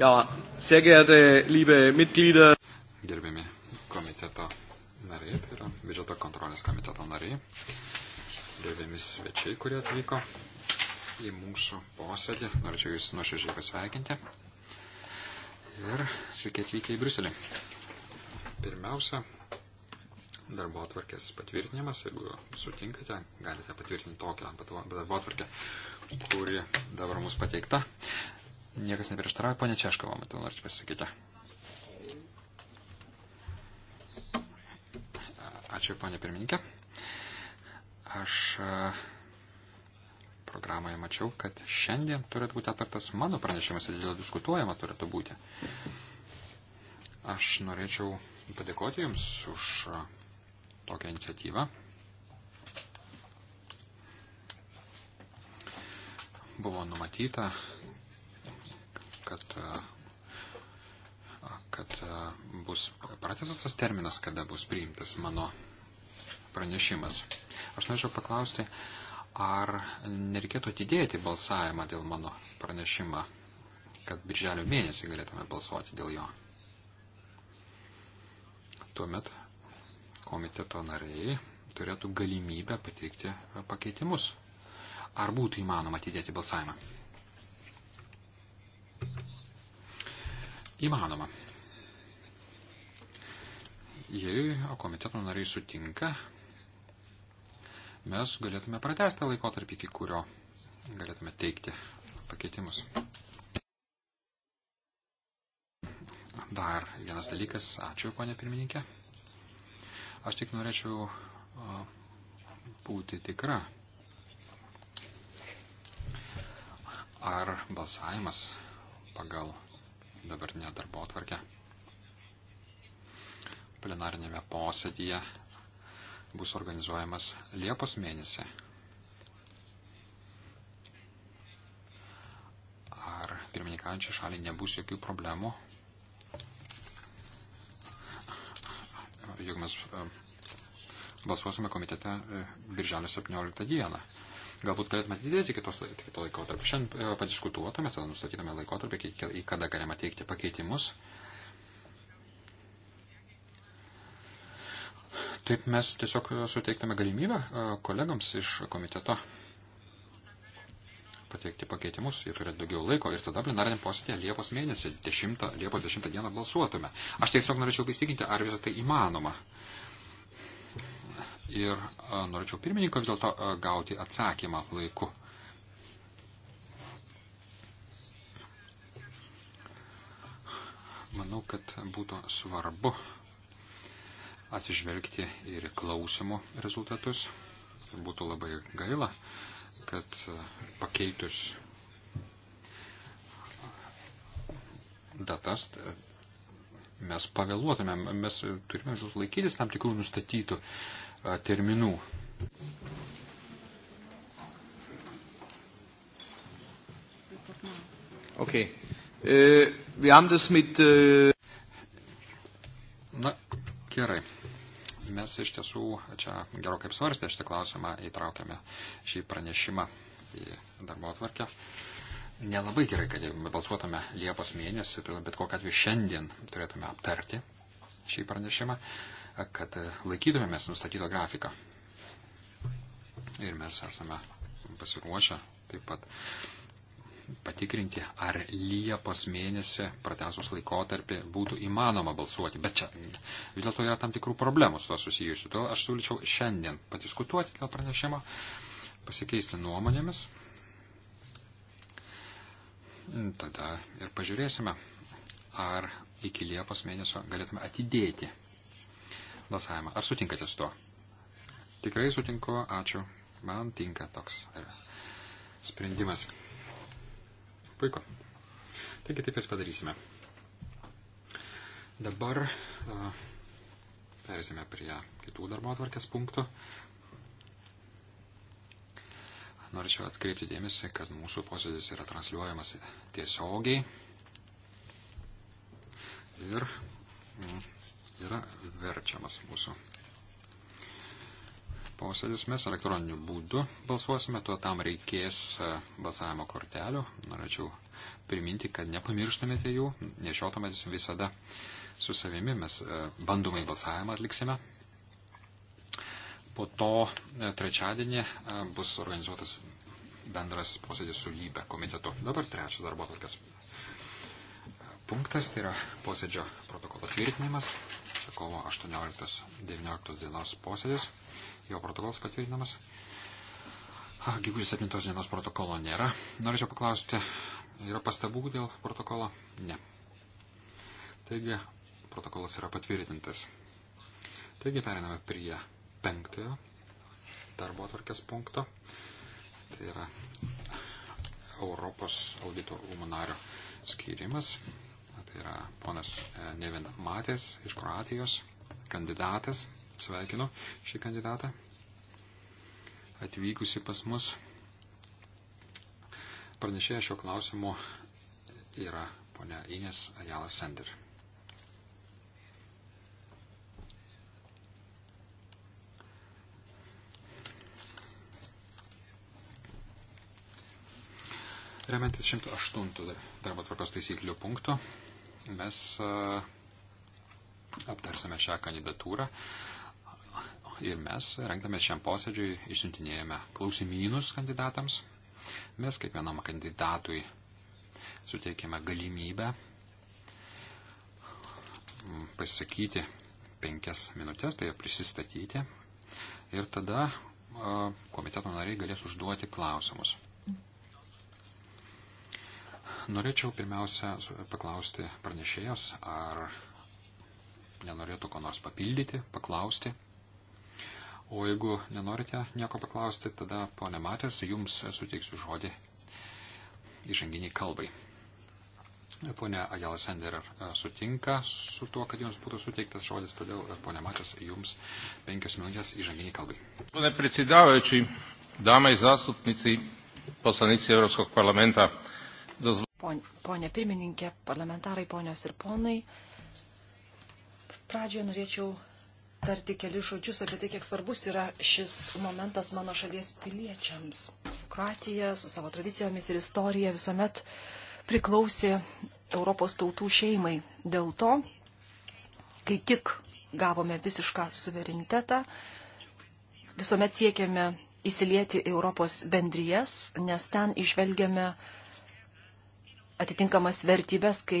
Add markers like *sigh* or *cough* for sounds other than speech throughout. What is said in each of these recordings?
Ja, sehr geehrte liebe Mitglieder. Gerbiami komiteto nariai, tai yra biudžeto kontrolės komiteto nariai, gerbiami svečiai, kurie atvyko į mūsų posėdį, norėčiau Jūs nuoširdžiai pasveikinti. Ir sveiki atvykę į Briuselį. Pirmiausia, darbo atvarkės patvirtinimas, jeigu sutinkate, galite patvirtinti tokią darbo atvarkę, kuri dabar mums pateikta. Niekas neprieštarauja. Pone Češkova, matau, norite pasakyti. Ačiū, ponė pirmininkė. Aš e, programoje mačiau, kad šiandien turėtų būti aptartas mano pranešimas ir dėl diskutuojama turėtų būti. Aš norėčiau padėkoti Jums už e, tokią iniciatyvą. Buvo numatyta kad, kad bus pratęsas tas terminas, kada bus priimtas mano pranešimas. Aš norėčiau paklausti, ar nereikėtų atidėti balsavimą dėl mano pranešimą, kad birželio mėnesį galėtume balsuoti dėl jo. Tuomet komiteto nariai turėtų galimybę pateikti pakeitimus. Ar būtų įmanoma atidėti balsavimą? įmanoma. Jei komiteto nariai sutinka, mes galėtume pratesti laikotarpį, iki kurio galėtume teikti pakeitimus. Dar vienas dalykas. Ačiū, ponė pirmininkė. Aš tik norėčiau būti tikra, ar balsavimas pagal dabartinę darbo atvarkę. Plenarinėme posėdyje bus organizuojamas Liepos mėnesį. Ar pirmininkaujančiai šaliai nebus jokių problemų? Juk mes e, balsuosime komitete e, birželio 17 dieną. Galbūt galėtume atidėti kitos, kito laikotarpio. Šiandien e, padiskutuotume, tada nustatytume laikotarpį, į kada galima teikti pakeitimus. Taip mes tiesiog suteiktume galimybę e, kolegams iš komiteto pateikti pakeitimus, jie turėtų daugiau laiko ir tada plenariniam posėdėje Liepos mėnesį, 10, Liepos 10 dieną balsuotume. Aš tiesiog norėčiau įsitikinti, ar visą tai įmanoma. Uh, ir norėčiau pirmininko vis dėlto gauti atsakymą laiku. Manau, kad būtų svarbu atsižvelgti ir klausimų rezultatus. Būtų labai gaila, kad pakeitus datas mes pavėluotumėm, mes turime laikytis tam tikrų nustatytų terminų. Okay. Äh, wir haben das mit. Äh Na, gerai. Mes iš tiesų čia gerokai apsvarstę šitą klausimą, įtraukėme šį pranešimą į darbo atvarkę. Nelabai gerai, kad balsuotume Liepos mėnesį, tai bet kokią atveju šiandien turėtume aptarti šį pranešimą. Uh, kad laikytumėmės nustatyto grafiką. Ir mes esame pasiruošę taip pat patikrinti, ar Liepos mėnesį pratesus laikotarpį būtų įmanoma balsuoti. Bet čia vis dėlto yra tam tikrų problemų su to susijusiu. Todėl aš siūlyčiau šiandien padiskutuoti dėl pranešimo, pasikeisti nuomonėmis. Tada ir pažiūrėsime, ar iki Liepos mėnesio galėtume atidėti balsavimą. Ar sutinkate su tuo? Tikrai sutinku, ačiū. Man tinka toks sprendimas. Puiku. Taigi taip ir padarysime. Dabar uh, perėsime prie kitų darbo atvarkės punktų. Norėčiau atkreipti dėmesį, kad mūsų posėdis yra transliuojamas tiesiogiai. Ir mm, yra verčiamas mūsų posėdis. Mes elektroniniu būdu balsuosime, tuo tam reikės e, balsavimo kortelių. Norėčiau priminti, kad nepamirštumėte jų, nešiotumėtės visada su savimi, mes e, bandomai balsavimą atliksime. Po to e, trečiadienį bus organizuotas bendras posėdis su lybe komitetu. Dabar trečias darbo tvarkas punktas, tai yra posėdžio protokolo tvirtinimas kovo 18-19 dienos posėdis, jo protokolas patvirtinamas. Ah, gegužės 7 dienos protokolo nėra. Norėčiau paklausti, yra pastabų dėl protokolo? Ne. Taigi, protokolas yra patvirtintas. Taigi, periname prie penktojo darbo atvarkės punkto. Tai yra Europos audito rūmų nario skirimas tai yra ponas e, Nevin Matės iš Kroatijos, kandidatas, sveikinu šį kandidatą, atvykusi pas mus. Pranešėja šio klausimo yra ponia Ines Ajala Sender. Remiantis 108 darbo tvarkos taisyklių punkto, mes e, aptarsime šią kandidatūrą ir mes, rengdamės šiam posėdžiui, išsiuntinėjame klausimynus kandidatams. Mes kiekvienam kandidatui suteikėme galimybę pasisakyti penkias minutės, tai prisistatyti. Ir tada e, komiteto nariai galės užduoti klausimus. Norėčiau pirmiausia paklausti pranešėjas, ar nenorėtų ko nors papildyti, paklausti. O jeigu nenorite nieko paklausti, tada, ponė Matės, jums suteiksiu žodį įžanginiai kalbai. Pone Ajala Senderer sutinka su tuo, kad jums būtų suteiktas žodis, todėl, ponė Matės, jums penkios minutės įžanginiai kalbai. Pone Prisidavočiui, damai zastupnici, poslanici Europos parlamento. Pone pirmininkė, parlamentarai, ponios ir ponai, pradžioje norėčiau tarti keli žodžius apie tai, kiek svarbus yra šis momentas mano šalies piliečiams. Kroatija su savo tradicijomis ir istorija visuomet priklausė Europos tautų šeimai. Dėl to, kai tik gavome visišką suverenitetą, visuomet siekėme įsilieti Europos bendrijas, nes ten išvelgiame atitinkamas vertybės, kai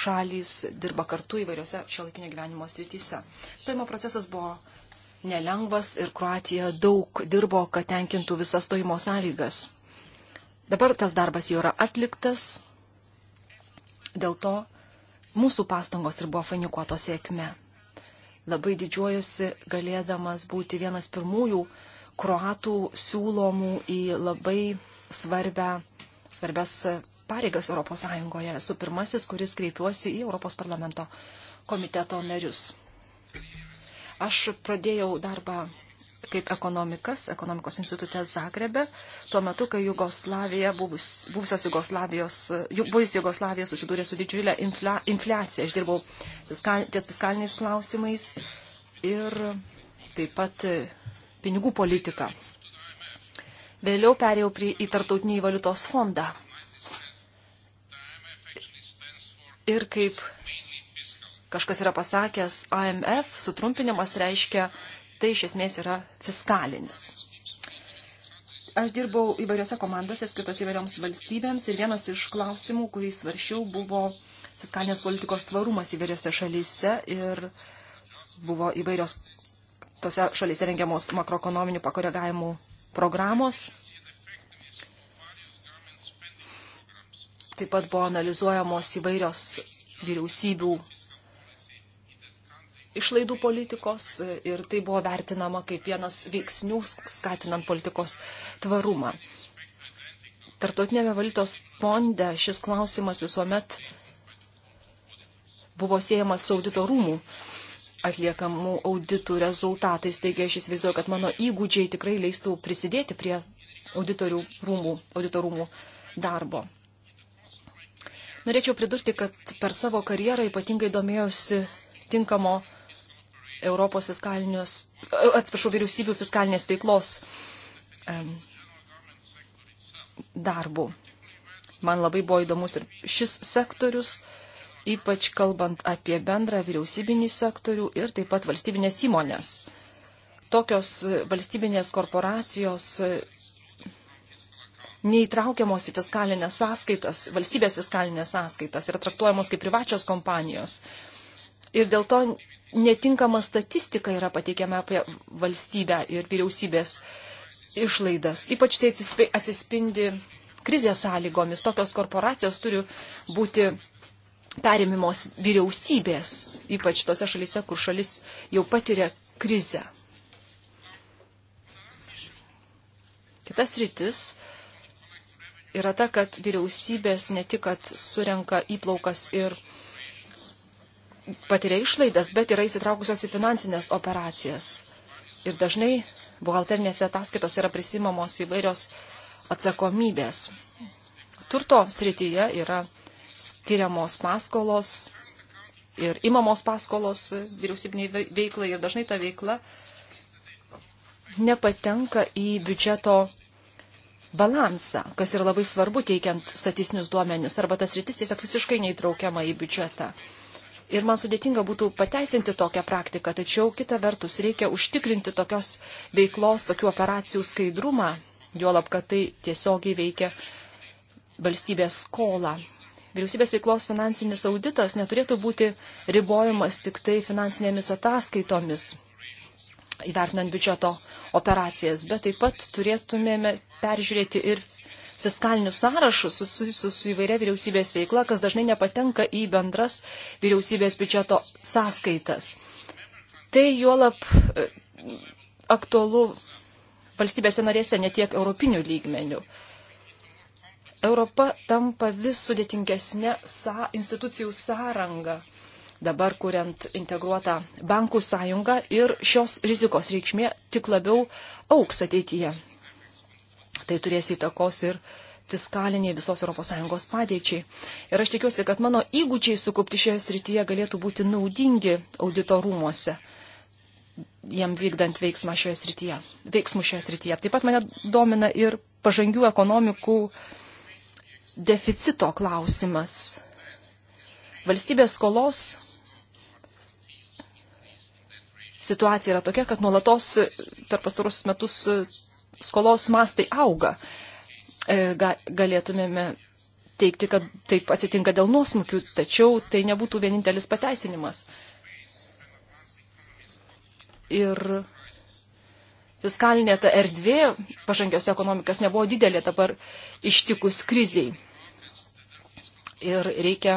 šalys dirba kartu įvairiose šiolikinio gyvenimo srityse. Stojimo procesas buvo nelengvas ir Kroatija daug dirbo, kad tenkintų visas stojimo sąlygas. Dabar tas darbas jau yra atliktas, dėl to mūsų pastangos ir buvo fainikuotos sėkme. Labai didžiuojusi galėdamas būti vienas pirmųjų kroatų siūlomų į labai svarbę, svarbės pareigas ES. Esu pirmasis, kuris kreipiuosi į Europos parlamento komiteto narius. Aš pradėjau darbą kaip ekonomikas, ekonomikos institutė Zagrebe, tuo metu, kai Jugoslavija, buvus, buvusios Jugoslavijos, buvus Jugoslavija susidūrė su didžiulė infla, infliacija. Aš dirbau fiskal, ties fiskaliniais klausimais ir taip pat pinigų politiką. Vėliau perėjau prie, į Tartautinį valiutos fondą. Ir kaip kažkas yra pasakęs, AMF sutrumpinimas reiškia, tai iš esmės yra fiskalinis. Aš dirbau įvairiose komandose, skirtos įvairioms valstybėms ir vienas iš klausimų, kurį svaršiau, buvo fiskalinės politikos tvarumas įvairiose šalyse ir buvo įvairios tose šalyse rengiamos makroekonominių pakoregavimų programos Taip pat buvo analizuojamos įvairios vyriausybių išlaidų politikos ir tai buvo vertinama kaip vienas veiksnių skatinant politikos tvarumą. Tartotinėme valytos fonde šis klausimas visuomet buvo siejamas su audito rūmų atliekamų auditų rezultatais. Taigi aš įsivaizduoju, kad mano įgūdžiai tikrai leistų prisidėti prie auditorių rūmų, auditorumų darbo. Norėčiau pridurti, kad per savo karjerą ypatingai domėjausi tinkamo Europos fiskalinius, e, atsiprašau, vyriausybių fiskalinės veiklos darbų. Man labai buvo įdomus ir šis sektorius, ypač kalbant apie bendrą vyriausybinį sektorių ir taip pat valstybinės įmonės. Tokios valstybinės korporacijos neįtraukiamos į fiskalinės sąskaitas, valstybės fiskalinės sąskaitas, yra traktuojamos kaip privačios kompanijos. Ir dėl to netinkama statistika yra pateikiama apie valstybę ir vyriausybės išlaidas. Ypač tai atsispindi krizės sąlygomis. Tokios korporacijos turi būti perimimos vyriausybės, ypač tose šalise, kur šalis jau patiria krizę. Kitas rytis yra ta, kad vyriausybės ne tik, kad surenka įplaukas ir patiria išlaidas, bet yra įsitraukusios į finansinės operacijas. Ir dažnai buhalterinėse ataskaitos yra prisimamos įvairios atsakomybės. Turto srityje yra skiriamos paskolos ir imamos paskolos vyriausybiniai veiklai ir dažnai ta veikla nepatenka į biudžeto balansą, kas yra labai svarbu teikiant statistinius duomenis, arba tas rytis tiesiog visiškai neįtraukiama į biudžetą. Ir man sudėtinga būtų pateisinti tokią praktiką, tačiau kita vertus reikia užtikrinti tokios veiklos, tokių operacijų skaidrumą, juolab, kad tai tiesiogiai veikia valstybės skolą. Vyriausybės veiklos finansinis auditas neturėtų būti ribojamas tik tai finansinėmis ataskaitomis, įvertinant biudžeto operacijas, bet taip pat turėtumėme peržiūrėti ir fiskalinius sąrašus susijusius su įvairia vyriausybės veikla, kas dažnai nepatenka į bendras vyriausybės biudžeto sąskaitas. Tai juolap e, aktualu valstybėse narėse, ne tiek europinių lygmenių. Europa tampa vis sudėtingesnė sa, institucijų sąranga, dabar kuriant integruotą bankų sąjungą ir šios rizikos reikšmė tik labiau auks ateityje tai turės įtakos ir fiskaliniai visos ES padėčiai. Ir aš tikiuosi, kad mano įgūdžiai sukupti šioje srityje galėtų būti naudingi auditorumuose, jam vykdant veiksmą šioje srityje, veiksmų šioje srityje. Taip pat mane domina ir pažangių ekonomikų deficito klausimas. Valstybės skolos situacija yra tokia, kad nuolatos per pastarosius metus skolos mastai auga. E, galėtumėme teikti, kad taip atsitinka dėl nuosmukių, tačiau tai nebūtų vienintelis pateisinimas. Ir fiskalinė ta erdvė pažangios ekonomikas nebuvo didelė dabar ištikus kriziai. Ir reikia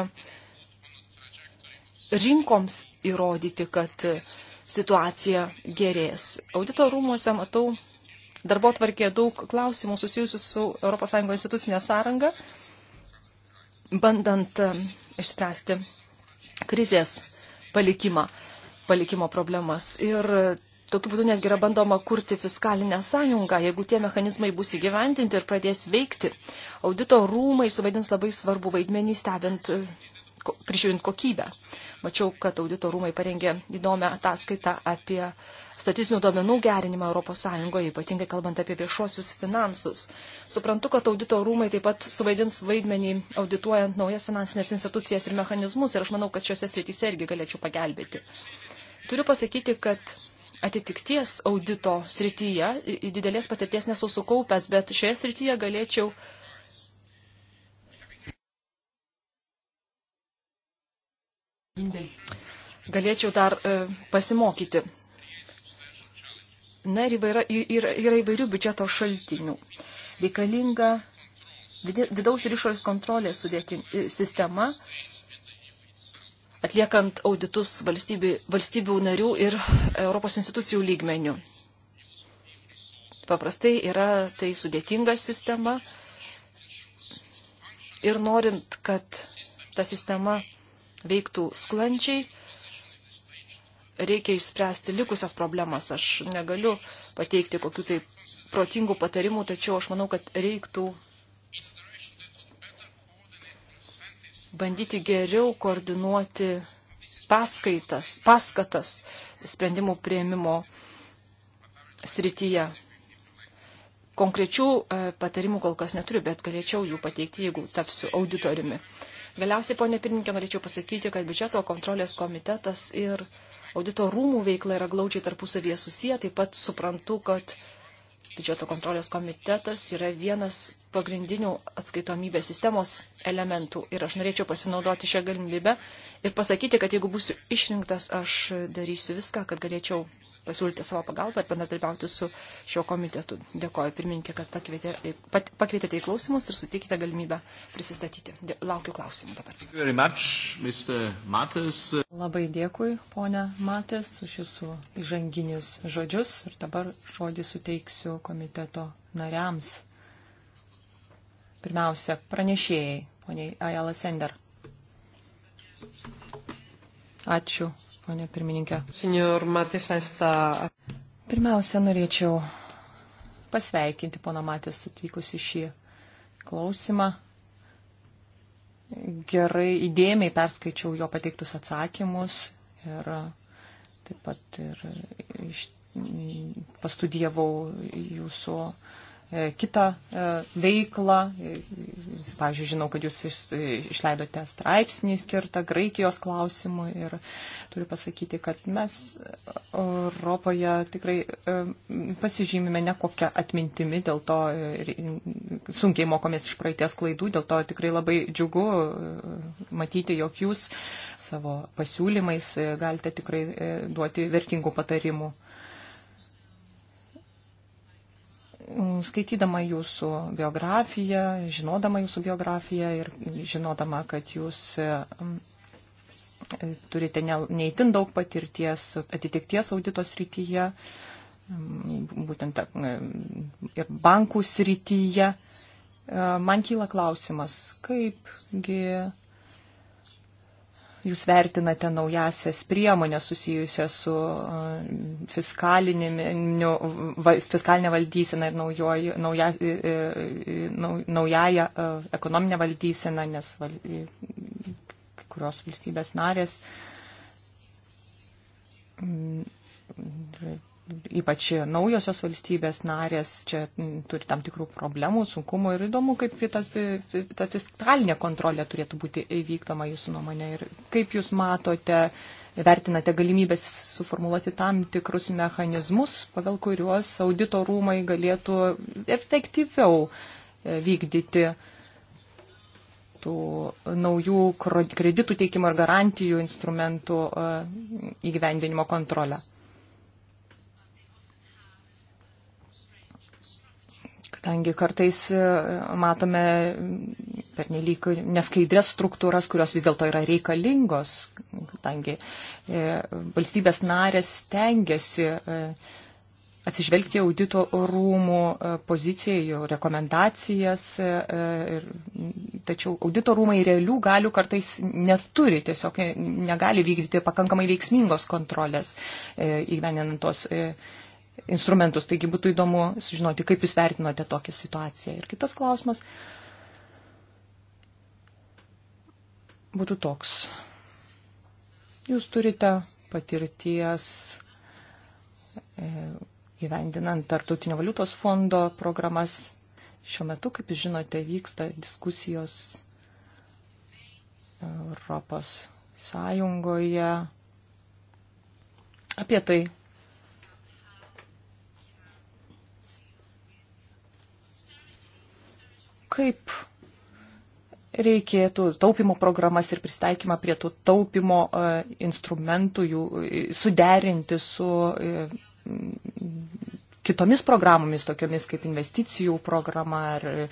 rinkoms įrodyti, kad situacija gerės. Audito rūmuose matau darbo tvarkė daug klausimų susijusių su ES institucinė sąranga, bandant e, išspręsti krizės palikimą, palikimo problemas. Ir e, tokiu būdu netgi yra bandoma kurti fiskalinę sąjungą, jeigu tie mechanizmai bus įgyventinti ir pradės veikti. Audito rūmai suvaidins labai svarbu vaidmenį stebint e, prižiūrint kokybę. Mačiau, kad audito rūmai parengė įdomią ataskaitą apie statistinių duomenų gerinimą ES, ypatingai kalbant apie viešuosius finansus. Suprantu, kad audito rūmai taip pat suvaidins vaidmenį audituojant naujas finansinės institucijas ir mechanizmus ir aš manau, kad šiuose srityse irgi galėčiau pagelbėti. Turiu pasakyti, kad atitikties audito srityje didelės patirties nesu sukaupęs, bet šioje srityje galėčiau Galėčiau dar e, pasimokyti. Na ir yra, yra, yra įvairių biudžeto šaltinių. Reikalinga vidaus ir išorės kontrolės sudėtin, e, sistema, atliekant auditus valstybių, valstybių narių ir Europos institucijų lygmenių. Paprastai yra tai sudėtinga sistema ir norint, kad ta sistema veiktų sklandžiai. Reikia išspręsti likusias problemas. Aš negaliu pateikti kokių tai protingų patarimų, tačiau aš manau, kad reiktų bandyti geriau koordinuoti paskaitas, paskatas sprendimų prieimimo srityje. Konkrečių e, patarimų kol kas neturiu, bet galėčiau jų pateikti, jeigu tapsiu auditoriumi. Galiausiai, ponė pirmininkė, norėčiau pasakyti, kad biudžeto kontrolės komitetas ir audito rūmų veikla yra glaudžiai tarpusavėje susiję. Taip pat suprantu, kad biudžeto kontrolės komitetas yra vienas pagrindinių atskaitomybės sistemos elementų. Ir aš norėčiau pasinaudoti šią galimybę ir pasakyti, kad jeigu būsiu išrinktas, aš darysiu viską, kad galėčiau pasiūlyti savo pagalbą ir bendradarbiauti su šio komitetu. Dėkoju pirmininkė, kad pakvietėte pat, pakvietė į klausimus ir sutikite galimybę prisistatyti. Dė, laukiu klausimų dabar. Much, Labai dėkui, ponia Matės, už jūsų įžanginius žodžius ir dabar žodį suteiksiu komiteto nariams. Pirmiausia, pranešėjai, poniai Ajala Sender. Ačiū, ponė pirmininkė. Senior Matisa está. Pirmiausia, norėčiau pasveikinti pono Matės atvykus į šį klausimą. Gerai, įdėmiai perskaičiau jo pateiktus atsakymus ir taip pat ir iš, pastudijavau jūsų uh, E, kitą e, veiklą. E, pavyzdžiui, žinau, kad jūs išleidote straipsnį skirtą Graikijos klausimui ir turiu pasakyti, kad mes Europoje tikrai pasižymime nekokią atmintimį, dėl to sunkiai mokomės iš praeities klaidų, dėl to tikrai labai džiugu matyti, jog jūs savo pasiūlymais galite tikrai duoti vertingų patarimų. skaitydama jūsų biografiją, žinodama jūsų biografiją ir žinodama, kad jūs mm, turite ne, neįtin daug patirties atitikties auditos rytyje, mm, būtent mm, ir bankų srityje. E, man kyla klausimas, kaipgi jūs vertinate naujasias priemonės susijusias su e, fiskalinė valdysena ir naujoji, nauja, e, e, naujaja ekonominė valdysena, nes val, kurios valstybės narės ypač naujosios valstybės narės čia turi tam tikrų problemų, sunkumų ir įdomu, kaip tas, ta fiskalinė kontrolė turėtų būti įvykdoma jūsų nuomonė ir kaip jūs matote, vertinate galimybės suformuoluoti tam tikrus mechanizmus, pagal kuriuos audito rūmai galėtų efektyviau e, vykdyti tų naujų kreditų teikimo ir garantijų instrumentų e, įgyvendinimo kontrolę. kadangi kartais e, matome pernelyg neskaidrės struktūras, kurios vis dėlto yra reikalingos, kadangi e, valstybės narės tengiasi e, atsižvelgti audito rūmų poziciją, jų rekomendacijas, ir, tačiau audito rūmai realių galių kartais neturi, tiesiog negali vykdyti pakankamai veiksmingos kontrolės įgyveninant tos instrumentus. Taigi būtų įdomu sužinoti, kaip jūs vertinote tokią situaciją. Ir kitas klausimas būtų toks. Jūs turite patirties e, įvendinant tarptautinio valiutos fondo programas. Šiuo metu, kaip žinote, vyksta diskusijos Europos Sąjungoje apie tai, kaip reikėtų taupimo programas ir pristaikymą prie tų taupimo e, instrumentų jų e, suderinti su e, kitomis programomis, tokiomis kaip investicijų programa ar e,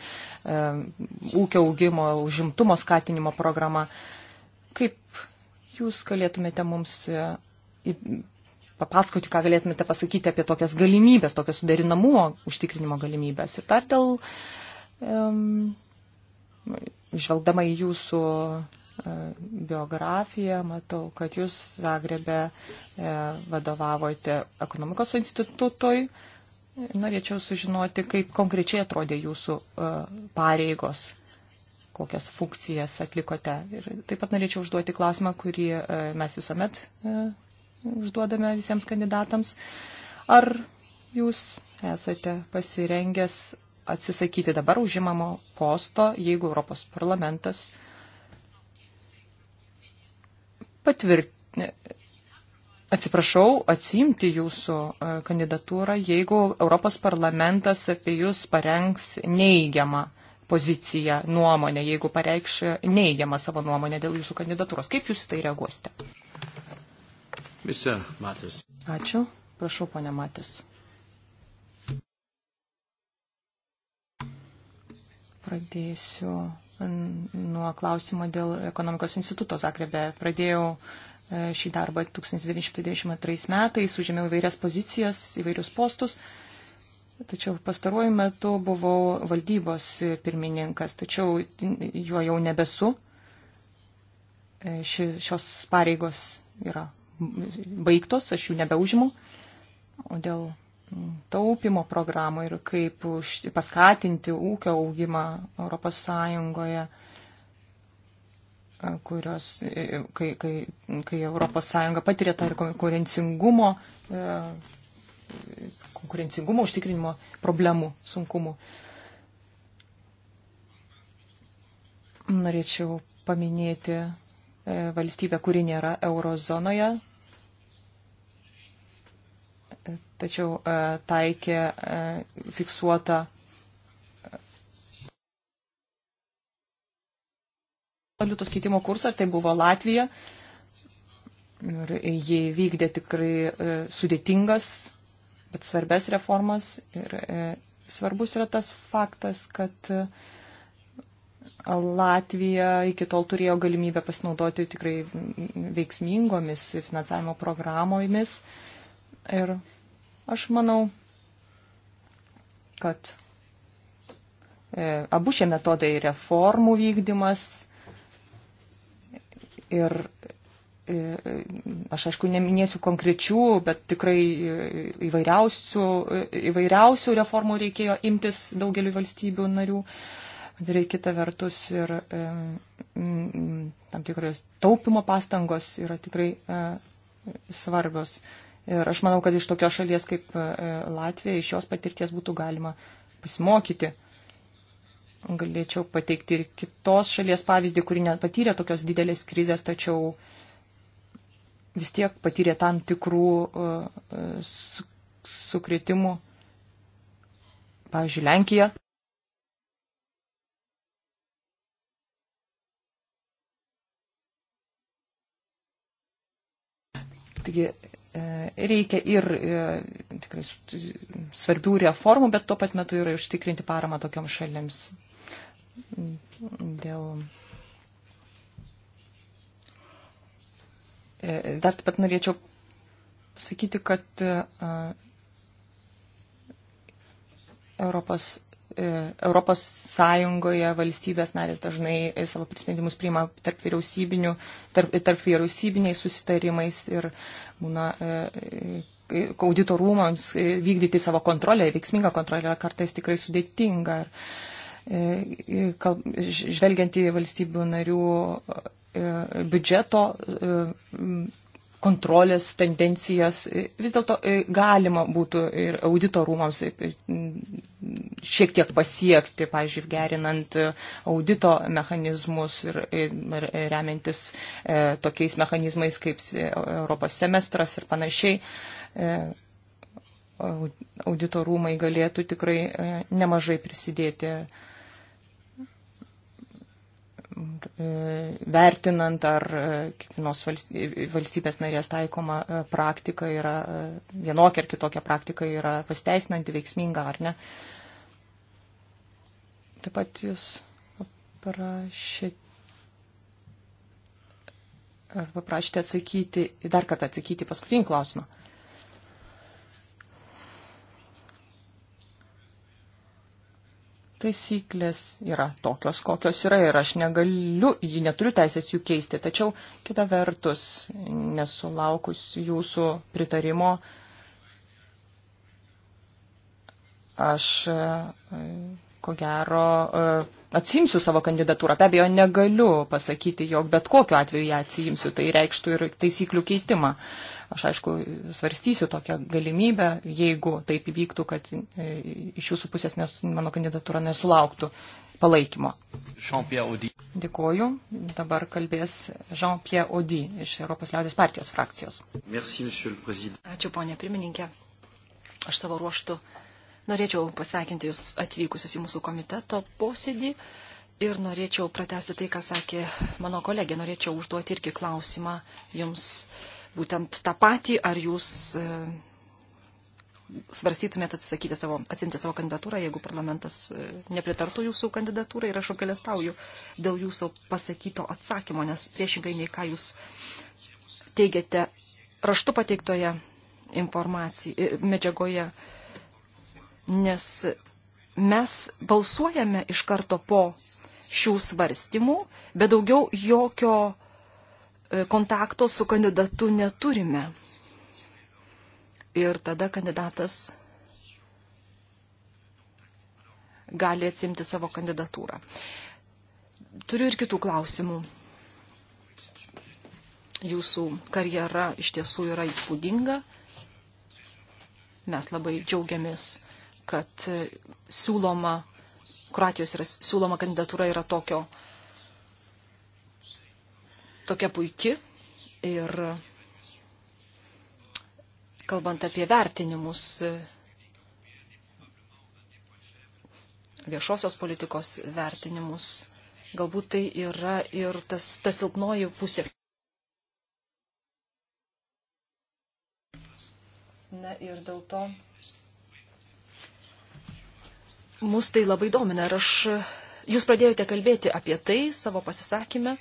ūkio augimo, užimtumo skatinimo programa. Kaip jūs galėtumėte mums papasakoti, ką galėtumėte pasakyti apie tokias galimybės, tokias suderinamumo užtikrinimo galimybės. Ir dar dėl Žvelgdama į jūsų e, biografiją, matau, kad jūs Zagrebė e, vadovavote ekonomikos institutui. Norėčiau sužinoti, kaip konkrečiai atrodė jūsų e, pareigos, kokias funkcijas atlikote. Ir taip pat norėčiau užduoti klausimą, kurį mes visuomet užduodame visiems kandidatams. Ar jūs esate pasirengęs atsisakyti dabar užimamo posto, jeigu Europos parlamentas patvirtinė. Atsiprašau, atsimti jūsų e, kandidatūrą, jeigu Europos parlamentas apie jūs parengs neigiamą poziciją, nuomonę, jeigu pareikš neigiamą savo nuomonę dėl jūsų kandidatūros. Kaip jūs tai reaguosite? Visi matys. Ačiū. Prašau, ponė Matis. Pradėsiu nuo klausimo dėl ekonomikos instituto Zagrebe. Pradėjau e, šį darbą 1992 metais, užėmiau įvairias pozicijas, įvairius postus. Tačiau pastaruoju metu buvau valdybos pirmininkas, tačiau juo jau nebesu. E, ši, šios pareigos yra baigtos, aš jų nebeužimu. O dėl taupimo programų ir kaip paskatinti ūkio augimą ES, kurios, kai, kai, kai ES patiria tą konkurencingumo, e, konkurencingumo užtikrinimo problemų, sunkumų. Norėčiau paminėti e, valstybę, kuri nėra eurozonoje, tačiau e, taikė e, fiksuotą valiutos keitimo kursą, tai buvo Latvija. Ir jie vykdė tikrai e, sudėtingas, bet svarbes reformas. Ir svarbus yra tas faktas, kad Latvija iki tol turėjo galimybę pasinaudoti tikrai veiksmingomis finansavimo programomis. Ir Aš manau, kad e, abu šie metodai - reformų vykdymas ir e, aš aišku neminėsiu konkrečių, bet tikrai e, įvairiausių, įvairiausių reformų reikėjo imtis daugeliu valstybių narių. Reikia kita vertus ir tam tikros taupimo pastangos yra tikrai svarbios. Ir aš manau, kad iš tokios šalies kaip e, Latvija, iš jos patirties būtų galima pasimokyti. Galėčiau pateikti ir kitos šalies pavyzdį, kuri net patyrė tokios didelės krizės, tačiau vis tiek patyrė tam tikrų e, e, sukretimų. Pavyzdžiui, Lenkija. Taigi E, reikia ir e, tikrai svarbių reformų, bet tuo pat metu yra užtikrinti paramą tokiam šalims. Dėl... E, dar taip pat norėčiau sakyti, kad Europos E, Europos Sąjungoje valstybės narės dažnai e, savo prisprendimus priima tarp, tarp, tarp vyriausybiniais susitarimais ir būna e, audito rūmams vykdyti savo kontrolę, veiksmingą kontrolę kartais tikrai sudėtinga. Ir, žvelgiant į valstybių narių biudžeto kontrolės tendencijas, e, vis dėlto e, galima būtų ir auditorumams e, šiek tiek pasiekti, pavyzdžiui, gerinant audito mechanizmus ir, ir remiantis tokiais mechanizmais kaip Europos semestras ir panašiai. Auditorumai galėtų tikrai nemažai prisidėti E, vertinant, ar e, kiekvienos valstybės narės taikoma e, praktika yra, vienokia ar kitokia praktika yra pasteisinanti, veiksminga ar ne. Taip pat jūs paprašėte. Ar paprašėte atsakyti, dar kartą atsakyti paskutinį klausimą. taisyklės yra tokios, kokios yra ir aš negaliu, neturiu teisės jų keisti. Tačiau kita vertus, nesulaukus jūsų pritarimo, aš e, ko gero e, atsimsiu savo kandidatūrą. Be abejo, negaliu pasakyti, jog bet kokiu atveju ją atsimsiu, tai reikštų ir taisyklių keitimą. Aš aišku, svarstysiu tokią galimybę, jeigu taip įvyktų, kad e, iš jūsų pusės nes, mano kandidatūra nesulauktų palaikymo. Dėkoju. Dabar kalbės Jean-Pierre Audi iš Europos liaudės partijos frakcijos. Merci, Ačiū, ponė pirmininkė. Aš savo ruoštų Norėčiau pasveikinti Jūs atvykusius į mūsų komiteto posėdį ir norėčiau pratesti tai, ką sakė mano kolegė. Norėčiau užduoti irgi klausimą Jums būtent tą patį, ar Jūs e, svarstytumėte atsisakyti savo, atsimti savo kandidatūrą, jeigu parlamentas e, nepritartų jūsų kandidatūrai ir aš apgalėstauju dėl jūsų pasakyto atsakymo, nes priešingai nei ką jūs teigiate raštu pateiktoje informacijoje, medžiagoje, nes mes balsuojame iš karto po šių svarstymų, bet daugiau jokio e, kontakto su kandidatu neturime. Ir tada kandidatas gali atsimti savo kandidatūrą. Turiu ir kitų klausimų. Jūsų karjera iš tiesų yra įspūdinga. Mes labai džiaugiamės kad siūloma, Kroatijos yra, siūloma kandidatūra yra tokio, tokia puiki. Ir kalbant apie vertinimus viešosios politikos vertinimus. Galbūt tai yra ir tas, tas silpnoji pusė. Na ir dėl to mus tai labai domina ir aš, jūs pradėjote kalbėti apie tai savo pasisakymę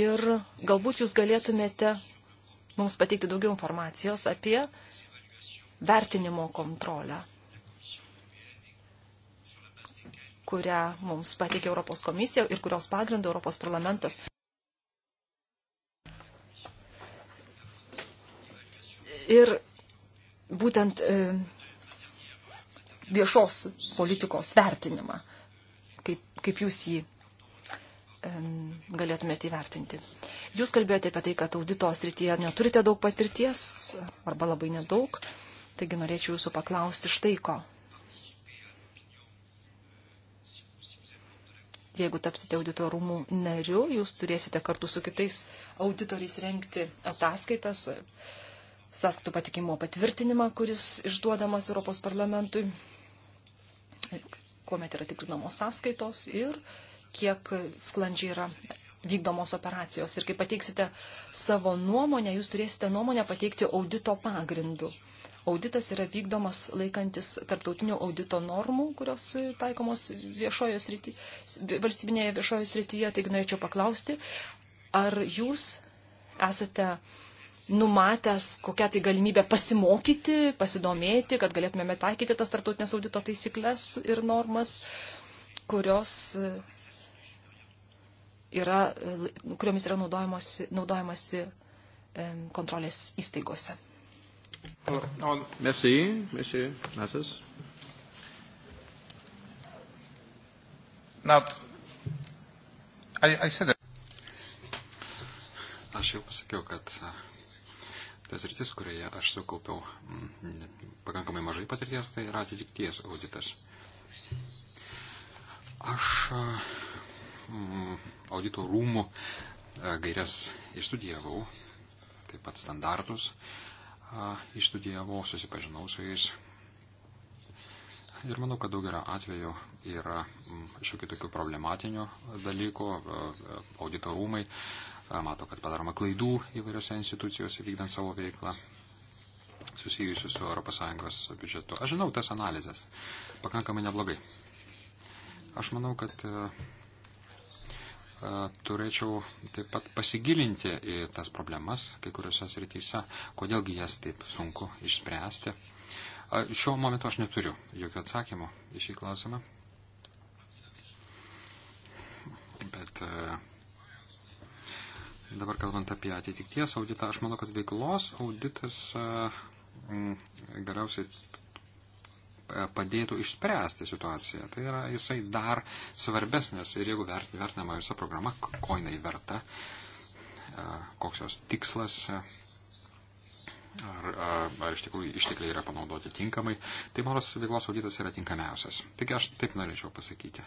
ir galbūt jūs galėtumėte mums pateikti daugiau informacijos apie vertinimo kontrolę, kurią mums pateikė Europos komisija ir kurios pagrindų Europos parlamentas. Ir būtent e, viešos politikos vertinimą, kaip, kaip jūs jį galėtumėte įvertinti. Jūs kalbėjote apie tai, kad audito srityje neturite daug patirties arba labai nedaug, taigi norėčiau jūsų paklausti štai ko. jeigu tapsite audito rūmų nariu, jūs turėsite kartu su kitais auditoriais renkti ataskaitas, sąskaitų patikimo patvirtinimą, kuris išduodamas Europos parlamentui kuomet yra tikrinamos sąskaitos ir kiek sklandžiai yra vykdomos operacijos. Ir kai pateiksite savo nuomonę, jūs turėsite nuomonę pateikti audito pagrindu. Auditas yra vykdomas laikantis tarptautinių audito normų, kurios taikomos viešojo srity, valstybinėje viešojo srityje. Taigi norėčiau paklausti, ar jūs esate uh, numatęs kokią tai galimybę pasimokyti, pasidomėti, kad galėtumėme taikyti tas tarptautinės audito taisyklės ir normas, kurios e, yra, e, kuriomis yra naudojamasi, naudojamasi e, kontrolės įstaigose. Merci, monsieur Matas. Not, I, I said that. Aš jau pasakiau, kad tas rytis, kurioje aš sukaupiau mm, pakankamai mažai patirties, tai yra atitikties auditas. Aš mm, audito rūmų e, gairias išstudijavau, taip pat standartus išstudijavau, susipažinau su jais. Ir manau, kad daugelio atveju yra mm, šiokių tokių problematinių dalykų. Auditorumai mato, kad padaroma klaidų įvairiose institucijose vykdant savo veiklą susijusių su ES biudžetu. Aš žinau tas analizės pakankamai neblogai. Aš manau, kad e, e, turėčiau taip pat pasigilinti į tas problemas kai kuriuose srityse, kodėlgi jas taip sunku išspręsti. Šiuo momentu aš neturiu jokio atsakymo į šį klausimą. Bet uh, Dabar kalbant apie atitikties auditą, aš manau, kad veiklos auditas galiausiai padėtų išspręsti situaciją. Tai yra jisai dar svarbesnis ir jeigu vertinama visa programa, ko jinai verta, koks jos tikslas, ar, ar, ar iš tikrųjų ištekliai yra panaudoti tinkamai, tai mano veiklos auditas yra tinkamiausias. Tik aš taip norėčiau pasakyti.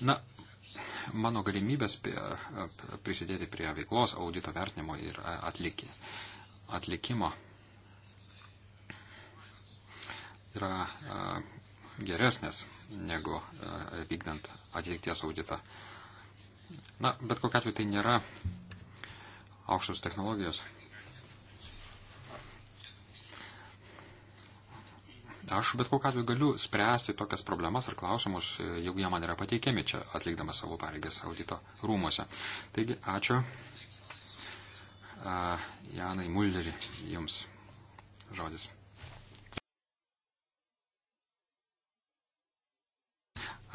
Na, mano galimybės prisidėti prie veiklos audito vertinimo ir atlikį, atlikimo yra geresnės negu vykdant atitikties auditą. Na, bet kokia atveju tai nėra aukštos technologijos. Aš bet kokiu atveju galiu spręsti tokias problemas ar klausimus, e, jeigu jie man yra pateikiami čia, atlikdamas savo pareigas audito rūmose. Taigi, ačiū. Uh, Janai Mulleri, jums žodis.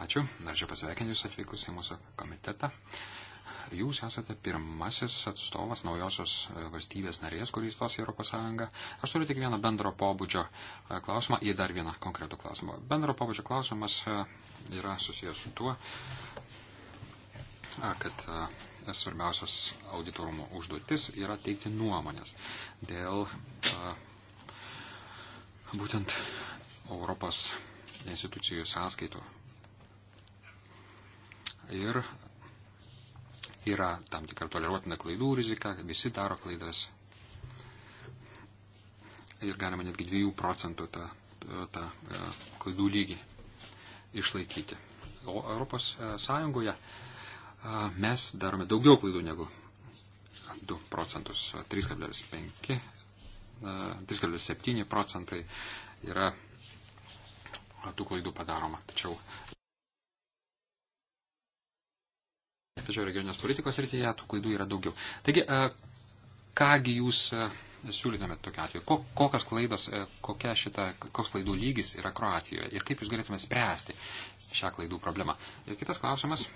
Ačiū, dar čia pasveikinti jūs atvykus į mūsų komitetą. Uh, Jūs esate pirmasis atstovas naujosios e, valstybės narės, kuris įstos į ES. Aš turiu tik vieną bendro pobūdžio e, klausimą ir dar vieną konkretų klausimą. Bendro pobūdžio klausimas e, yra susijęs su tuo, kad svarbiausios auditorumo užduotis yra teikti nuomonės dėl būtent Europos institucijų sąskaitų ir yra tam tikra toleruotina klaidų rizika, visi daro klaidas. Ir galima netgi 2 procentų tą, tą e, klaidų lygį išlaikyti. O Europos e, Sąjungoje e, mes darome daugiau klaidų negu 2 procentus, 3,5, 3,7 procentai yra tų klaidų padaroma. Tačiau Tačiau regioninės politikos rytyje tų klaidų yra daugiau. Taigi, e, kągi jūs e, siūlytumėt tokiu atveju? Kokios klaidos, e, kokia šita, koks klaidų lygis yra Kroatijoje ir kaip jūs galėtumėte spręsti šią klaidų problemą? Ir kitas klausimas,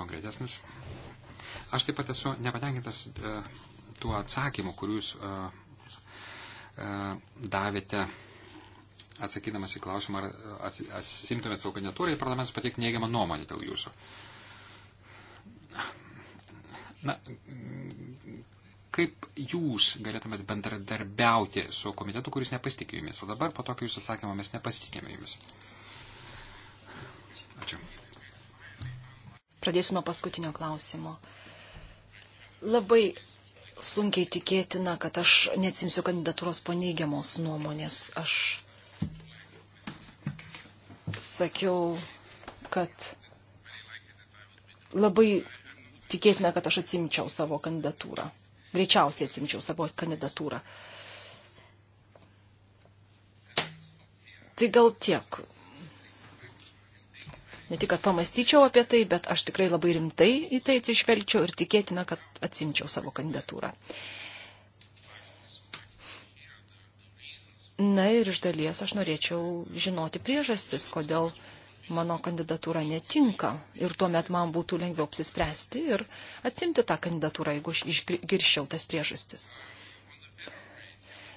konkretesnis. Aš taip pat esu nepatenkintas tuo atsakymu, kurį jūs davėte atsakydamas į klausimą, ar atsimtumėt savo kandidatūrą į parlamentus pateikti neigiamą nuomonę dėl jūsų. Uh, Na, kaip jūs galėtumėt bendradarbiauti su komitetu, kuris nepasitikė jumis, o dabar po tokio jūsų atsakymo mes nepasitikėme jumis? Ačiū. Pradėsiu nuo paskutinio klausimo. Labai sunkiai tikėtina, kad aš neatsimsiu kandidatūros po neigiamos nuomonės. Aš sakiau, kad labai tikėtina, kad aš atsimčiau savo kandidatūrą. Greičiausiai atsimčiau savo kandidatūrą. Tai gal tiek. Ne tik, kad pamastyčiau apie tai, bet aš tikrai labai rimtai į tai atsižvelgčiau ir tikėtina, kad atsimčiau savo kandidatūrą. Na ir iš dalies aš norėčiau žinoti priežastis, kodėl uh, mano kandidatūra netinka ir tuomet man būtų lengviau apsispręsti ir atsimti tą kandidatūrą, jeigu aš išgirščiau tas priežastis.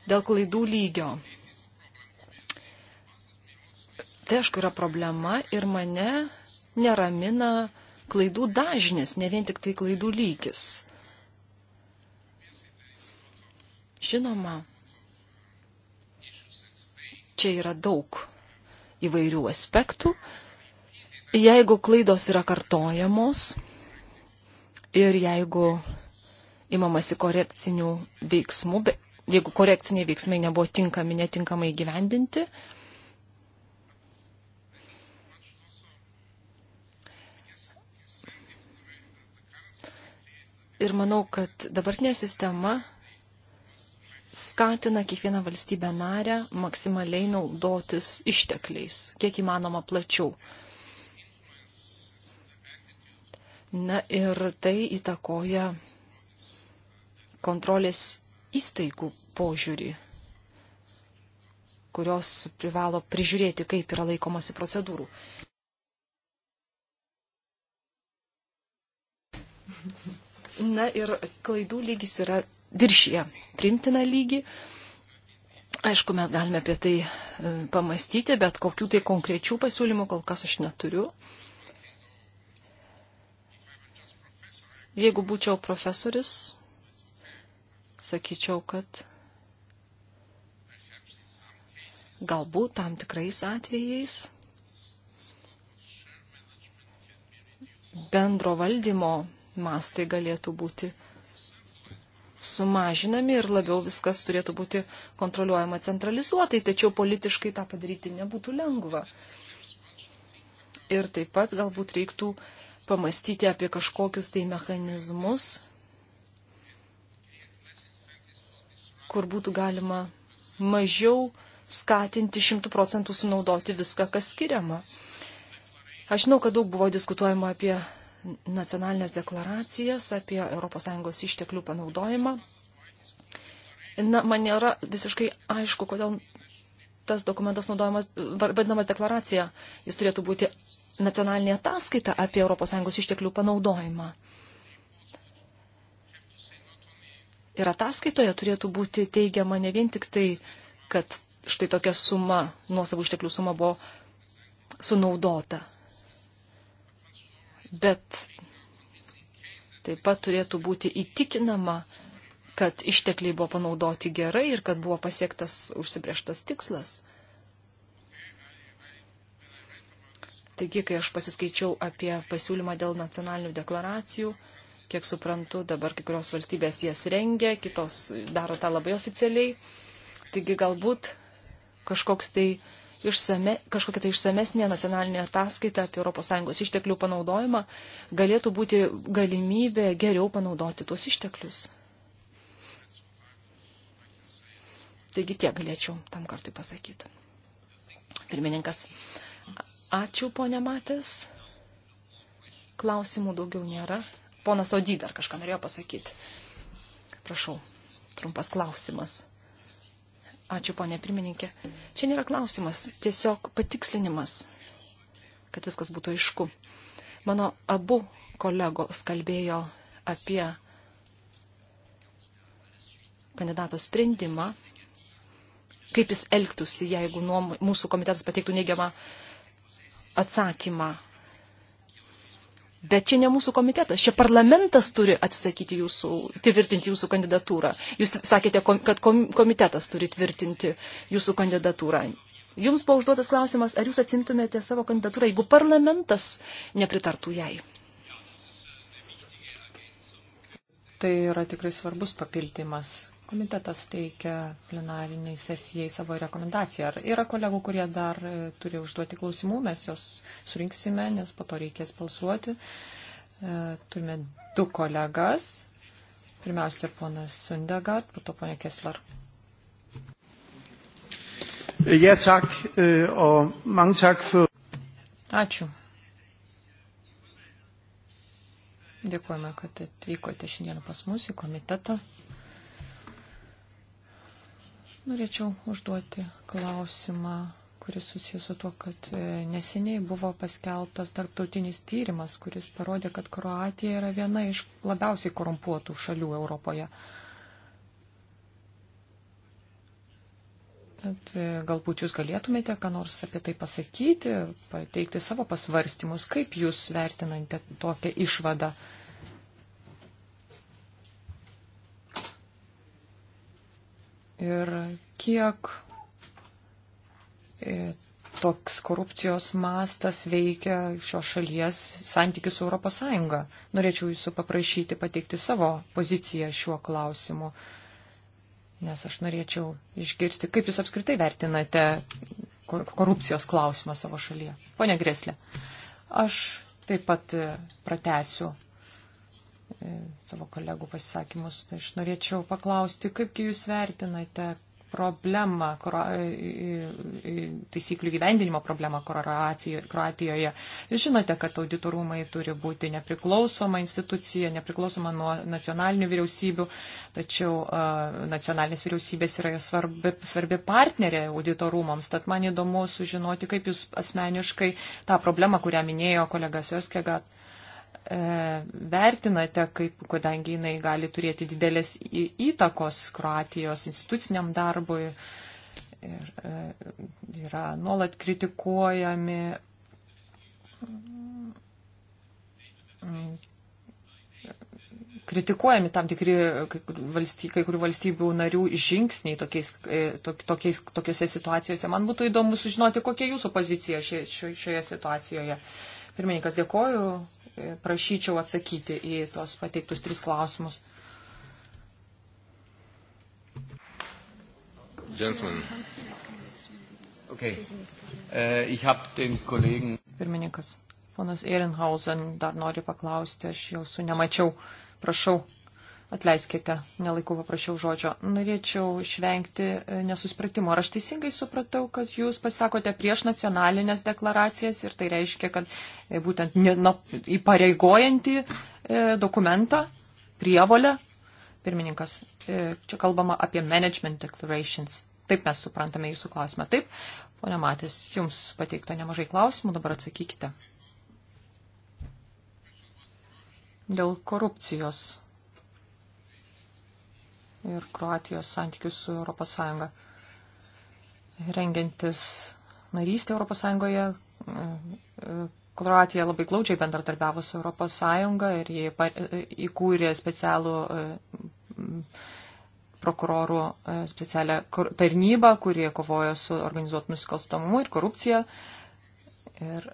Dėl klaidų lygio. Tai aišku yra problema ir mane neramina klaidų dažnis, ne vien tik tai klaidų lygis. Žinoma, čia yra daug įvairių aspektų. Jeigu klaidos yra kartojamos ir jeigu imamasi korekcinių veiksmų, jeigu korekciniai veiksmai nebuvo tinkami, netinkamai gyvendinti, Ir manau, kad dabartinė sistema skatina kiekvieną valstybę narę maksimaliai naudotis ištekliais, kiek įmanoma plačiau. Na ir tai įtakoja kontrolės įstaigų požiūrį, kurios privalo prižiūrėti, kaip yra laikomasi procedūrų. Na ir klaidų lygis yra viršyje primtiną lygį. Aišku, mes galime apie tai e, pamastyti, bet kokių tai konkrečių pasiūlymų kol kas aš neturiu. Jeigu būčiau profesorius, sakyčiau, kad galbūt tam tikrais atvejais bendro valdymo mastai galėtų būti sumažinami ir labiau viskas turėtų būti kontroliuojama centralizuotai, tačiau politiškai tą padaryti nebūtų lengva. Ir taip pat galbūt reiktų pamastyti apie kažkokius tai mechanizmus, kur būtų galima mažiau skatinti šimtų procentų sunaudoti viską, kas skiriama. Aš žinau, kad daug buvo diskutuojama apie nacionalinės deklaracijas apie ES išteklių panaudojimą. Na, man nėra visiškai aišku, kodėl tas dokumentas naudojamas, vadinamas deklaracija, jis turėtų būti nacionalinė ataskaita apie ES išteklių panaudojimą. Ir ataskaitoje turėtų būti teigiama ne vien tik tai, kad štai tokia suma, nuosavų išteklių suma buvo sunaudota bet taip pat turėtų būti įtikinama, kad ištekliai buvo panaudoti gerai ir kad buvo pasiektas užsibrieštas tikslas. Taigi, kai aš pasiskaičiau apie pasiūlymą dėl nacionalinių deklaracijų, kiek suprantu, dabar kai kurios valstybės jas rengia, kitos daro tą labai oficialiai. Taigi, galbūt kažkoks tai uh, išsame, kažkokia tai išsamesnė nacionalinė ataskaita apie ES išteklių panaudojimą galėtų būti galimybė geriau panaudoti tuos išteklius. Taigi tiek galėčiau tam kartui pasakyti. Pirmininkas, ačiū ponė Matės. Klausimų daugiau nėra. Ponas Odį dar kažką norėjo pasakyti. Prašau, trumpas klausimas. Ačiū, ponė pirmininkė. Čia nėra klausimas, tiesiog patikslinimas, kad viskas būtų aišku. Mano abu kolegos kalbėjo apie kandidato sprendimą, kaip jis elgtųsi, jeigu nuom, mūsų komitetas pateiktų neigiamą atsakymą. Bet čia ne mūsų komitetas, čia parlamentas turi atsisakyti jūsų, tvirtinti jūsų kandidatūrą. Jūs sakėte, kad komitetas turi tvirtinti jūsų kandidatūrą. Jums buvo užduotas klausimas, ar jūs atsimtumėte savo kandidatūrą, jeigu parlamentas nepritartų jai. Tai yra tikrai svarbus papildymas, komitetas teikia plenariniai sesijai savo rekomendaciją. Ar yra kolegų, kurie dar e, turi užduoti klausimų, mes juos surinksime, nes po to reikės balsuoti. E, turime du kolegas. Pirmiausia ir ponas Sundegard, po to ponė Kessler. Ja, tak, e, o mange tak for... Ačiū. Dėkojame, kad atvykote šiandien pas mus į komitetą. Norėčiau užduoti klausimą, kuris susijęs su tuo, kad e, neseniai buvo paskelbtas tarptautinis tyrimas, kuris parodė, kad Kroatija yra viena iš labiausiai korumpuotų šalių Europoje. Tad e, galbūt jūs galėtumėte, ką nors apie tai pasakyti, pateikti savo pasvarstymus, kaip jūs vertinate tokią išvadą. ir kiek e, toks korupcijos mastas veikia šios šalies santykius su ES. Norėčiau jūsų paprašyti pateikti savo poziciją šiuo klausimu, nes aš norėčiau išgirsti, kaip jūs apskritai vertinate korupcijos klausimą savo šalyje. Pone Greslė, aš taip pat e, pratesiu E, savo kolegų pasisakymus. Tai aš norėčiau paklausti, kaipgi jūs vertinate problemą, e, e, taisyklių gyvendinimo problemą Kroatijoje. Jūs žinote, kad auditorumai turi būti nepriklausoma institucija, nepriklausoma nuo nacionalinių vyriausybių, tačiau nacionalinės vyriausybės yra svarbi, svarbi partnerė auditorumams. Tad man įdomu sužinoti, kaip jūs asmeniškai tą problemą, kurią minėjo kolegas Joskegat, E, vertinate, kaip, kadangi jinai gali turėti didelės įtakos Kroatijos instituciniam darbui ir e, yra nuolat kritikuojami kritikuojami tam tikri valsty, kai kurių valstybių narių žingsniai tokiais, e, tok, tokiais, tokiose situacijose. Man būtų įdomu sužinoti, kokia jūsų pozicija šioje, šioje situacijoje. Pirmininkas, dėkoju prašyčiau atsakyti į tos pateiktus tris klausimus. Gentlemen. Okay. Uh, ich habe den Kollegen. Pirmininkas, ponas Ehrenhausen, dar nori paklausti, aš jau su nemačiau. Prašau. Atleiskite, nelaikau paprašiau žodžio. Norėčiau išvengti e, nesuspratimo. Ar aš teisingai supratau, kad jūs pasisakote prieš nacionalinės deklaracijas ir tai reiškia, kad e, būtent ne, na, įpareigojantį e, dokumentą, prievolę, pirmininkas, e, čia kalbama apie management declarations. Taip mes suprantame jūsų klausimą. Taip, ponia Matės, jums pateikta nemažai klausimų, dabar atsakykite. Dėl korupcijos ir Kroatijos santykius su ES. Rengiantis narystė ES, e, e, Kroatija labai glaudžiai bendradarbiavo su ES ir jie e, įkūrė specialų prokurorų specialią tarnybą, kurie kovojo su organizuotų nusikalstamumu ir korupcija. Ir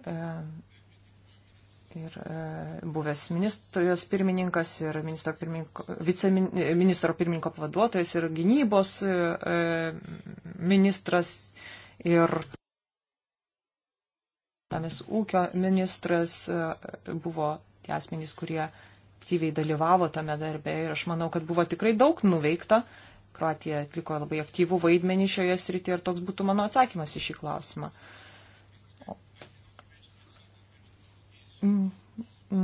ir e, buvęs ministras pirmininkas, ir ministro pirmininko, viceministro e, pirmininko pavaduotojas, ir gynybos e, ministras, ir žemės ūkio ministras buvo tie asmenys, kurie aktyviai dalyvavo tame darbe ir aš manau, kad buvo tikrai daug nuveikta. Kroatija atliko labai aktyvų vaidmenį šioje srityje ir toks būtų mano atsakymas į šį klausimą. Uh, Mm,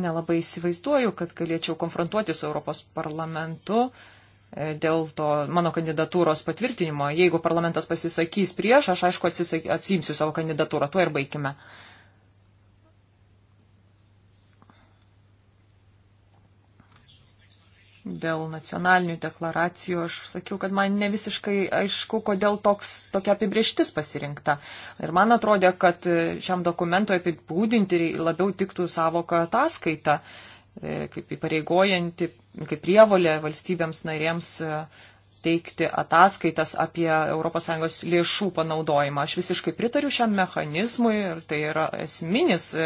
nelabai įsivaizduoju, kad galėčiau konfrontuoti su Europos parlamentu e, dėl to mano kandidatūros patvirtinimo. Jeigu parlamentas pasisakys prieš, aš aišku atsisak, atsimsiu savo kandidatūrą, tuo ir baigime. Uh, dėl nacionalinių deklaracijų, aš sakiau, kad man ne visiškai aišku, kodėl toks, tokia apibrieštis pasirinkta. Ir man atrodė, kad šiam dokumentui apibūdinti labiau tiktų savoką ataskaitą, e, kaip įpareigojanti, kaip prievolė valstybėms narėms e, teikti ataskaitas apie ES lėšų panaudojimą. Aš visiškai pritariu šiam mechanizmui ir tai yra esminis e,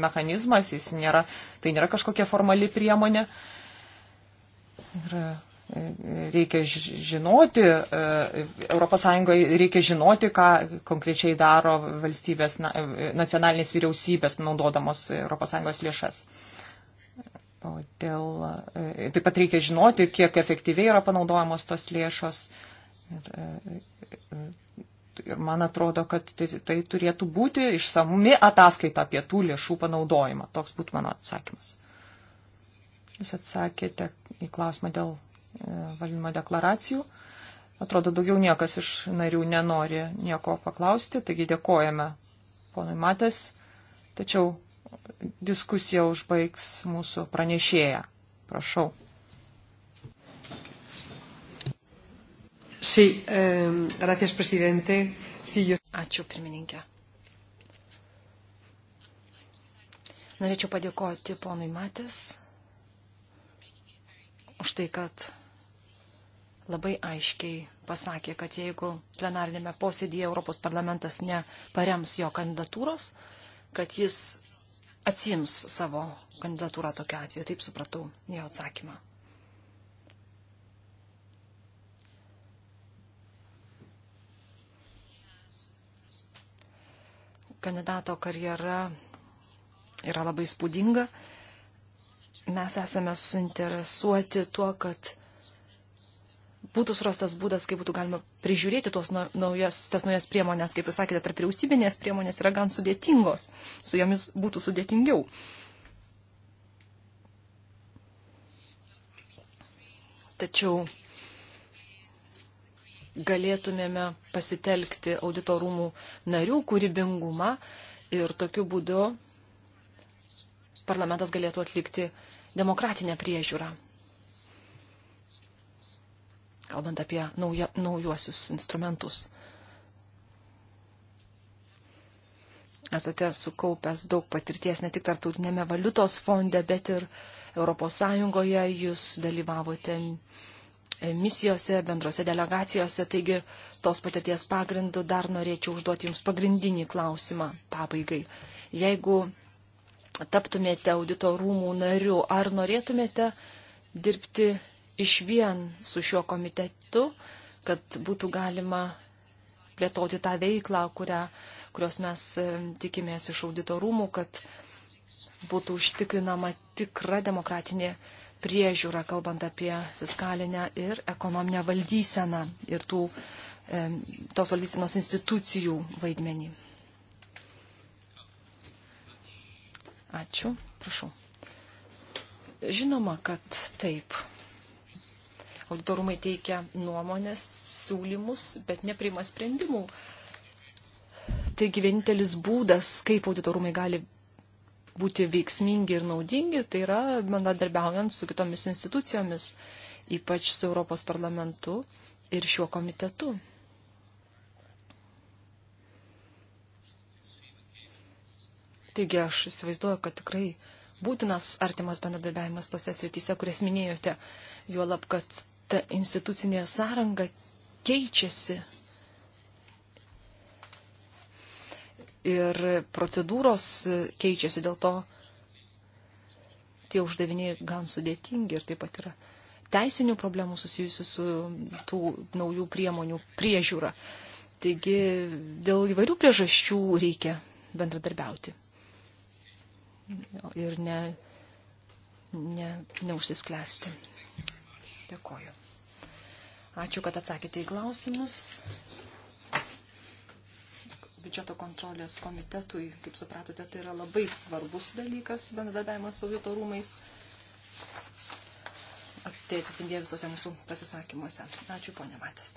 mechanizmas, jis nėra, tai nėra kažkokia formali priemonė. E, Ir e, reikia žinoti, ES reikia žinoti, ką konkrečiai daro valstybės, e, nacionalinės vyriausybės, naudodamos ES lėšas. O dėl, e, taip pat reikia žinoti, kiek efektyviai yra panaudojamos tos lėšos. Ir, ir, ir man atrodo, kad tai, tai turėtų būti išsamumi ataskaita apie tų lėšų panaudojimą. Toks būtų mano atsakymas. Jūs atsakėte į klausimą dėl e, valdymo deklaracijų. Atrodo, daugiau niekas iš narių nenori nieko paklausti, taigi dėkojame ponui Matės. Tačiau diskusiją užbaigs mūsų pranešėja. Prašau. Sí, um, gracias, presidente. Sí, yo... Ačiū, pirmininkė. Norėčiau padėkoti ponui Matės už tai, kad labai aiškiai pasakė, kad jeigu plenarinėme posėdėje Europos parlamentas neparems jo kandidatūros, kad jis atsims savo kandidatūrą tokiu atveju. Taip supratau jo atsakymą. Kandidato karjera yra labai spūdinga. Mes esame suinteresuoti tuo, kad būtų surastas būdas, kaip būtų galima prižiūrėti tuos naujas, tas naujas priemonės, kaip jūs sakėte, tarp vyriausybinės priemonės yra gan sudėtingos, su jomis būtų sudėtingiau. Tačiau galėtumėme pasitelkti auditorumų narių kūrybingumą ir tokiu būdu parlamentas galėtų atlikti demokratinę priežiūrą. Kalbant apie nauja, naujuosius instrumentus. Esate sukaupęs daug patirties ne tik tarptautinėme valiutos fonde, bet ir ES. Jūs dalyvavote misijose, bendrose delegacijose, taigi tos patirties pagrindu dar norėčiau užduoti Jums pagrindinį klausimą pabaigai. Jeigu taptumėte audito rūmų nariu, ar norėtumėte dirbti iš vien su šiuo komitetu, kad būtų galima plėtoti tą veiklą, kurią, kurios mes e, tikimės iš audito rūmų, kad būtų užtikrinama tikra demokratinė priežiūra, kalbant apie fiskalinę ir ekonominę valdyseną ir tų, e, tos valdysenos institucijų vaidmenį. Ačiū. Prašau. Žinoma, kad taip. Auditorumai teikia nuomonės, siūlymus, bet neprima sprendimų. Taigi vienintelis būdas, kaip auditorumai gali būti veiksmingi ir naudingi, tai yra bendradarbiaujant su kitomis institucijomis, ypač su Europos parlamentu ir šiuo komitetu. Taigi aš įsivaizduoju, kad tikrai būtinas artimas bendradarbiavimas tose srityse, kurias minėjote, juolab, kad ta institucinė sąranga keičiasi. Ir procedūros keičiasi, dėl to tie uždaviniai gan sudėtingi ir taip pat yra teisinių problemų susijusių su tų naujų priemonių priežiūra. Taigi dėl įvairių priežasčių reikia bendradarbiauti ir ne, ne, neužsisklesti. Dėkoju. Ačiū, kad atsakėte į klausimus. Biudžeto kontrolės komitetui, kaip supratote, tai yra labai svarbus dalykas bendradarbiavimas su audito rūmais. Tai atsispindėjo visose mūsų pasisakymuose. Ačiū, ponė Matas.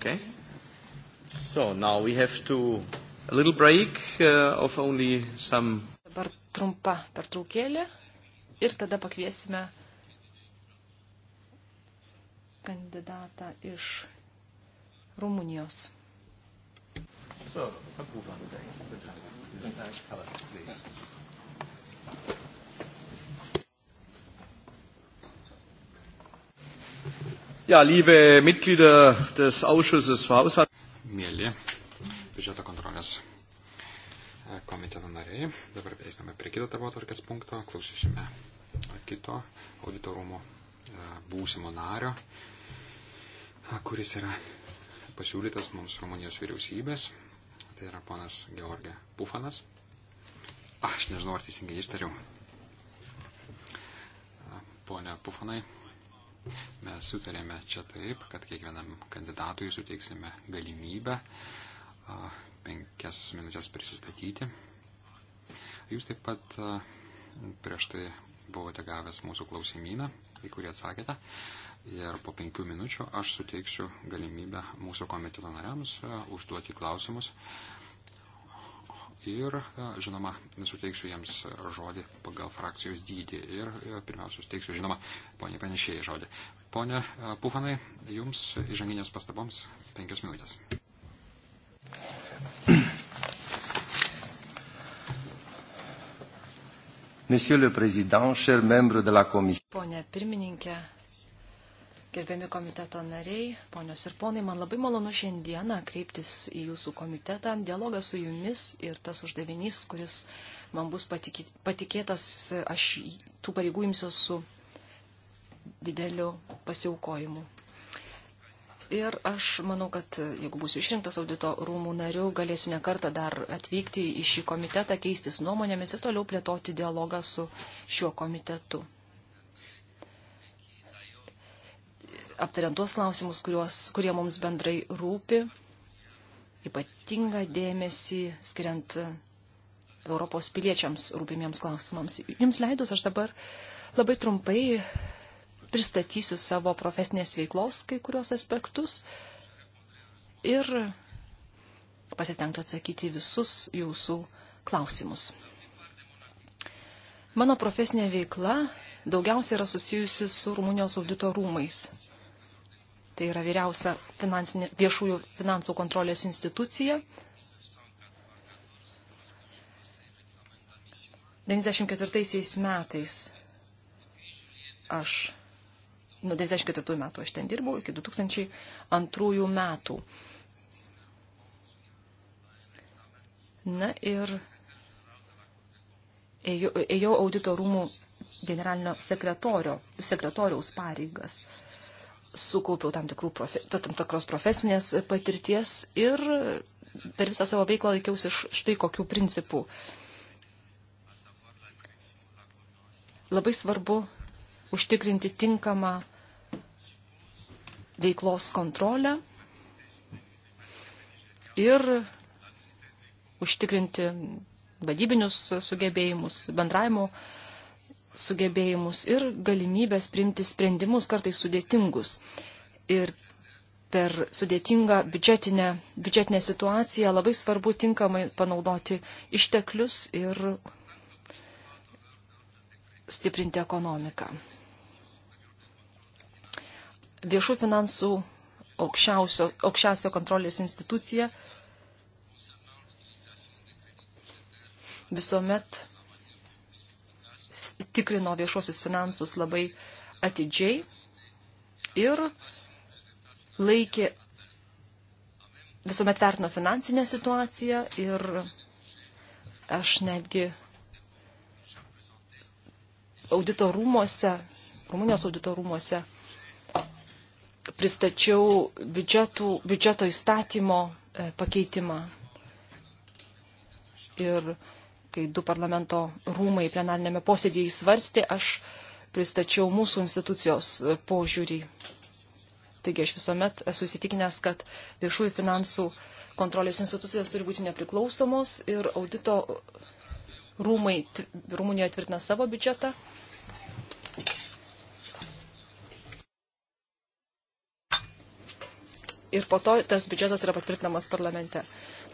Okay. So now we have to a little break uh, of only some. Dabar trumpa pertraukėlė ir tada pakviesime kandidatą iš Rumunijos. So, Herr Gruber, bitte. Bitte. Bitte. Bitte. Bitte. Bitte. Bitte. Bitte. Ja, liebe Mitglieder des Ausschusses für Haushalt. Mėly biudžeto kontrolės e, komiteto nariai, dabar eisime prie kito tavo atvarkės punkto, klausysime kito auditorumo e, būsimo nario, e, kuris yra pasiūlytas mums Rumunijos vyriausybės, tai yra ponas Georgė Pufanas. Aš nežinau, ar teisingai ištariau. Pone Pufanai, Mes sutarėme čia taip, kad kiekvienam kandidatui suteiksime galimybę penkias minutės prisistatyti. Jūs taip pat prieš tai buvote gavęs mūsų klausimyną, į kurį atsakėte. Ir po penkių minučių aš suteiksiu galimybę mūsų komiteto nariams užduoti klausimus ir, e, žinoma, suteiksiu jiems žodį pagal frakcijos dydį ir e, pirmiausia, suteiksiu, žinoma, ponė panešėjai žodį. Pone e, Pufanai, jums įžanginės pastaboms penkios minutės. Monsieur le Président, chers membres de la Commission. Pone pirmininkė, Gerbiami komiteto nariai, ponios ir ponai, man labai malonu šiandieną kreiptis į jūsų komitetą. Dialogas su jumis ir tas uždavinys, kuris man bus patikėtas, aš tų pareigų imsiu su dideliu pasiaukojimu. Ir aš manau, kad jeigu būsiu išrinktas audito rūmų nariu, galėsiu nekartą dar atvykti į šį komitetą, keistis nuomonėmis ir toliau plėtoti dialogą su šiuo komitetu. aptariant tuos klausimus, kurios, kurie mums bendrai rūpi, ypatingą dėmesį skiriant Europos piliečiams rūpimiems klausimams. Jums leidus aš dabar labai trumpai pristatysiu savo profesinės veiklos kai kurios aspektus ir pasistengtų atsakyti visus jūsų klausimus. Mano profesinė veikla daugiausia yra susijusi su Rumunijos audito rūmais. Tai yra vyriausia viešųjų finansų kontrolės institucija. 94 metais aš, nuo 94 metų aš ten dirbau iki 2002 metų. Na ir ėjau audito rūmų generalinio sekretorio, sekretoriaus pareigas sukaupiau tam, profe, tam tikros profesinės patirties ir per visą savo veiklą laikiausi štai kokių principų. Labai svarbu užtikrinti tinkamą veiklos kontrolę ir užtikrinti vadybinius sugebėjimus, bendravimo uh, sugebėjimus ir galimybės priimti sprendimus kartais sudėtingus. Ir per sudėtingą biudžetinę, biudžetinę situaciją labai svarbu tinkamai panaudoti išteklius ir stiprinti ekonomiką. Viešų finansų aukščiausio kontrolės institucija visuomet tikrino viešuosius finansus labai atidžiai ir laikė, visuomet vertino finansinę situaciją ir aš netgi audito rūmose, Rumunijos audito rūmose pristačiau biudžetų, biudžeto įstatymo e, pakeitimą. Ir kai du parlamento rūmai plenarinėme posėdėje įsvarstė, aš pristačiau mūsų institucijos e, požiūrį. Taigi aš visuomet esu įsitikinęs, kad viešųjų finansų kontrolės institucijos turi būti nepriklausomos ir audito rūmai Rumunijoje tvirtina savo biudžetą. Ir po to tas biudžetas yra patvirtinamas parlamente.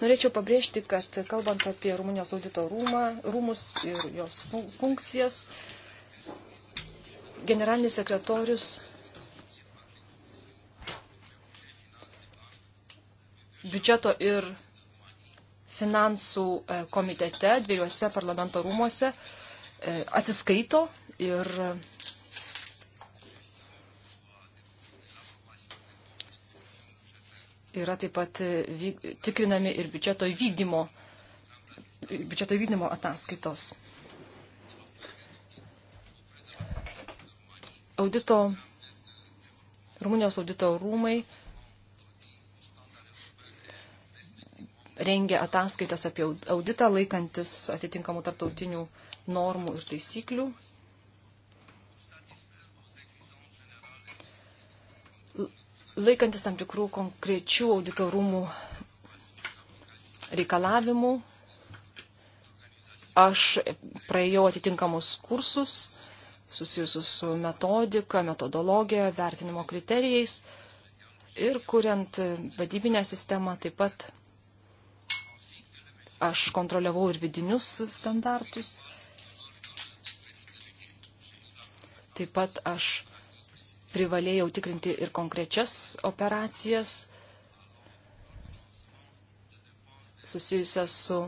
Norėčiau pabrėžti, kad kalbant apie Rumunijos audito rūmą, rūmus ir jos funkcijas, generalinis sekretorius biudžeto ir finansų e, komitete, dviejose parlamento rūmose e, atsiskaito ir yra taip pat e, vyk, tikrinami ir biudžeto įvykdymo, biudžeto įvykdymo ataskaitos. Audito, Rumunijos audito rūmai rengia ataskaitas apie auditą laikantis atitinkamų tarptautinių normų ir taisyklių. laikantis tam tikrų konkrečių auditorumų reikalavimų, aš praėjau atitinkamus kursus susijusius su metodika, metodologija, vertinimo kriterijais ir kuriant vadybinę sistemą taip pat aš kontroliavau ir vidinius standartus. Taip pat aš privalėjau tikrinti ir konkrečias operacijas susijusias su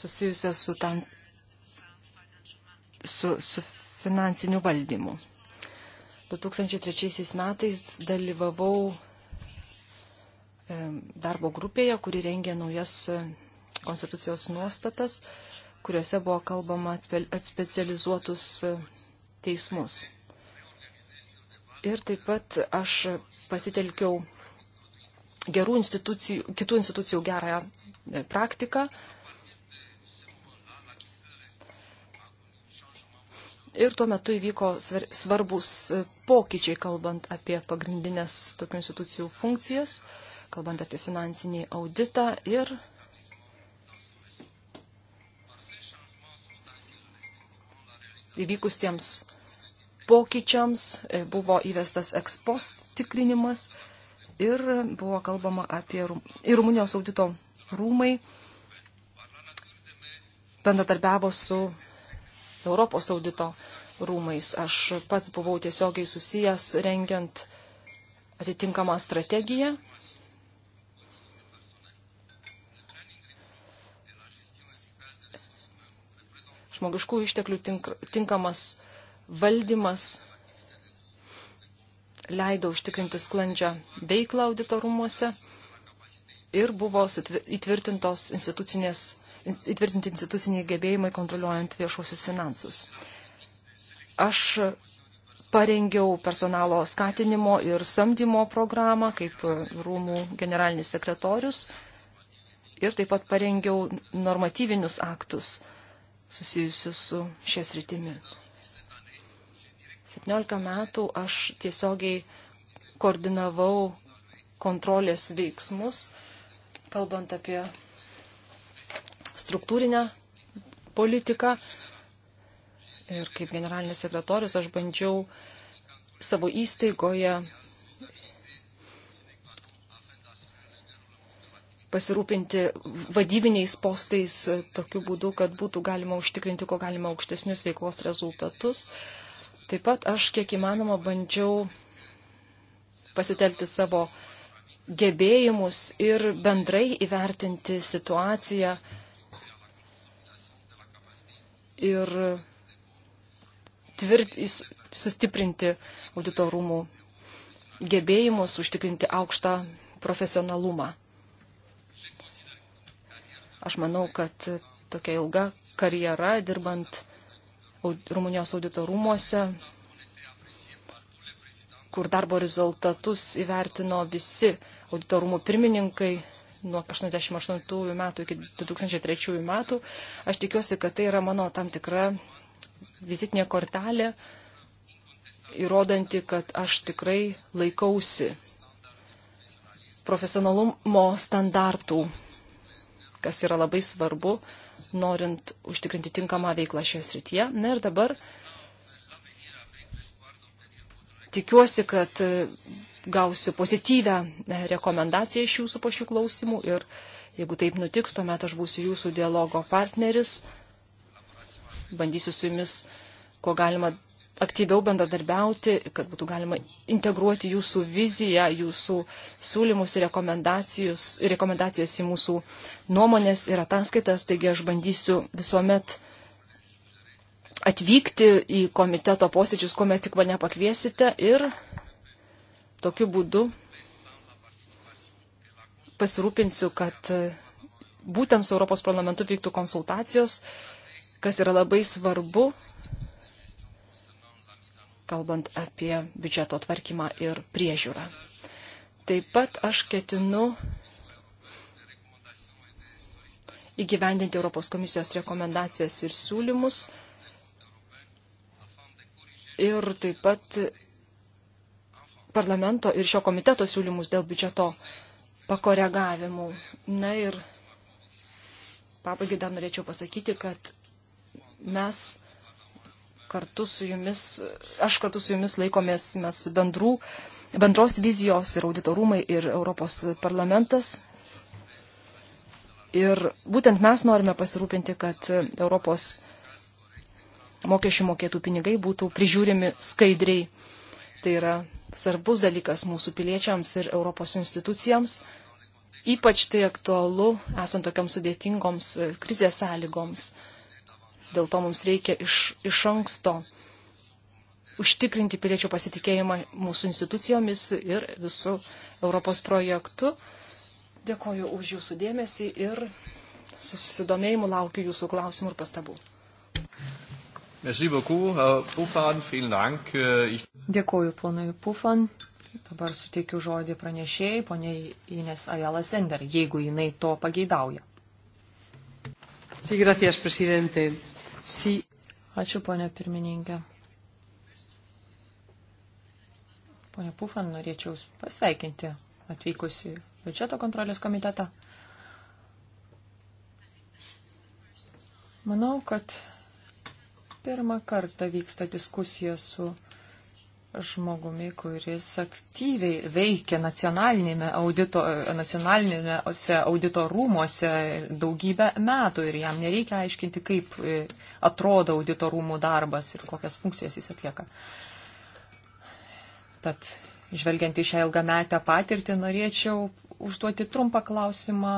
susijusias su, tam, su, su finansiniu valdymu. 2003 metais dalyvavau darbo grupėje, kuri rengė naujas konstitucijos nuostatas kuriuose buvo kalbama atspecializuotus e, teismus. Ir taip pat aš pasitelkiau gerų institucijų, kitų institucijų gerąją e, praktiką. Ir tuo metu įvyko svarbus e, pokyčiai, kalbant apie pagrindinės tokių institucijų funkcijas, kalbant apie finansinį auditą ir įvykustiems pokyčiams, e, buvo įvestas ekspost tikrinimas ir buvo kalbama apie ir Rumunijos audito rūmai bendradarbiavo su Europos audito rūmais. Aš pats buvau tiesiogiai susijęs rengiant atitinkamą strategiją žmogiškų išteklių tink, tinkamas valdymas leido užtikrinti sklandžią veiklą auditorumuose ir buvo įtvirtintos institucinės, įtvirtinti instituciniai gebėjimai kontroliuojant viešuosius finansus. Aš parengiau personalo skatinimo ir samdymo programą kaip rūmų generalinis sekretorius ir taip pat parengiau normatyvinius aktus susijusių su šias rytimi. 17 metų aš tiesiogiai koordinavau kontrolės veiksmus, kalbant apie struktūrinę politiką. Ir kaip generalinis sekretorius aš bandžiau savo įstaigoje pasirūpinti vadybiniais postais tokiu būdu, kad būtų galima užtikrinti, ko galima aukštesnius veiklos rezultatus. Taip pat aš kiek įmanoma bandžiau pasitelti savo gebėjimus ir bendrai įvertinti situaciją ir tvirt, sustiprinti auditorumų gebėjimus, užtikrinti aukštą profesionalumą. Aš manau, kad tokia ilga karjera dirbant Rumunijos audito rūmuose, kur darbo rezultatus įvertino visi audito rūmų pirmininkai nuo 88 metų iki 2003 metų. Aš tikiuosi, kad tai yra mano tam tikra vizitinė kortelė, įrodanti, kad aš tikrai laikausi profesionalumo standartų kas yra labai svarbu, norint užtikrinti tinkamą veiklą šioje srityje. Na ir dabar tikiuosi, kad e, gausiu pozityvę e, rekomendaciją iš jūsų po šių klausimų ir jeigu taip nutiks, tuomet aš būsiu jūsų dialogo partneris, bandysiu su jumis, kuo galima aktyviau bendradarbiauti, kad būtų galima integruoti jūsų viziją, jūsų siūlymus ir rekomendacijos, rekomendacijos į mūsų nuomonės ir ataskaitas. Taigi aš bandysiu visuomet atvykti į komiteto posėdžius, kuomet tik mane pakviesite ir tokiu būdu pasirūpinsiu, kad būtent su Europos parlamentu vyktų konsultacijos, kas yra labai svarbu kalbant apie biudžeto tvarkymą ir priežiūrą. Taip pat aš ketinu įgyvendinti Europos komisijos rekomendacijas ir siūlymus ir taip pat parlamento ir šio komiteto siūlymus dėl biudžeto pakoregavimų. Na ir pabaigai dar norėčiau pasakyti, kad mes kartu su jumis, aš kartu su jumis laikomės mes bendrų, bendros vizijos ir auditorumai ir Europos parlamentas. Ir būtent mes norime pasirūpinti, kad Europos mokesčių mokėtų pinigai būtų prižiūrimi skaidriai. Tai yra svarbus dalykas mūsų piliečiams ir Europos institucijams. Ypač tai aktualu esant tokiams sudėtingoms krizės sąlygoms. Dėl to mums reikia iš, iš anksto užtikrinti piliečių pasitikėjimą mūsų institucijomis ir visų Europos projektu. Dėkoju už jūsų dėmesį ir su susidomėjimu laukiu jūsų klausimų ir pastabų. Äh, Dėkoju ponui Pufan. Dabar suteikiu žodį pranešėjai, ponė Ines Ajala Sender, jeigu jinai to pageidauja. Sí, gracias, presidente. Ačiū, ponė pirmininkė. Pone Pufan, norėčiau pasveikinti atvykusi biudžeto kontrolės komitetą. Manau, kad pirmą kartą vyksta diskusija su žmogumi, kuris aktyviai veikia nacionalinėme audito, nacionalinėme audito rūmose daugybę metų ir jam nereikia aiškinti, kaip e, atrodo audito rūmų darbas ir kokias funkcijas jis atlieka. Tad, žvelgiant į šią ilgametę patirtį, norėčiau užduoti trumpą klausimą.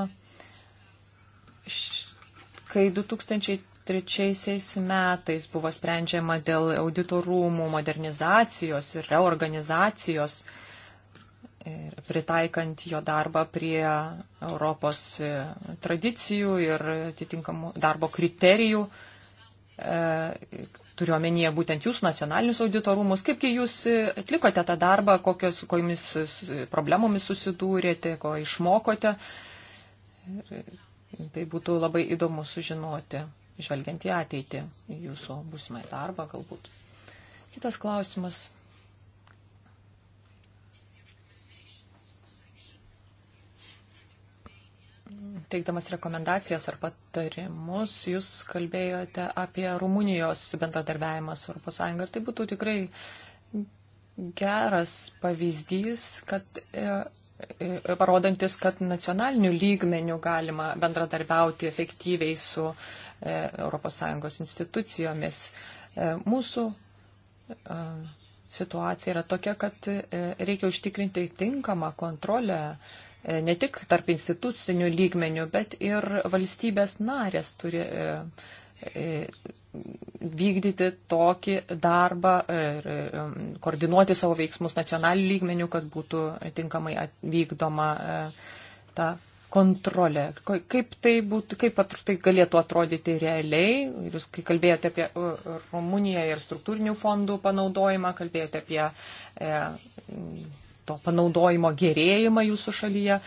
Kai 2000 2003 metais buvo sprendžiama dėl auditorumų modernizacijos ir reorganizacijos, ir pritaikant jo darbą prie Europos e, tradicijų ir atitinkamų darbo kriterijų. E, turiu omenyje būtent jūsų nacionalinius auditorumus. Kaipgi jūs e, atlikote tą darbą, kokios, kokiamis problemomis susidūrėte, ko išmokote. Tai būtų labai įdomu sužinoti žvelgiant į ateitį, jūsų būsimą darbą galbūt. Kitas klausimas. Teikdamas rekomendacijas ar patarimus, jūs kalbėjote apie Rumunijos bendradarbiavimą su ES ir tai būtų tikrai geras pavyzdys, kad e, e, parodantis, kad nacionaliniu lygmeniu galima bendradarbiauti efektyviai su ES institucijomis. E, mūsų e, situacija yra tokia, kad e, reikia užtikrinti tinkamą kontrolę ne tik tarp institucinių lygmenių, bet ir valstybės narės turi vykdyti tokį darbą ir koordinuoti savo veiksmus nacionalinių lygmenių, kad būtų tinkamai vykdoma ta kontrolę. Kaip tai, būtų, kaip tai galėtų atrodyti realiai? Jūs kai kalbėjote apie Rumuniją ir struktūrinių fondų panaudojimą, kalbėjote apie e, to panaudojimo gerėjimą jūsų šalyje.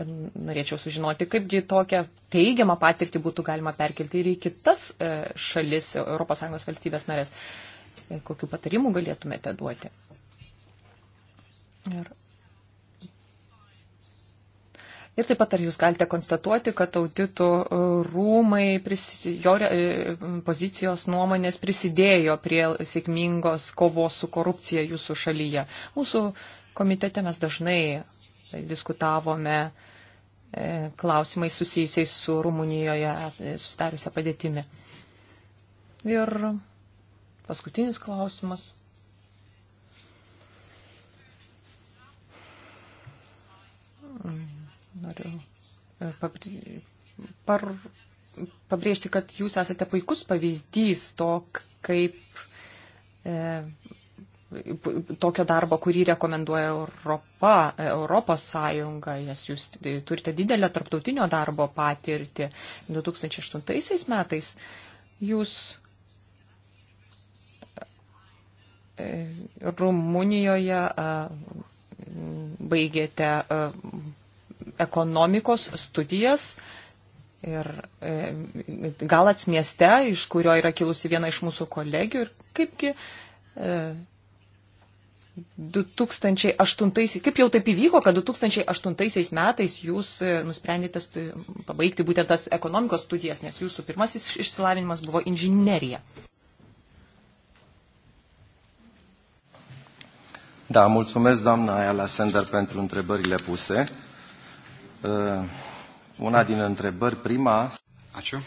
E, norėčiau sužinoti, kaipgi tokią teigiamą patirtį būtų galima perkelti ir į kitas e, šalis, ES valstybės narės. E, Kokiu patarimu galėtumėte duoti? Ir Ir taip pat ar jūs galite konstatuoti, kad auditų e, rūmai, prisi, jo e, pozicijos nuomonės prisidėjo prie sėkmingos kovos su korupcija jūsų šalyje. Mūsų komitete mes dažnai diskutavome e, klausimai susijusiais su Rumunijoje sustariusią padėtimi. Ir paskutinis klausimas. Mm. Noriu e, par, pabrėžti, kad jūs esate puikus pavyzdys to, kaip e, tokio darbo, kurį rekomenduoja Europa, e, Europos Sąjunga, nes jūs turite didelę tarptautinio darbo patirtį. 2008 metais jūs e, Rumunijoje baigėte ekonomikos studijas. Ir e, Galats mieste, iš kurio yra kilusi viena iš mūsų kolegių, ir kaipgi e, 2008, kaip jau taip įvyko, kad 2008 metais jūs e, nusprendėte pabaigti būtent tas ekonomikos studijas, nes jūsų pirmasis išsilavinimas buvo inžinierija. Da, mulțumesc, doamna Ayala Sender, pentru întrebările puse. Una din întrebări, prima. Ačiū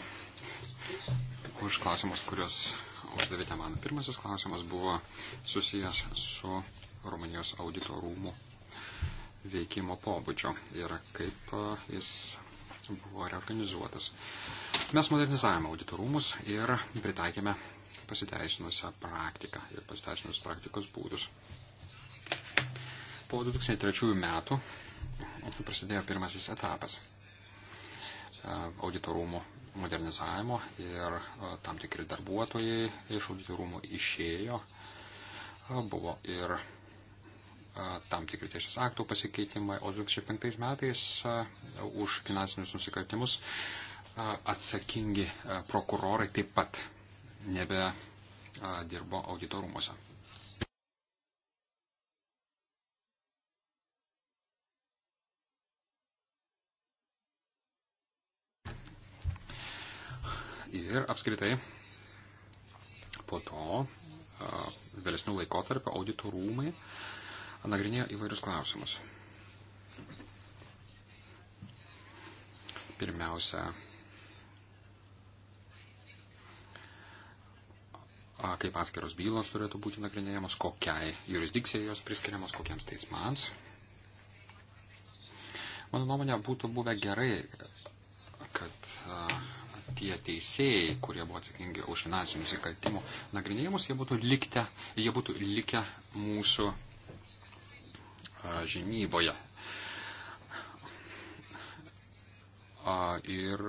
už klausimus, kuriuos uždavėte man. Pirmasis klausimas buvo susijęs su Rumunijos audito rūmų veikimo pobūdžio ir kaip jis buvo reorganizuotas. Mes modernizavome audito rūmus ir pritaikėme pasiteisinusią praktiką ir pasiteisinus praktikos būdus. Po 2003 metų prasidėjo pirmasis etapas e, auditorumų modernizavimo ir e, tam tikri darbuotojai iš auditorumų išėjo, e, buvo ir tam tikri teisės aktų pasikeitimai, o 2005 metais už finansinius nusikaltimus atsakingi prokurorai taip pat nebe dirbo auditorumuose. Ir apskritai po to vėlesnių laikotarpio audito rūmai nagrinėjo įvairius klausimus. Pirmiausia, kaip atskiros bylos turėtų būti nagrinėjamos, kokiai jurisdikcijai jos priskiriamos, kokiems teismams. Mano nuomonė būtų buvę gerai, kad tie teisėjai, kurie buvo atsakingi už finansinių nusikaltimų nagrinėjimus, jie būtų, likte, jie būtų likę mūsų žinyboje. Ir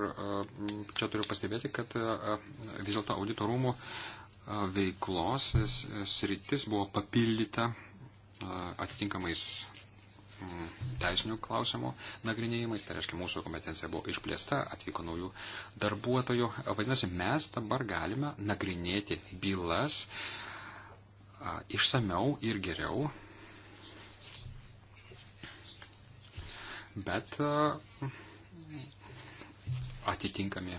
čia turiu pastebėti, kad vis dėlto audito rūmų veiklos sritis buvo papildyta atitinkamais teisinių klausimų nagrinėjimais, tai reiškia mūsų kompetencija buvo išplėsta, atvyko naujų darbuotojų. Vadinasi, mes dabar galime nagrinėti bylas išsameu ir geriau. Bet atitinkami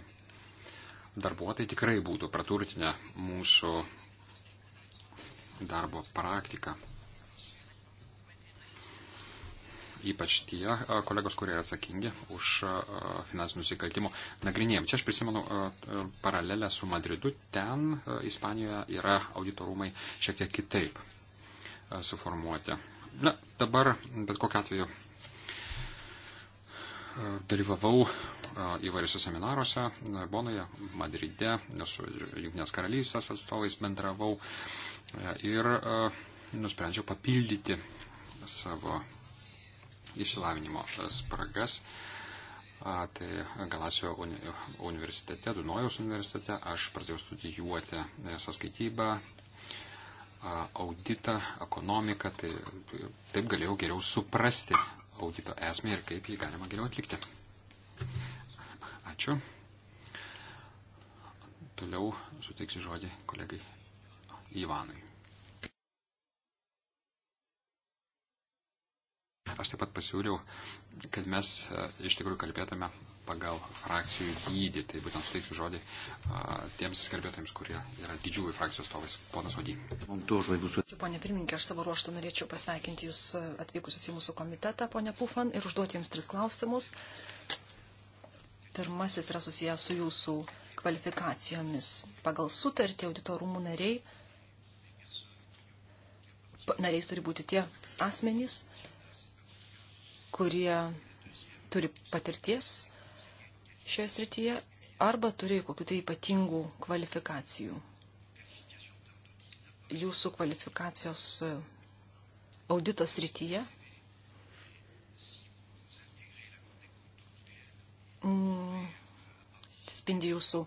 darbuotojai tikrai būtų praturtinę mūsų darbo praktiką. ypač tie kolegos, kurie yra atsakingi už finansinių nusikaltimų nagrinėjimą. Čia aš prisimenu paralelę su Madridu, ten Ispanijoje yra auditorumai šiek tiek kitaip suformuoti. Na, dabar, bet kokiu atveju, dalyvavau įvairiuose seminaruose, Bonoje, Madride, su Junktinės karalystės atstovais bendravau ir nusprendžiau papildyti savo išsilavinimo spragas. A, tai Galasio uni universitete, Dunojaus universitete aš pradėjau studijuoti e, sąskaitybą, auditą, ekonomiką, tai taip galėjau geriau suprasti audito esmę ir kaip jį galima geriau atlikti. Ačiū. Toliau suteiksiu žodį kolegai Ivanui. Aš taip pat pasiūliau, kad mes e, iš tikrųjų kalbėtume pagal frakcijų dydį. Tai būtent suteiksiu žodį e, tiems kalbėtojams, kurie yra didžiųjų frakcijų atstovais. Ponas Odį. Ačiū, ponė pirmininkė, aš savo ruoštų norėčiau pasveikinti Jūs e, atvykusius į mūsų komitetą, ponė Pufan, ir užduoti Jums tris klausimus. Pirmasis yra susijęs su Jūsų kvalifikacijomis. Pagal sutartį auditorumų nariai, nariais turi būti tie asmenys, kurie turi patirties šioje srityje arba turi kokiu tai ypatingų kvalifikacijų. Jūsų kvalifikacijos e, audito srityje mm, spindi jūsų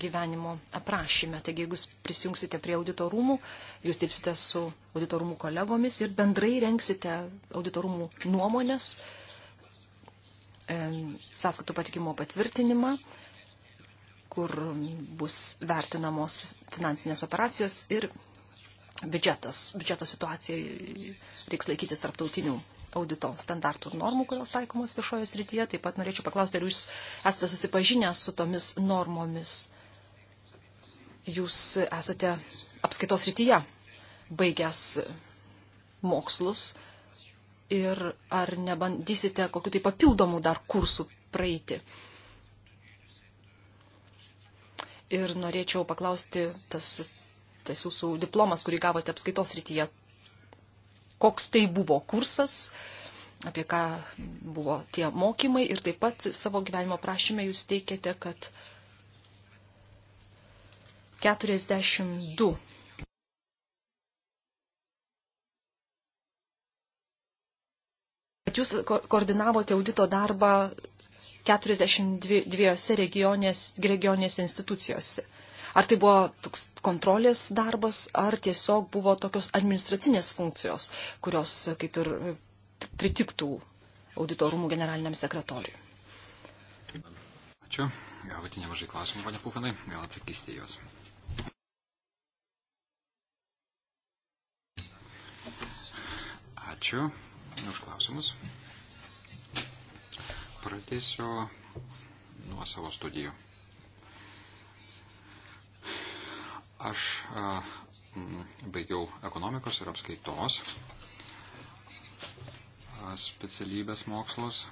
gyvenimo aprašyme. Taigi, jeigu jūs prisijungsite prie auditorumų, jūs dirbsite su auditorumų kolegomis ir bendrai renksite auditorumų nuomonės, e, sąskaitų patikimo patvirtinimą, kur bus vertinamos finansinės operacijos ir biudžetas. Biudžeto situacijai reiks laikytis tarptautinių audito standartų ir normų, kurios taikomos viešojo srityje. Taip pat norėčiau paklausti, ar jūs esate susipažinę su tomis normomis jūs esate apskaitos rytyje baigęs mokslus ir ar nebandysite kokiu tai papildomu dar kursu praeiti. Ir norėčiau paklausti, tas, tas jūsų diplomas, kurį gavote apskaitos rytyje, koks tai buvo kursas, apie ką buvo tie mokymai ir taip pat savo gyvenimo prašymę jūs teikiate, kad uh, 42. Jūs ko koordinavote audito darbą 42 regionės, regionės institucijose. Ar tai buvo toks kontrolės darbas, ar tiesiog buvo tokios administracinės funkcijos, kurios kaip ir pritiktų auditorumų generaliniam sekretoriui? Ačiū. Gavote nemažai klausimų, ponia Pufanai. Gal atsakysite juos. Ačiū už klausimus. Pradėsiu nuo savo studijų. Aš a, m, baigiau ekonomikos ir apskaitos a, specialybės mokslus.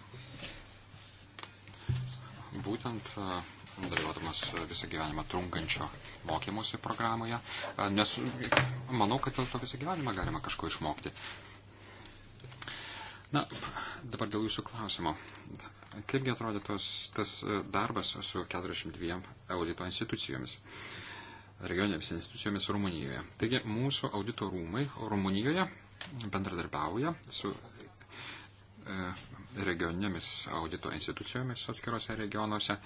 Būtent a, dalyvaudamas visą gyvenimą trunkančio mokymosi programoje, nes manau, kad dėl to visą gyvenimą galima kažko išmokti. A, Na, dabar dėl jūsų klausimo. Kaipgi atrodė tos, tas e, darbas su 42 audito institucijomis, regioninėmis institucijomis Rumunijoje? Taigi, mūsų audito rūmai Rumunijoje bendradarbiauja su e, regioninėmis audito institucijomis atskirose regionuose.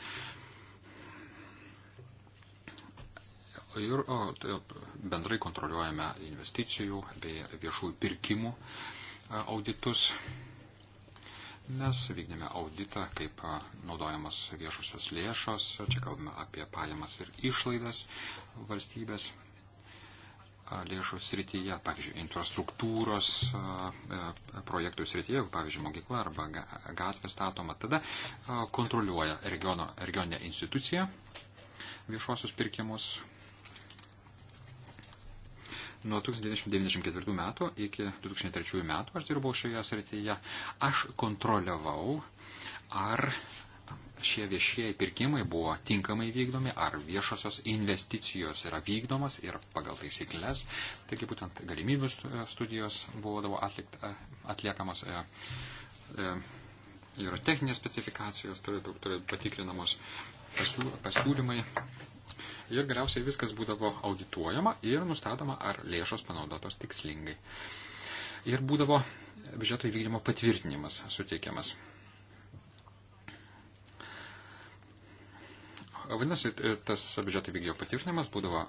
Ir o, bendrai kontroliuojame investicijų bei viešųjų pirkimų. E, auditus. Mes vykdėme auditą, kaip naudojamos viešusios lėšos, čia kalbame apie pajamas ir išlaidas valstybės lėšų srityje, pavyzdžiui, infrastruktūros projektų srityje, pavyzdžiui, mokykla arba gatvė statoma, tada kontroliuoja regiono, regioninė institucija viešuosius pirkimus Nuo 1994 metų iki 2003 metų aš dirbau šioje srityje. Aš kontroliavau, ar šie viešieji pirkimai buvo tinkamai vykdomi, ar viešosios investicijos yra vykdomas ir pagal taisyklės. Taigi būtent galimybių studijos buvo atlikta, e, atliekamas e, e, ir techninės specifikacijos turėtų būti patikrinamos pasiūlymai ir galiausiai viskas būdavo audituojama ir nustatoma, ar lėšos panaudotos tikslingai. Ir būdavo biudžeto įvykdymo patvirtinimas suteikiamas. Vadinasi, tas biudžeto įvykdymo patvirtinimas būdavo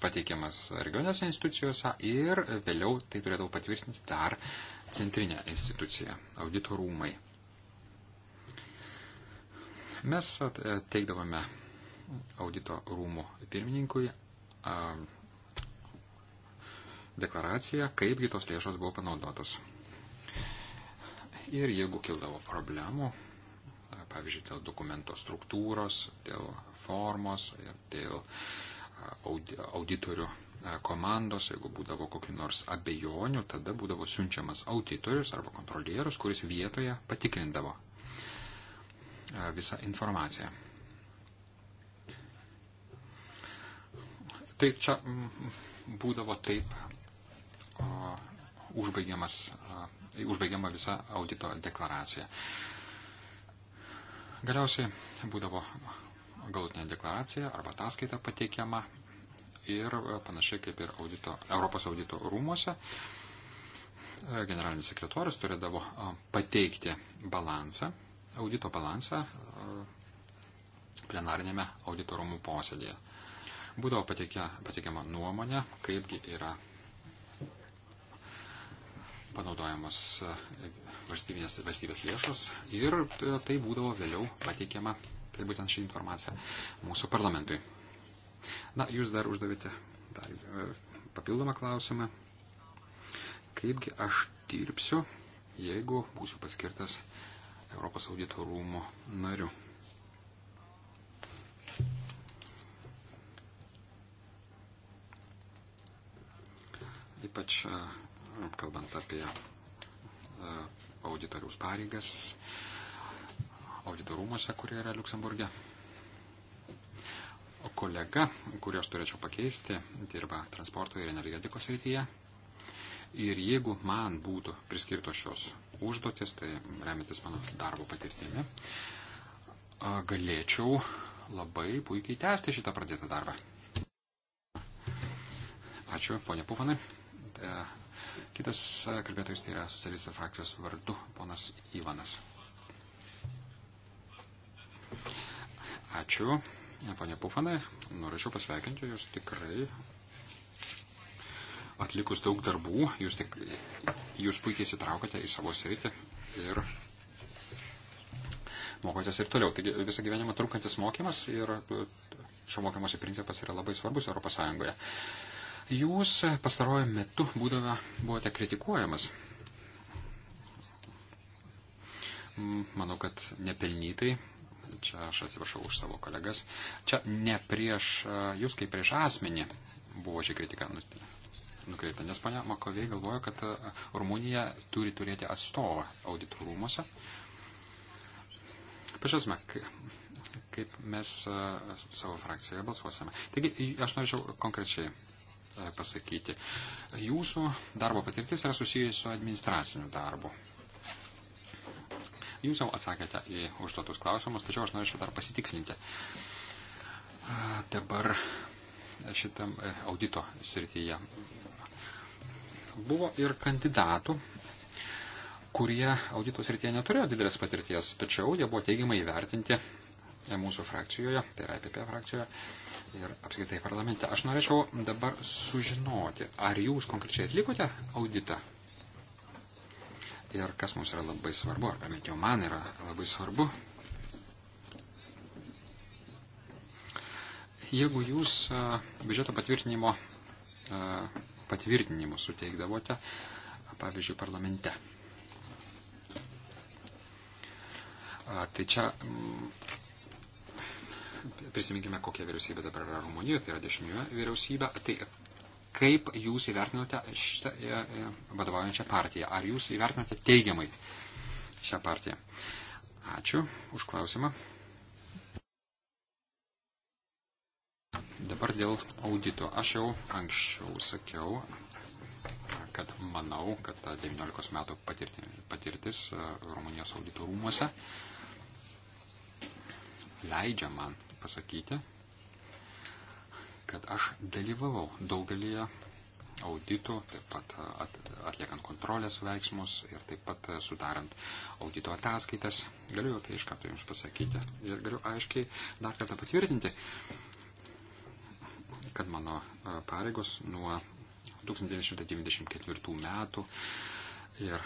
pateikiamas regioninėse institucijose ir vėliau tai turėdavo patvirtinti dar centrinė institucija, auditorumai. rūmai. Mes e, teikdavome audito rūmų pirmininkui deklaraciją, kaipgi tos lėšos buvo panaudotos. Ir jeigu kildavo problemų, pavyzdžiui, dėl dokumento struktūros, dėl formos ir dėl auditorių komandos, jeigu būdavo kokiu nors abejonių, tada būdavo siunčiamas auditorius arba kontrolierius, kuris vietoje patikrindavo, visą informaciją. Tai čia būdavo taip o, užbaigiamas, o, užbaigiama visa audito deklaracija. Galiausiai būdavo galutinė deklaracija arba ataskaita pateikiama ir panašiai kaip ir audito, Europos audito rūmose e, generalinis sekretorius turėdavo pateikti balansą audito balansą e, plenarinėme auditorumų posėdėje. Būdavo pateikia, pateikiama nuomonė, kaipgi yra panaudojamos e, valstybės, valstybės lėšos ir e, tai būdavo vėliau pateikiama, tai būtent ši informacija mūsų parlamentui. Na, jūs dar uždavėte dar papildomą klausimą. Kaipgi aš dirbsiu, jeigu būsiu paskirtas Europos audito rūmų nariu. Ypač e, kalbant apie e, auditoriaus pareigas auditorumuose, kurie yra Luksemburgė. O kolega, kurį aš turėčiau pakeisti, dirba transporto ir energetikos rytyje. Ir jeigu man būtų priskirtos šios užduotis, tai remiantis mano darbo patirtimi, galėčiau labai puikiai tęsti šitą pradėtą darbą. Ačiū, ponia Pufanai. E, kitas e, kalbėtojas tai yra socialistų frakcijos vardu, ponas Ivanas. Ačiū, ponia Pufanai. Norėčiau pasveikinti jūs tikrai atlikus daug darbų, jūs, tik, jūs puikiai įsitraukate į savo sritį ir mokotės ir toliau. Taigi visą gyvenimą trunkantis mokymas ir šio mokymosi principas yra labai svarbus ES. Jūs pastarojame metu būdavo, buvote kritikuojamas. Manau, kad nepelnytai. Čia aš atsiprašau už savo kolegas. Čia ne prieš jūs, kaip prieš asmenį buvo ši kritika nu, nukreipta, nes ponia Makovei galvoja, kad e, Rumunija turi turėti atstovą auditų rūmose. Pažiūrėsime, kaip mes e, savo frakcijoje balsuosime. Taigi, aš norėčiau konkrečiai e, pasakyti. Jūsų darbo patirtis yra susijusi su administraciniu darbu. Jūs jau atsakėte į užduotus klausimus, tačiau aš norėčiau dar pasitikslinti. Dabar šitam audito srityje. Buvo ir kandidatų, kurie auditos rytėje neturėjo didelės patirties, tačiau jie buvo teigiamai įvertinti mūsų frakcijoje, tai yra EPP frakcijoje ir apskritai parlamente. Aš norėčiau dabar sužinoti, ar jūs konkrečiai atlikote auditą ir kas mums yra labai svarbu, ar bent jau man yra labai svarbu. Jeigu jūs biudžeto patvirtinimo patvirtinimus suteikdavote, pavyzdžiui, parlamente. A, tai čia m, mm, prisiminkime, kokia vyriausybė dabar yra Rumunijoje, tai yra dešinioje vyriausybė. Tai kaip jūs įvertinote šitą e, e, vadovaujančią partiją? Ar jūs įvertinote teigiamai šią partiją? Ačiū už klausimą. Dabar dėl audito. Aš jau anksčiau sakiau, kad manau, kad ta 19 metų patirtis e, Rumunijos audito rūmose leidžia man pasakyti, kad aš dalyvavau daugelįje auditų, taip pat e, atliekant kontrolės veiksmus ir taip pat e, sudarant audito ataskaitas. Galiu tai iš karto Jums pasakyti ir galiu aiškiai dar kartą patvirtinti, kad mano e, pareigos nuo 1994 metų ir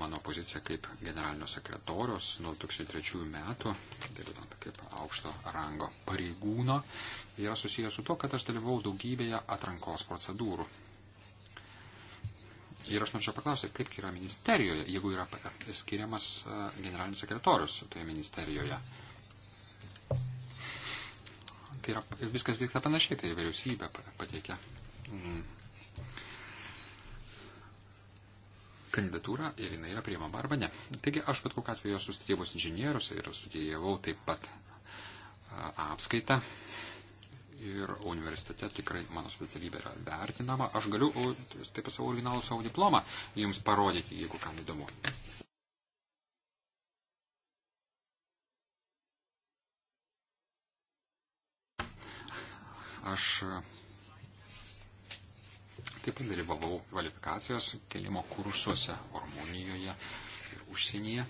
mano pozicija kaip generalinio sekretoriaus nuo 2003 metų, tai būtent kaip aukšto rango pareigūno, yra susijęs su to, kad aš dalyvau daugybėje atrankos procedūrų. Ir aš norėčiau paklausyti, kaip yra ministerijoje, jeigu yra skiriamas e, generalinis sekretorius toje ministerijoje. Mhm tai yra, viskas vyksta panašiai, tai vyriausybė pateikia mm, kandidatūrą ir jinai yra priimama arba ne. Taigi aš bet kokiu atveju esu statybos inžinierius ir studijavau taip pat apskaitą ir universitete tikrai mano specialybė yra vertinama. Aš galiu taip pat savo originalų savo diplomą jums parodyti, jeigu kam įdomu. aš e, taip pat dalyvavau kvalifikacijos kelimo kursuose Rumunijoje ir užsienyje.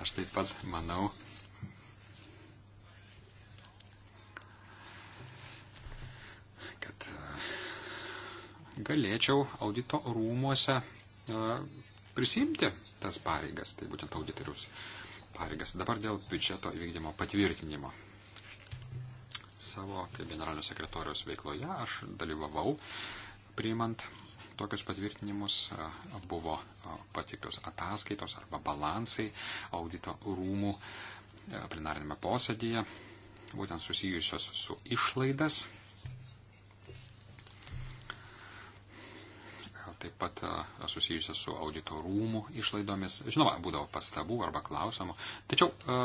Aš taip pat manau, kad e, galėčiau audito rūmuose e, prisimti tas pareigas, tai būtent auditorius pareigas. Dabar dėl biudžeto įvykdymo patvirtinimo. Savo kaip generalinio sekretorijos veikloje aš dalyvavau priimant tokius patvirtinimus buvo patiktos ataskaitos arba balansai audito rūmų e, plenarinėme posėdėje, būtent susijusios su išlaidas taip pat e, susijusias su audito rūmų išlaidomis. Žinoma, būdavo pastabų arba klausimų. Tačiau. E,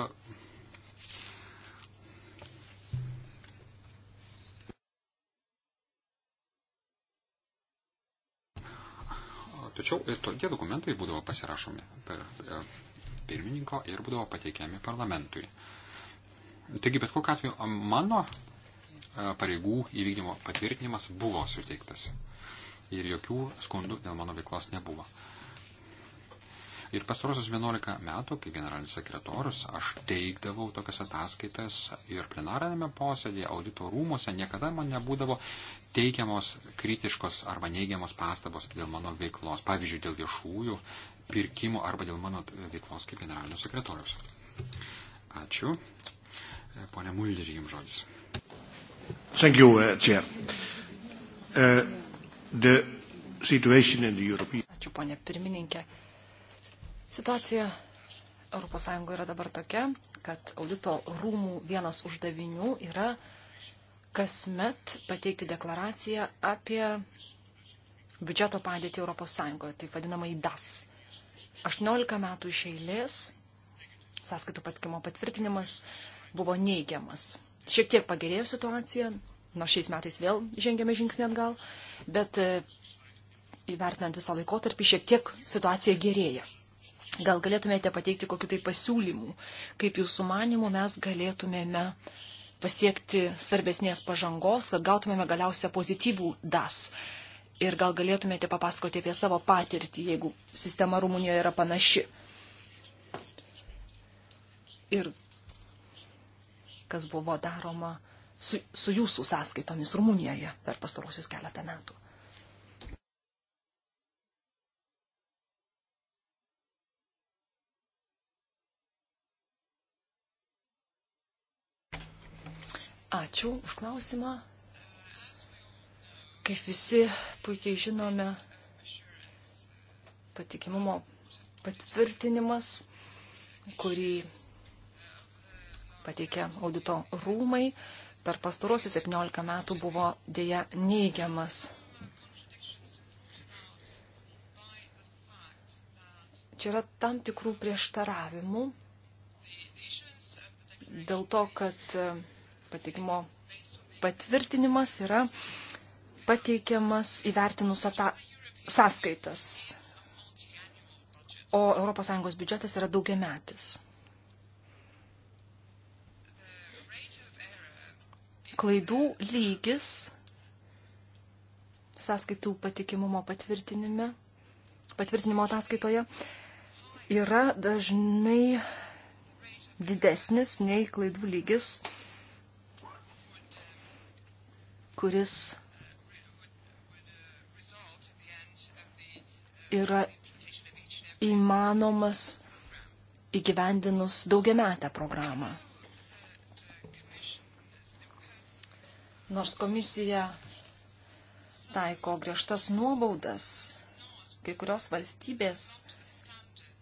tačiau ir e, to, tie dokumentai būdavo pasirašomi per pirmininko ir būdavo pateikiami parlamentui. Taigi, bet kokiu atveju, mano pareigų įvykdymo patvirtinimas buvo suteiktas ir jokių skundų dėl mano veiklos nebuvo. Ir pastarosius 11 metų, kaip generalinis sekretorius, aš teikdavau tokias ataskaitas ir plenarinėme posėdėje, audito rūmose niekada man nebūdavo teikiamos kritiškos arba neigiamos pastabos dėl mano veiklos, pavyzdžiui, dėl viešųjų pirkimų arba dėl mano veiklos kaip generalinio sekretorius. Ačiū. Pone Mulderį, jums žodis. Thank you, uh, Chair. Uh, the situation in the European. Ačiū, ponė pirmininkė. Situacija ES yra dabar tokia, kad audito rūmų vienas uždavinių yra kasmet pateikti deklaraciją apie biudžeto padėtį ES, taip vadinamą įdas. 18 metų iš eilės sąskaitų patikimo patvirtinimas buvo neigiamas. Šiek tiek pagerėjo situacija, nors šiais metais vėl žengėme žingsnį atgal, bet e, įvertinant visą laikotarpį šiek tiek situacija gerėja. Gal galėtumėte pateikti kokiu tai pasiūlymu, kaip jūsų manimu mes galėtumėme pasiekti svarbesnės pažangos, kad gautumėme galiausia pozityvų das. Ir gal galėtumėte papasakoti apie savo patirtį, jeigu sistema Rumunijoje yra panaši. Ir kas buvo daroma su, su jūsų sąskaitomis Rumunijoje per pastarosius keletą metų. Ačiū už klausimą. Kaip visi puikiai žinome, patikimumo patvirtinimas, kurį pateikia audito rūmai, per pastarosius 17 metų buvo dėja neigiamas. Čia yra tam tikrų prieštaravimų dėl to, kad e, patikimo patvirtinimas yra pateikiamas įvertinus ata, sąskaitas, o ES biudžetas yra daugiametis. klaidų lygis sąskaitų patikimumo patvirtinime, patvirtinimo ataskaitoje yra dažnai didesnis nei klaidų lygis, kuris yra įmanomas įgyvendinus daugiametę programą. Nors komisija taiko griežtas nuobaudas, kai kurios valstybės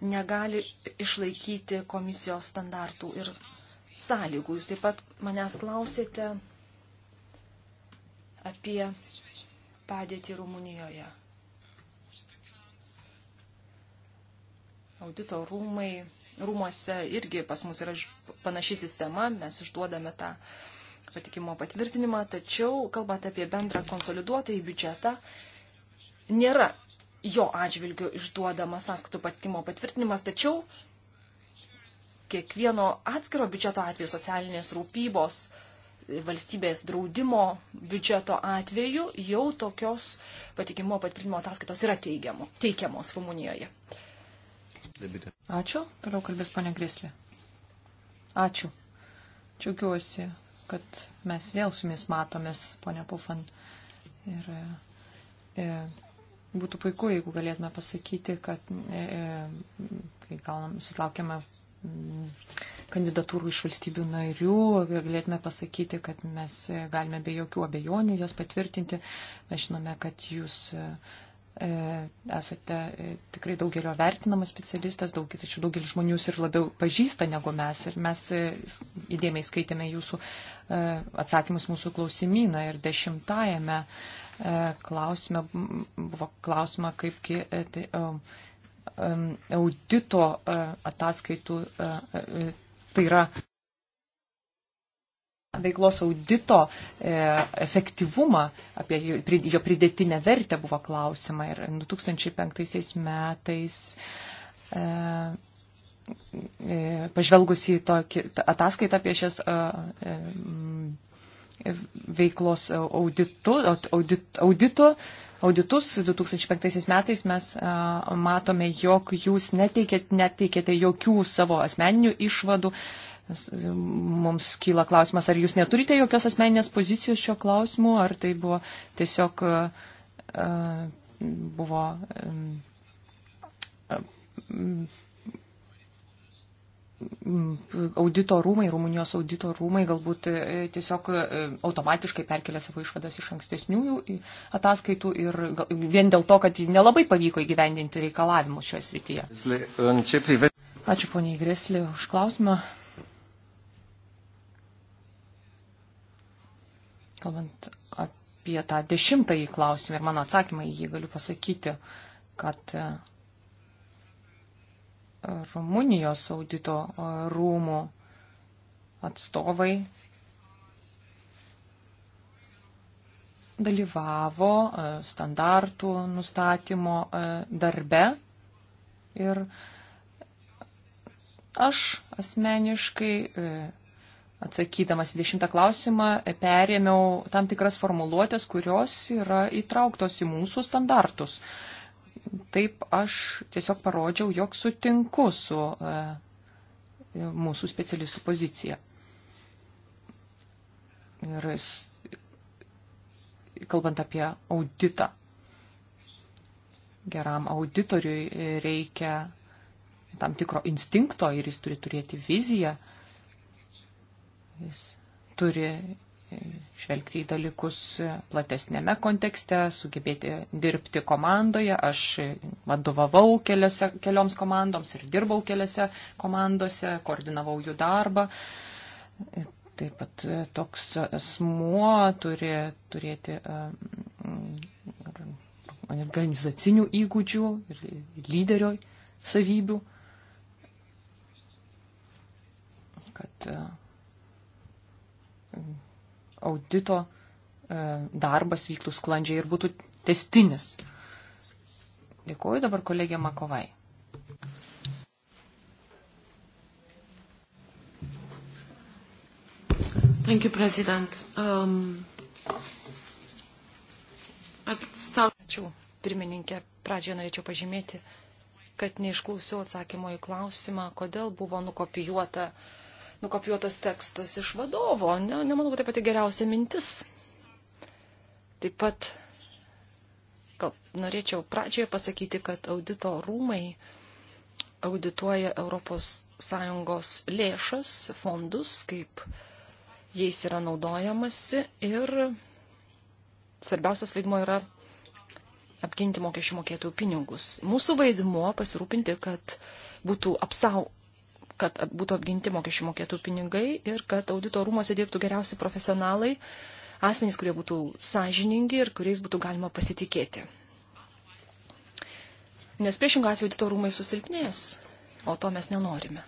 negali išlaikyti komisijos standartų ir sąlygų. Jūs taip pat manęs klausėte apie padėtį Rumunijoje. Audito rūmai, rūmose irgi pas mus yra panaši sistema, mes išduodame tą uh, patikimo patvirtinimą, tačiau, kalbant apie bendrą konsoliduotą į biudžetą, nėra jo atžvilgiu išduodamas sąskaitų patikimo patvirtinimas, tačiau kiekvieno atskiro biudžeto atveju socialinės rūpybos valstybės draudimo biudžeto atveju jau tokios patikimo patvirtinimo ataskaitos yra teigiamo, teikiamos Rumunijoje. Ačiū. Toliau kalbės ponia Grislė. Ačiū. Džiaugiuosi, kad mes vėl su jumis matomės, ponia Pufan. Ir, ir e, būtų puiku, jeigu galėtume pasakyti, kad e, e kai gaunam, susilaukiame mm, kandidatūrų iš valstybių narių, galėtume pasakyti, kad mes e, galime be jokių abejonių jas patvirtinti. Mes žinome, kad jūs E, esate e, tikrai daugelio vertinamas specialistas, daug, tačiau daugelis žmonių jūs ir labiau pažįsta negu mes. Ir mes e, įdėmiai skaitėme jūsų atsakymus mūsų klausimyną ir dešimtajame klausime buvo klausima, kaipgi tai, audito ataskaitų tai yra veiklos audito e, efektyvumą, apie jo pridėtinę vertę buvo klausima. Ir 2005 metais, e, e, pažvelgus į tokį ataskaitą apie šias e, e, veiklos auditu, audit, auditu, auditus 2005 metais mes e, matome, jog jūs neteikėte, neteikėte jokių savo asmeninių išvadų E, mums kyla klausimas, ar jūs neturite jokios asmeninės pozicijos šio klausimu, ar tai buvo tiesiog e, e, buvo audito rūmai, Rumunijos audito rūmai galbūt tiesiog automatiškai perkelia savo išvadas iš ankstesnių ataskaitų ir vien dėl to, kad nelabai pavyko įgyvendinti reikalavimus šioje srityje. Ačiū poniai Greslė už klausimą. Kalbant apie tą dešimtąjį klausimą ir mano atsakymą į jį galiu pasakyti, kad e, Rumunijos audito e, rūmų atstovai dalyvavo e, standartų nustatymo darbe ir aš asmeniškai atsakydamas į dešimtą klausimą, perėmiau tam tikras formuluotės, kurios yra įtrauktos į mūsų standartus. Taip aš tiesiog parodžiau, jog sutinku su e, mūsų specialistų pozicija. Ir kalbant apie auditą, geram auditoriui reikia tam tikro instinkto ir jis turi turėti viziją. E, Jis turi žvelgti į dalykus platesnėme kontekste, sugebėti dirbti komandoje. Aš vadovavau keliose, kelioms komandoms ir dirbau keliose komandose, koordinavau jų darbą. Taip pat toks asmuo turi turėti um, organizacinių įgūdžių ir lyderio savybių, kad uh, audito e, darbas vyktų sklandžiai ir būtų testinis. Dėkuoju dabar kolegė Makovai. Thank you, President. Um, Ačiū, pirmininkė. Pradžioje norėčiau pažymėti, kad neišklausiau atsakymo į klausimą, kodėl buvo nukopijuota uh, nukopijuotas tekstas iš vadovo. Ne, nemanau, kad tai pati geriausia mintis. Taip pat gal, norėčiau pradžioje pasakyti, kad audito rūmai audituoja ES lėšas, fondus, kaip jais yra naudojamasi ir svarbiausias vaidmo yra apginti mokesčių mokėtojų pinigus. Mūsų vaidmuo pasirūpinti, kad būtų apsau, kad būtų apginti mokesčių mokėtų pinigai ir kad audito rūmose dirbtų geriausi profesionalai, asmenys, kurie būtų sąžiningi ir kuriais būtų galima pasitikėti. Nes priešingą atveju audito rūmai susilpnės, o to mes nenorime.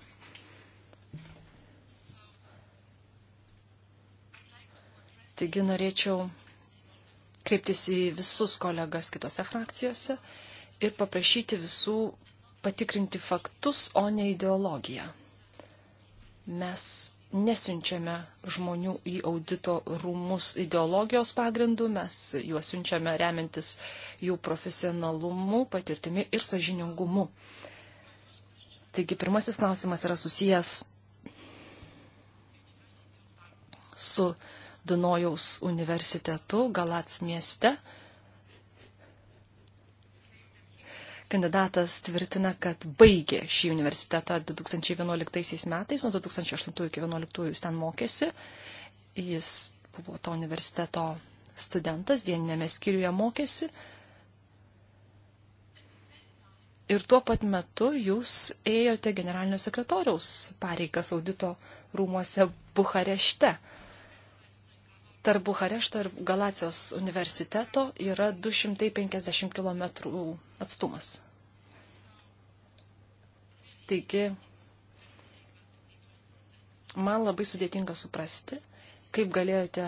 Taigi norėčiau kreiptis į visus kolegas kitose frakcijose ir paprašyti visų patikrinti faktus, o ne ideologiją. Mes nesiunčiame žmonių į audito rūmus ideologijos pagrindų, mes juos siunčiame remintis jų profesionalumu, patirtimi ir sažiningumu. Taigi pirmasis klausimas yra susijęs su Dunojaus universitetu Galats mieste kandidatas tvirtina, kad baigė šį universitetą 2011 metais, nuo 2008 iki 2011 jis ten mokėsi. Jis buvo to universiteto studentas, dieninėme skyriuje mokėsi. Ir tuo pat metu jūs ėjote generalinio sekretoriaus pareigas audito rūmuose Bukarešte tarp Bukarešto ir Galacijos universiteto yra 250 km atstumas. Taigi, man labai sudėtinga suprasti, kaip galėjote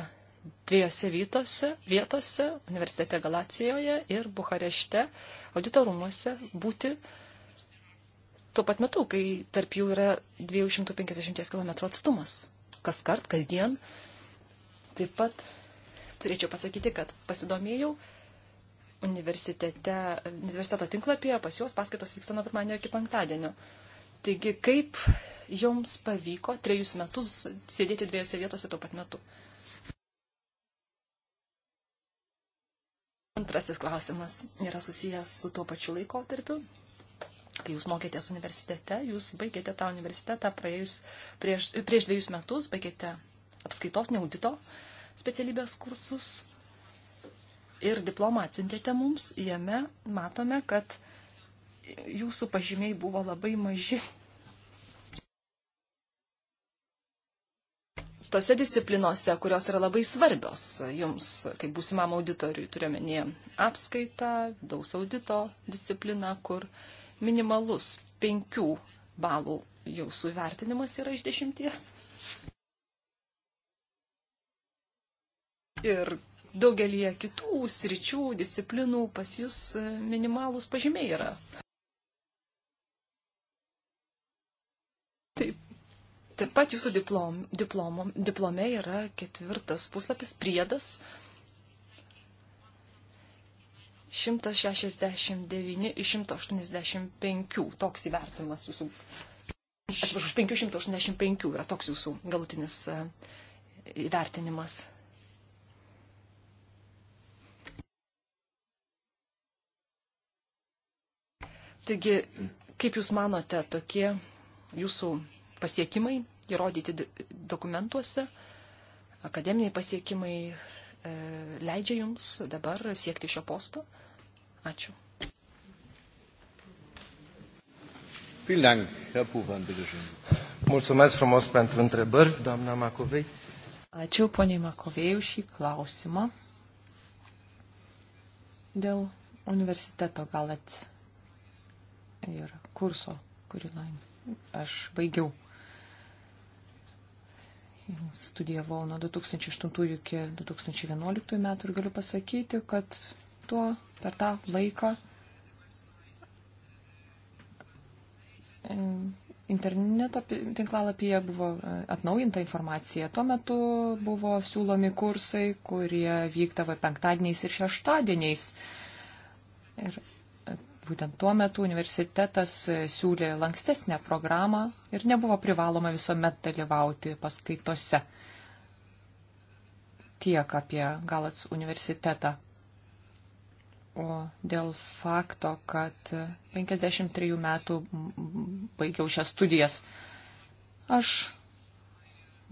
dviejose vietose, vietose universitete Galacijoje ir Bukarešte, auditorumuose būti tuo pat metu, kai tarp jų yra 250 km atstumas. Kas kart, kasdien. Taip pat turėčiau pasakyti, kad pasidomėjau universitete, universiteto tinklapyje, pas juos paskaitos vyksta nuo pirmadienio iki penktadienio. Taigi, kaip jums pavyko trejus metus sėdėti dviejose vietose tuo pat metu? Antrasis klausimas yra susijęs su tuo pačiu laikotarpiu. Kai jūs mokėtės universitete, jūs baigėte tą universitetą praėjus, prieš, prieš dviejus metus, baigėte apskaitos neaudito specialybės kursus ir diplomą atsintėte mums. Jame matome, kad jūsų pažymiai buvo labai maži. Tose disciplinose, kurios yra labai svarbios jums, kaip būsimam auditoriui, turiuomenėje apskaitą, daus audito discipliną, kur minimalus penkių balų jūsų vertinimas yra iš dešimties. Ir daugelį kitų sričių, disciplinų pas jūs minimalūs pažymiai yra. Taip pat jūsų diplom, diplom, diplome yra ketvirtas puslapis priedas 169 iš 185. Toks įvertimas jūsų. Atsiprašau, 585 yra toks jūsų galutinis e, įvertinimas. Taigi, kaip Jūs manote, tokie Jūsų pasiekimai įrodyti dokumentuose, akademiniai pasiekimai e, leidžia jums dabar siekti šio posto. Ačiū. Mulțumesc frumos pentru întrebări, doamna Macovei. Ačiū poniai Makovei už šį klausimą. Dėl universiteto galat ir kurso, kurį aš baigiau studijavau nuo 2008 iki 2011 metų ir galiu pasakyti, kad tuo per tą laiką interneto tinklalapyje buvo e, atnaujinta informacija. Tuo metu buvo siūlomi kursai, kurie vykdavo penktadieniais ir šeštadieniais. Ir būtent tuo metu universitetas e, siūlė lankstesnę programą ir nebuvo privaloma visuomet dalyvauti paskaitose. Tiek apie Galats universitetą. O dėl fakto, kad 53 metų baigiau šias studijas, aš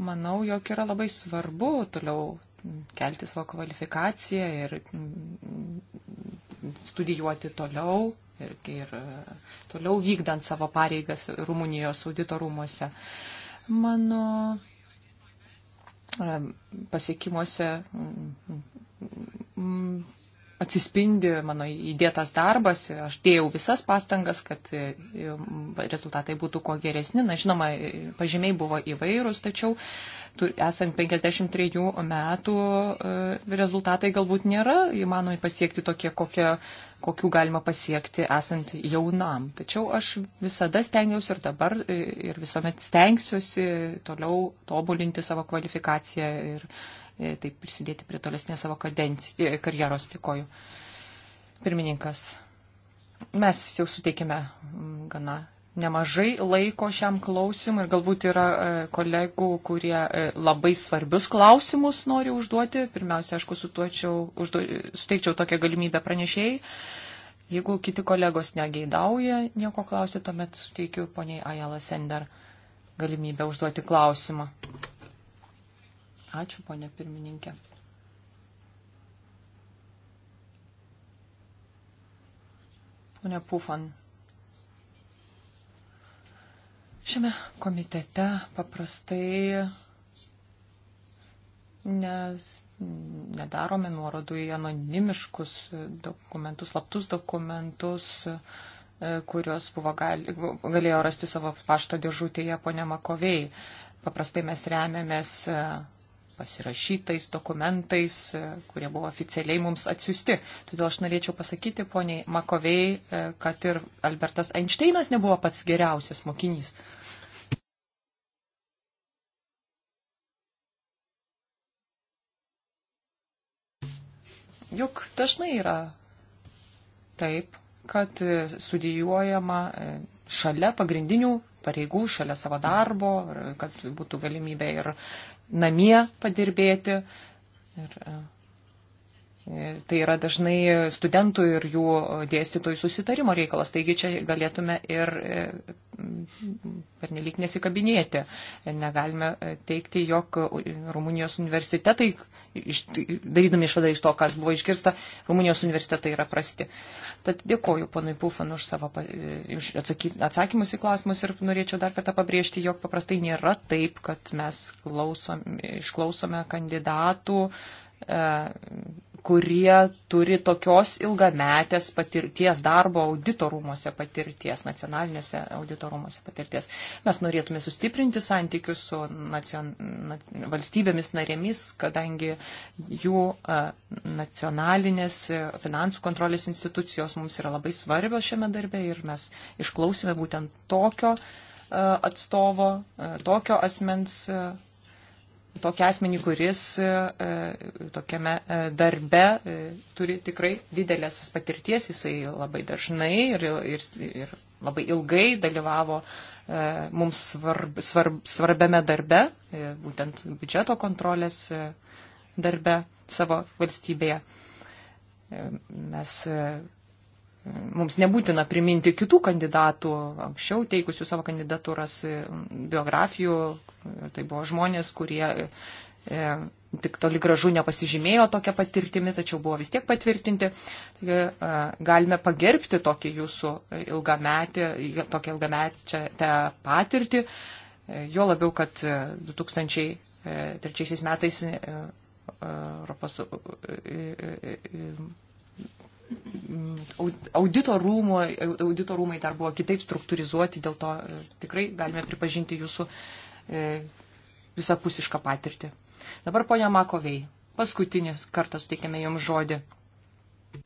manau, jog yra labai svarbu toliau kelti savo kvalifikaciją ir studijuoti toliau ir, ir e, toliau vykdant savo pareigas Rumunijos audito rūmose. Mano e, pasiekimuose atsispindi mano įdėtas darbas, aš dėjau visas pastangas, kad e, e, rezultatai būtų kuo geresni. Na, žinoma, e, pažymiai buvo įvairūs, tačiau esant 53 metų rezultatai galbūt nėra įmanomi pasiekti tokie, kokie, kokių galima pasiekti esant jaunam. Tačiau aš visada stengiausi ir dabar ir visuomet stengsiuosi toliau tobulinti savo kvalifikaciją ir E, taip prisidėti prie tolesnės savo kadencijos, e, karjeros. Dėkoju. Pirmininkas, mes jau suteikime gana nemažai laiko šiam klausimui ir galbūt yra e, kolegų, kurie labai svarbius klausimus nori užduoti. Pirmiausia, aišku, sutuočiau, uždu, suteikčiau tokią galimybę pranešėjai. Jeigu kiti kolegos negeidauja nieko klausyti, tuomet suteikiu poniai Ajala Sender galimybę užduoti klausimą. Ačiū, ponė pirmininkė. Pone Pufan. Šiame komitete paprastai nes nedarome nuorodų į anonimiškus dokumentus, slaptus dokumentus, e, kuriuos buvo gal, galėjo rasti savo pašto dėžutėje ponė Makovei. Paprastai mes remiamės e, pasirašytais dokumentais, e, kurie buvo oficialiai mums atsiusti. Todėl aš norėčiau pasakyti poniai Makovei, e, kad ir Albertas Einšteinas nebuvo pats geriausias mokinys. Juk dažnai yra taip, kad e, studijuojama šalia pagrindinių pareigų, šalia savo darbo, kad būtų galimybė ir namie padirbėti. Ir, uh, Tai yra dažnai studentų ir jų dėstytojų susitarimo reikalas, taigi čia galėtume ir e, pernelyg nesikabinėti. Negalime e, teikti, jog Rumunijos universitetai, darydami išvadą iš to, kas buvo iškirsta, Rumunijos universitetai yra prasti. Tad dėkoju ponui Pufan už savo e, už atsakymus į klausimus ir norėčiau dar kartą pabrėžti, jog paprastai nėra taip, kad mes klausom, išklausome kandidatų kurie turi tokios ilgametės patirties darbo auditorumuose patirties, nacionalinėse auditorumuose patirties. Mes norėtume sustiprinti santykius su nacion, na, valstybėmis narėmis, kadangi jų a, nacionalinės e, finansų kontrolės institucijos mums yra labai svarbios šiame darbe ir mes išklausime būtent tokio atstovo, tokio asmens tokį asmenį, kuris e, e, tokiame e, darbe turi tikrai didelės patirties, jisai labai dažnai ir, ir, ir labai ilgai dalyvavo mums svarb, svarb, svarbiame darbe, būtent biudžeto kontrolės darbe savo valstybėje. Mes mums nebūtina priminti kitų kandidatų, anksčiau teikusių savo kandidatūras, e, biografijų. Tai buvo žmonės, kurie e, e tik toli gražu nepasižymėjo tokią patirtimį, tačiau buvo vis tiek patvirtinti. Taigi, e, galime pagerbti tokį jūsų ilgametį, tokią ilgametę patirtį. E, jo labiau, kad 2003 e, metais Europos Mm, audito, rūmo, audito rūmai dar buvo kitaip struktūrizuoti, dėl to e, tikrai galime pripažinti jūsų e, visapusišką patirtį. Dabar ponia Makovei, paskutinis kartas suteikėme jums žodį.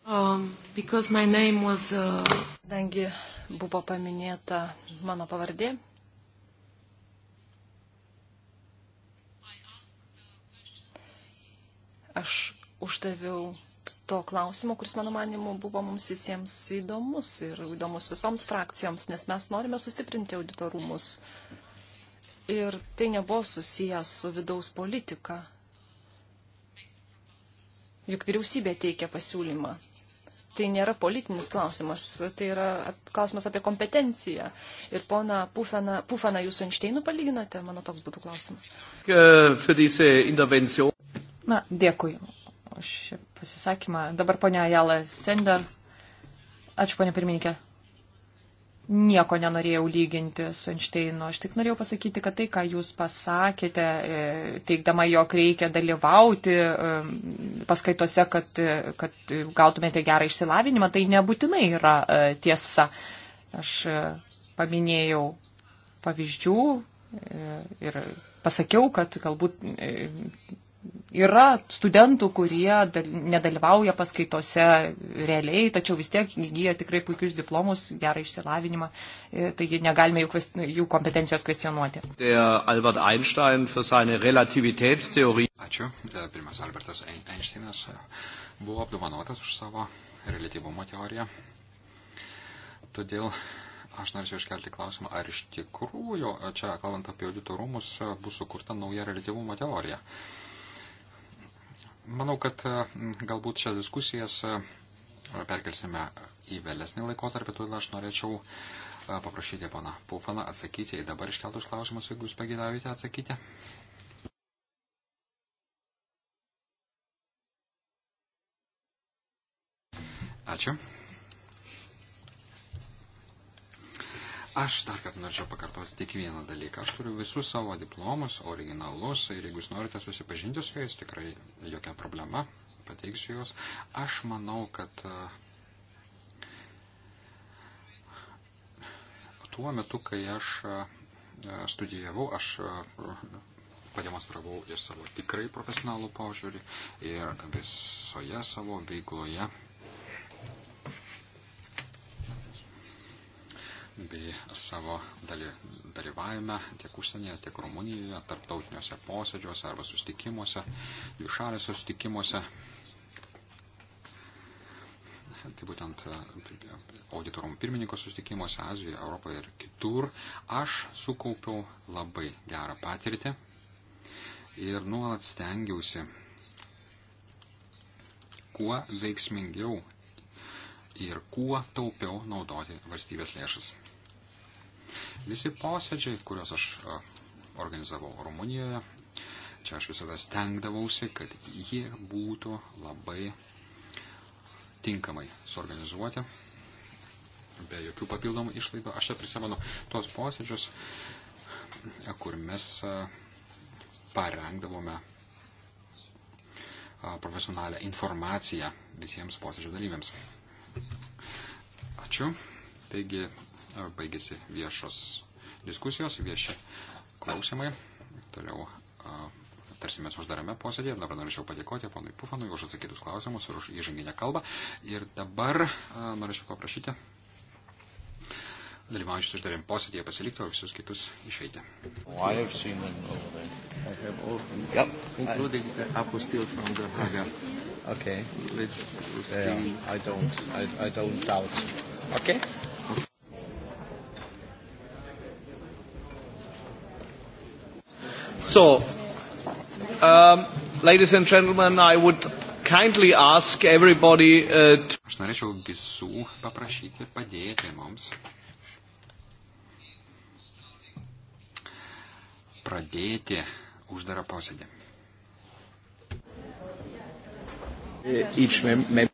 Kadangi um, was... uh... buvo paminėta mano pavardė, aš uždaviau to klausimo, kuris, mano manimu, buvo mums visiems įdomus ir įdomus visoms frakcijoms, nes mes norime sustiprinti auditorumus. Ir tai nebuvo susijęs su vidaus politika. Juk vyriausybė teikia pasiūlymą. Tai nėra politinis klausimas, tai yra klausimas apie kompetenciją. Ir pona Pufana, Pufana jūs su Einšteinu palyginote, mano toks būtų klausimas. Na, dėkui šį pasisakymą. Dabar ponia Jala Sender. Ačiū, ponia pirmininkė. Nieko nenorėjau lyginti su Einšteinu. Aš tik norėjau pasakyti, kad tai, ką jūs pasakėte, e, teikdama, jog reikia dalyvauti e, paskaitose, kad, e, kad gautumėte gerą išsilavinimą, tai nebūtinai yra tiesa. Aš paminėjau pavyzdžių ir pasakiau, kad galbūt Yra studentų, kurie nedalyvauja paskaitose realiai, tačiau vis tiek įgyja tikrai puikius diplomus, gerą išsilavinimą, e, taigi negalime jų, kvest, jų kompetencijos kvestionuoti. Ačiū. E, Pirmas Albertas Einšteinas e, buvo apdovanotas už savo relativumo teoriją. Todėl aš norėčiau iškelti klausimą, ar iš tikrųjų, čia kalbant apie auditorumus, bus sukurta nauja relativumo teorija. Uh, Manau, kad e, galbūt šias diskusijas e, perkelsime į vėlesnį laikotarpį, todėl aš norėčiau e, paprašyti pana Pufaną atsakyti į dabar iškeltus klausimus, jeigu jūs pagėdavote atsakyti. Ačiū. Aš dar kartą norėčiau pakartoti tik vieną dalyką. Aš turiu visus savo diplomus, originalus ir jeigu jūs norite susipažinti su jais, tikrai jokia problema, pateiksiu juos. Aš manau, kad e, tuo metu, kai aš e, studijavau, aš e, pademonstravau ir savo tikrai profesionalų požiūrį ir visoje savo veikloje bei savo dalyvavime tiek užsienyje, tiek Rumunijoje, tarptautiniuose posėdžiuose arba sustikimuose, dvišalėse sustikimuose. Tai būtent e, auditorumų pirmininko sustikimuose Azijoje, Europoje ir kitur aš sukaupiau labai gerą patirtį ir nuolat stengiausi kuo veiksmingiau ir kuo taupiau naudoti valstybės lėšas. Visi posėdžiai, kuriuos aš organizavau Rumunijoje, čia aš visada stengdavausi, kad jie būtų labai tinkamai suorganizuoti, be jokių papildomų išlaidų. Aš čia prisimenu tuos posėdžius, kur mes parengdavome profesionalią informaciją visiems posėdžio dalyviams. Ačiū. Taigi, e, baigėsi viešos diskusijos, vieši klausimai. Toliau e, tarsimės uždarame posėdėje. Dabar norėčiau padėkoti ponui Pufanui už atsakytus klausimus ir už įžanginę kalbą. Ir dabar a, e, norėčiau paprašyti dalyvaujančius uždarėm posėdėje pasilikti, o visus kitus išeiti. Oh, okay. Let's, let's yeah, I don't, I, I don't doubt. Okay? So, um, ladies and gentlemen, I would kindly ask everybody uh, to... Aš norėčiau visų paprašyti padėti mums. Pradėti uždarą posėdį. Each member.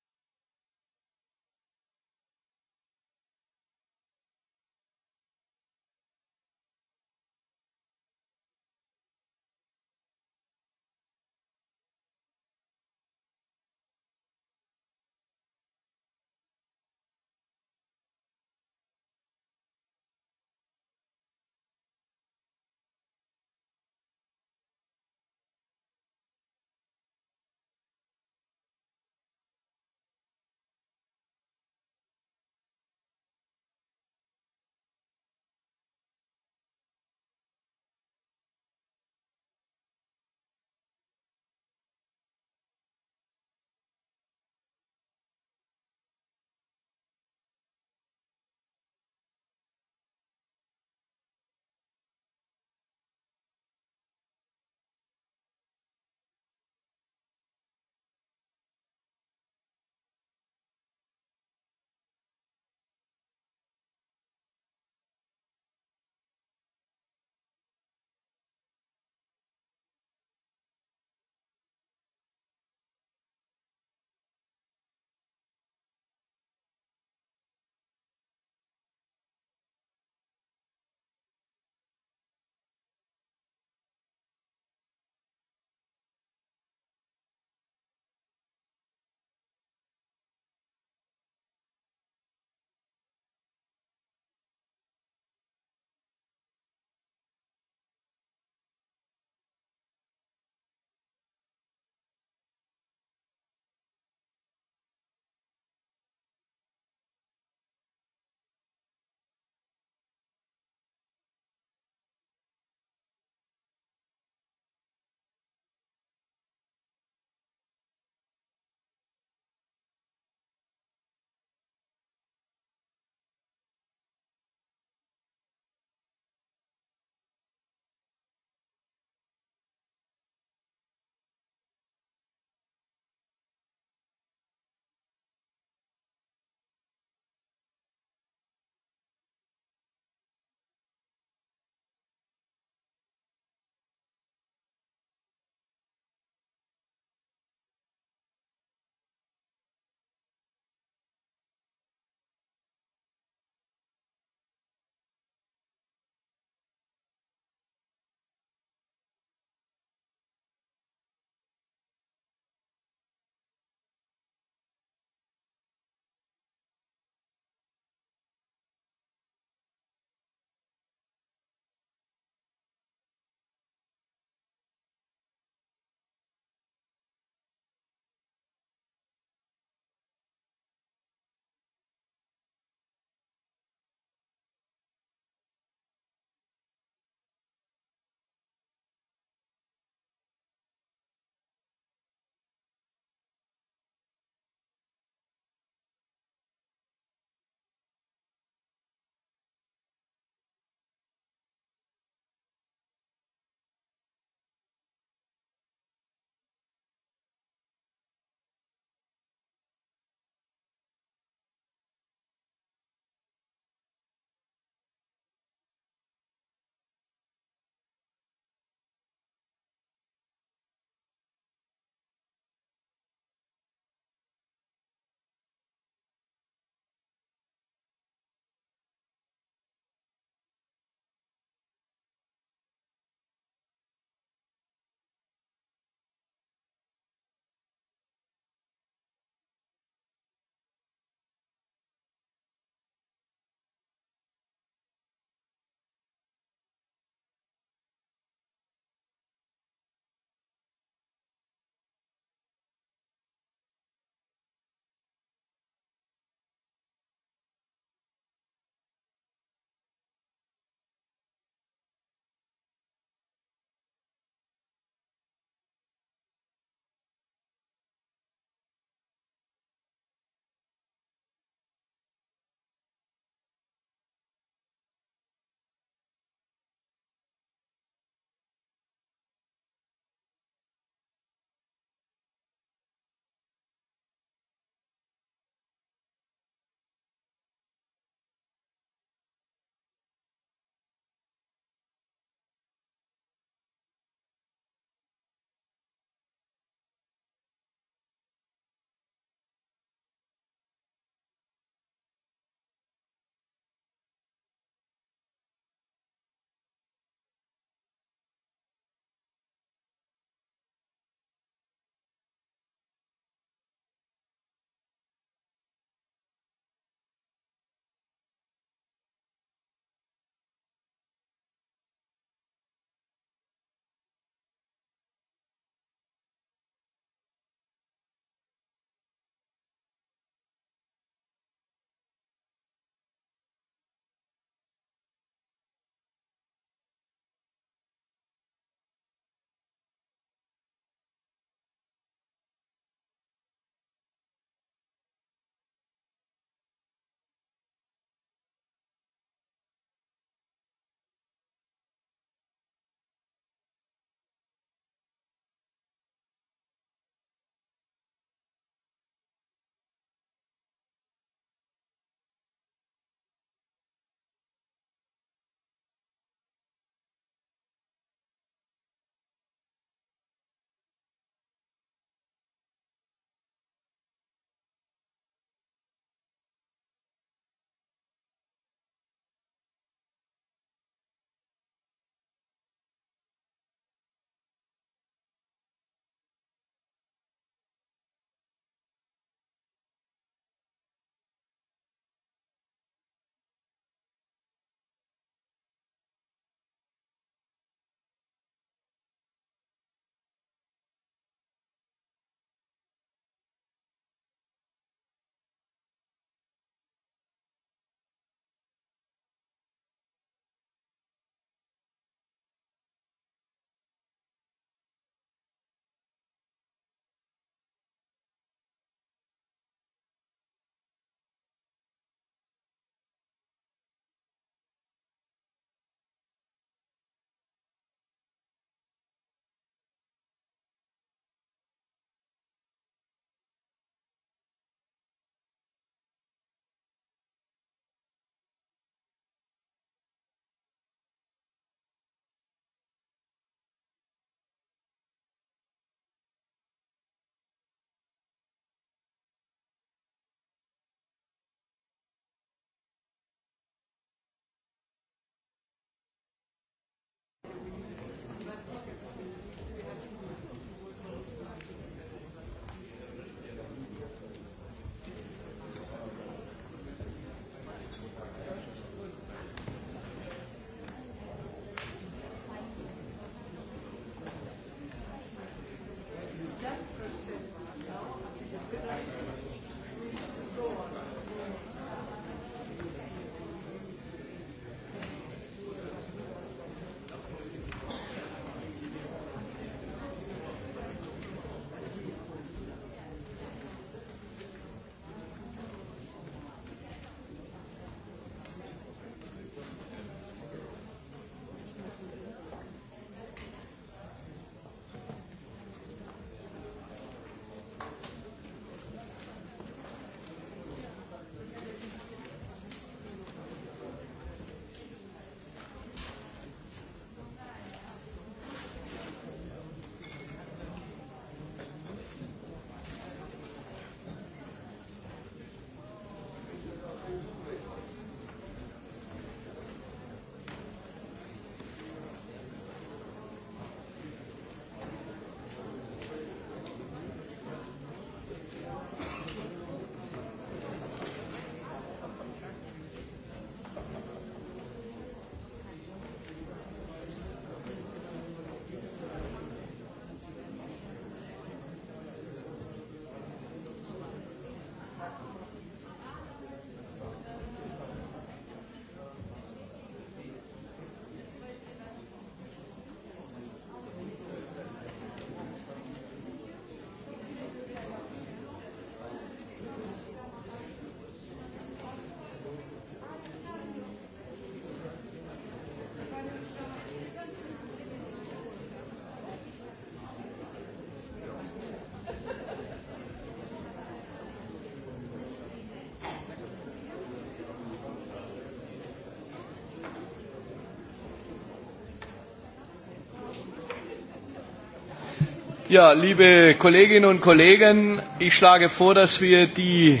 Ja, liebe Kolleginnen und Kollegen, ich schlage vor, dass wir die.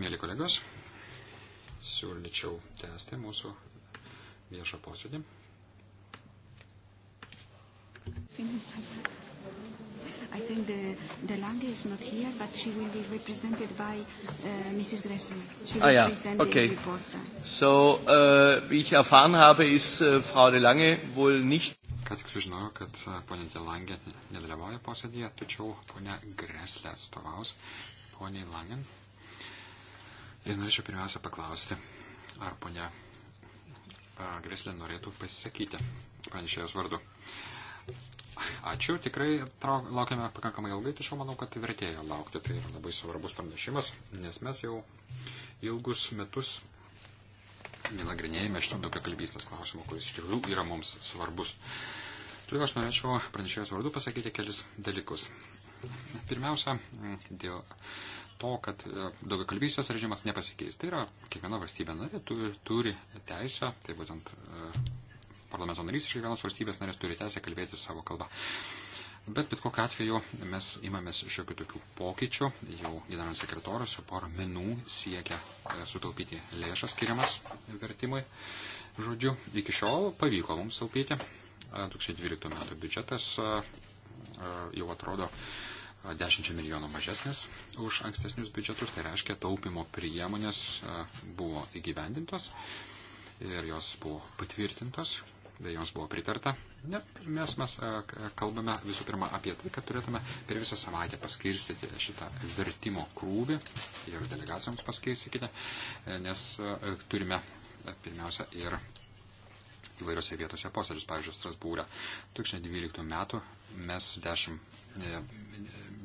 Mėly kolegos, siūlyčiau tęsti mūsų viešą posėdį. I think the, the Lange is not here, but she will be represented by uh, Mrs. Gressler. She will ah, ja. present okay. the report. So, uh, wie ich erfahren habe, ist uh, Frau de Lange wohl nicht ką tik sužinojau, kad e, ponė Delangė nedalyvauja posėdėje, tačiau ponė Greslė atstovaus ponė Langen. Ir norėčiau pirmiausia paklausti, ar ponė e, Greslė norėtų pasisakyti pranešėjos vardu. Ačiū, tikrai trauk, laukiame pakankamai ilgai, tačiau manau, kad vertėjo laukti. Tai yra labai svarbus pranešimas, nes mes jau ilgus metus nenagrinėjame šito daugiakalbystės klausimo, kuris iš tikrųjų yra mums svarbus. Todėl aš norėčiau pranešėjos vardu pasakyti kelis dalykus. Pirmiausia, dėl to, kad e, daugiakalbystės režimas nepasikeis. Tai yra, kiekviena valstybė narė turi, turi teisę, tai būtent e, parlamento narys iš kiekvienos valstybės narės turi teisę kalbėti savo kalbą. Bet bet kokiu atveju mes imamės šiokių tokių pokyčių. Jau generalinis sekretorius jau porą minų siekia e, sutaupyti lėšas skiriamas vertimui. Žodžiu, iki šiol pavyko mums taupyti 2012 metų biudžetas jau atrodo 10 milijonų mažesnis už ankstesnius biudžetus, tai reiškia taupimo priemonės buvo įgyvendintos ir jos buvo patvirtintos, tai joms buvo pritarta. Ne, mes mes kalbame visų pirma apie tai, kad turėtume per visą savaitę paskirstyti šitą vertimo krūvį ir delegacijoms paskirstykite, nes turime pirmiausia ir įvairiose vietose posėdžius, pavyzdžiui, Strasbūrė. 2012 metų mes 10, e,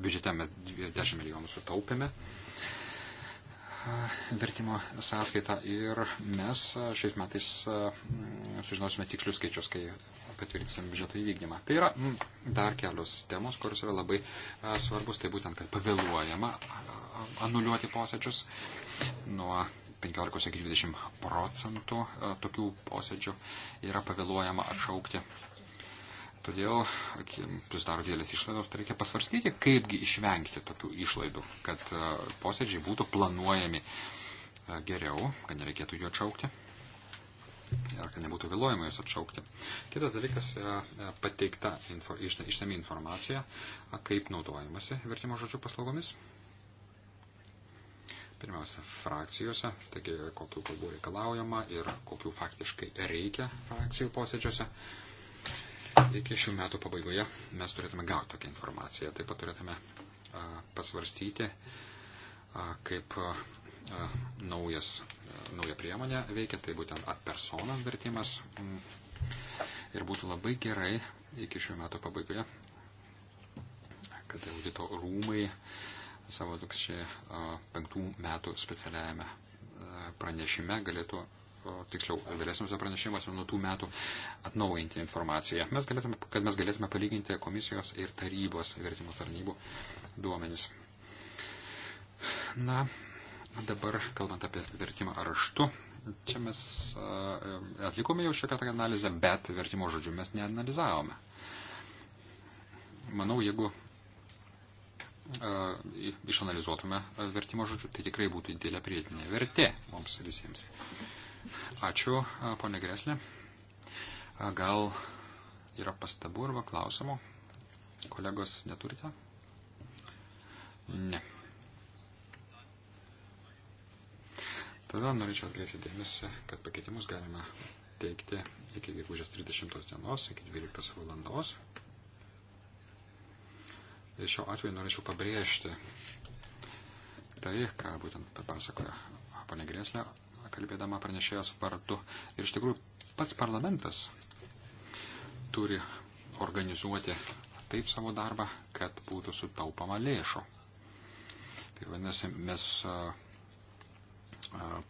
biudžete mes 10 milijonų sutaupėme vertimo sąskaitą ir mes šiais metais sužinosime tikslius skaičius, kai patvirtinsim biudžeto įvykdymą. Tai yra dar kelios temos, kurios yra labai svarbus, tai būtent, kad pavėluojama anuliuoti posėdžius nuo 15 iki 20 procentų e, tokių posėdžių yra pavėluojama atšaukti. Todėl, susidaro didelis išlaidos, tai reikia pasvarstyti, kaipgi išvengti tokių išlaidų, kad e, posėdžiai būtų planuojami e, geriau, kad nereikėtų jų atšaukti ir kad nebūtų vėluojama juos atšaukti. Kitas dalykas yra pateikta info, išsami informacija, kaip naudojamasi vertimo žodžių paslaugomis pirmiausia, frakcijose, taigi kokių kalbų reikalaujama ir kokių faktiškai reikia frakcijų posėdžiuose. Iki šių metų pabaigoje mes turėtume gauti tokią informaciją. Taip pat turėtume a, pasvarstyti, a, kaip a, naujas, a, nauja priemonė veikia, tai būtent ad persona vertimas. Mm. Ir būtų labai gerai iki šių metų pabaigoje, kad audito rūmai a, savo 2005 metų specialiajame e, pranešime galėtų, tiksliau, vėlesniuose pranešimuose nuo tų metų atnaujinti informaciją, mes galėtume, kad mes galėtume palyginti komisijos ir tarybos vertimo tarnybų duomenys. Na, dabar kalbant apie vertimą raštu, čia mes atlikome jau šiokią tokią analizę, bet vertimo žodžių mes neanalizavome. Manau, jeigu išanalizuotume vertimo žodžių, tai tikrai būtų didelė pridėtinė vertė mums visiems. Ačiū, ponė Greslė. Gal yra pastabų arba klausimų? Kolegos neturite? Ne. Tada norėčiau atkreipti dėmesį, kad pakeitimus galima teikti iki gegužės 30 dienos, iki 12 valandos šiuo atveju norėčiau pabrėžti tai, ką būtent papasakojo ponė Grėslė, kalbėdama pranešėjos vardu. Ir iš tikrųjų pats parlamentas turi organizuoti taip savo darbą, kad būtų sutaupama lėšų. Tai vadinasi, mes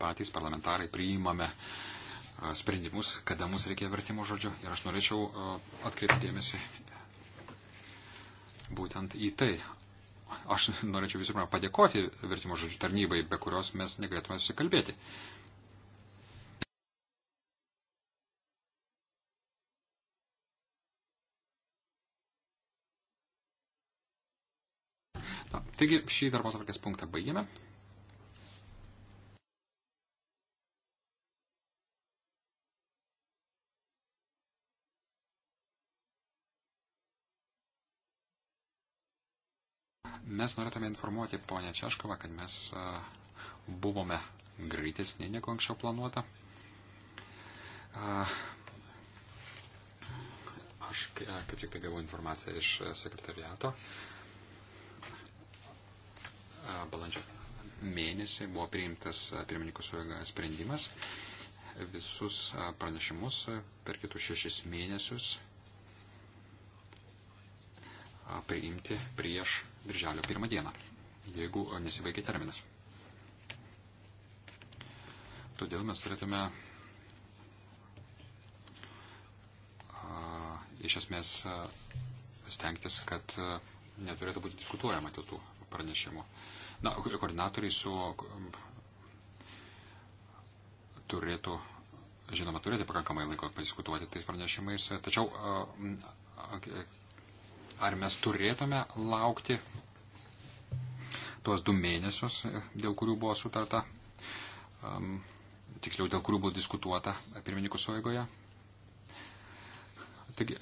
patys parlamentarai priimame sprendimus, kada mums reikia vertimo žodžiu. Ir aš norėčiau atkreipti dėmesį būtent į tai. Aš norėčiau visų pirma padėkoti vertimo žodžių tarnybai, be kurios mes negalėtume susikalbėti. Na, taigi šį darbo tvarkės punktą baigėme. Mes norėtume informuoti ponę Češkovą, kad mes e, buvome greitesni negu anksčiau planuota. Aš e, kaip tik tai gavau informaciją iš e, sekretariato. Balandžio mėnesį buvo priimtas pirmininkų suėga sprendimas visus pranešimus per kitus šešis mėnesius priimti prieš birželio pirmą dieną, jeigu nesibaigia terminas. Todėl mes turėtume iš esmės stengtis, kad neturėtų būti diskutuojama dėl tų pranešimų. Na, koordinatoriai su turėtų, žinoma, turėti pakankamai laiko padiskutuoti tais pranešimais, tačiau ar mes turėtume laukti tuos du mėnesius, dėl kurių buvo sutarta, um, tiksliau, dėl kurių buvo diskutuota pirmininkų suėgoje. Taigi,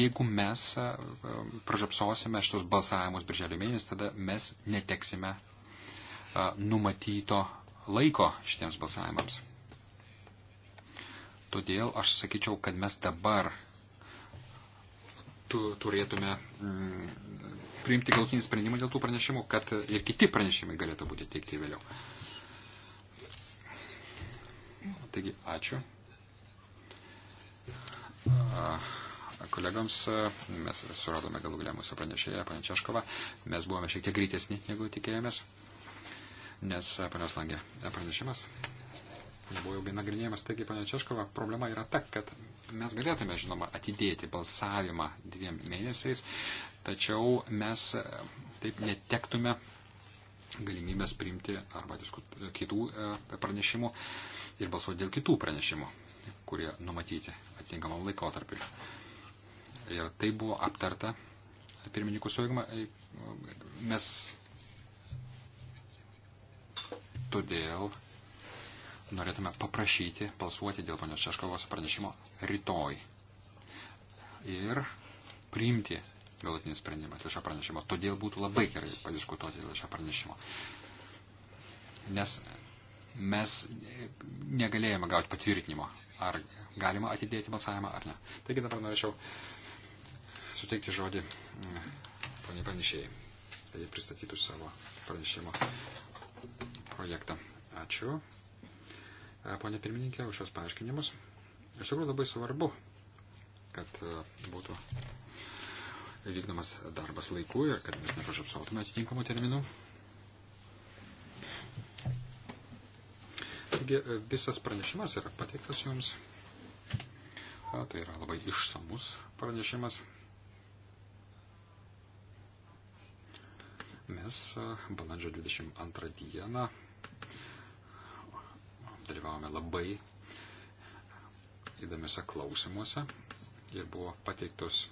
jeigu mes um, pražapsosime šitos balsavimus birželio mėnesį, tada mes neteksime uh, numatyto laiko šitiems balsavimams. Todėl aš sakyčiau, kad mes dabar tu, turėtume mm, priimti galutinį sprendimą dėl tų pranešimų, kad ir kiti pranešimai galėtų būti teikti vėliau. Taigi, ačiū. A, kolegams mes suradome galų galę mūsų pranešėją, panė Češkova. Mes buvome šiek tiek greitesni, negu tikėjomės, nes panios langė pranešimas nebuvo ilgai nagrinėjimas. Taigi, panė Češkova, problema yra ta, kad Mes galėtume, žinoma, atidėti balsavimą dviem mėnesiais, tačiau mes e, taip netektume galimybės priimti arba diskut, kitų e, pranešimų ir balsuoti dėl kitų pranešimų, kurie numatyti atitinkamam laikotarpiu. Ir tai buvo aptarta pirmininkų suveikimą. E, mes todėl norėtume paprašyti balsuoti dėl ponios Šeškovos pranešimo rytoj ir priimti galutinį sprendimą dėl šio pranešimo. Todėl būtų labai gerai padiskutuoti dėl šio pranešimo. Nes mes negalėjome gauti patvirtinimo, ar galima atidėti balsavimą ar ne. Taigi dabar norėčiau suteikti žodį mm, poniai pranešėjai, kad jie pristatytų savo pranešimo projektą. Ačiū ponė pirmininkė, už šios paaiškinimus. Iš tikrųjų labai svarbu, kad e, būtų vykdomas darbas laiku ir kad mes nepražapsautume atitinkamų terminų. Taigi e, visas pranešimas yra pateiktas jums. A, tai yra labai išsamus pranešimas. Mes e, balandžio 22 dieną dalyvavome labai įdomiuose klausimuose ir buvo pateiktos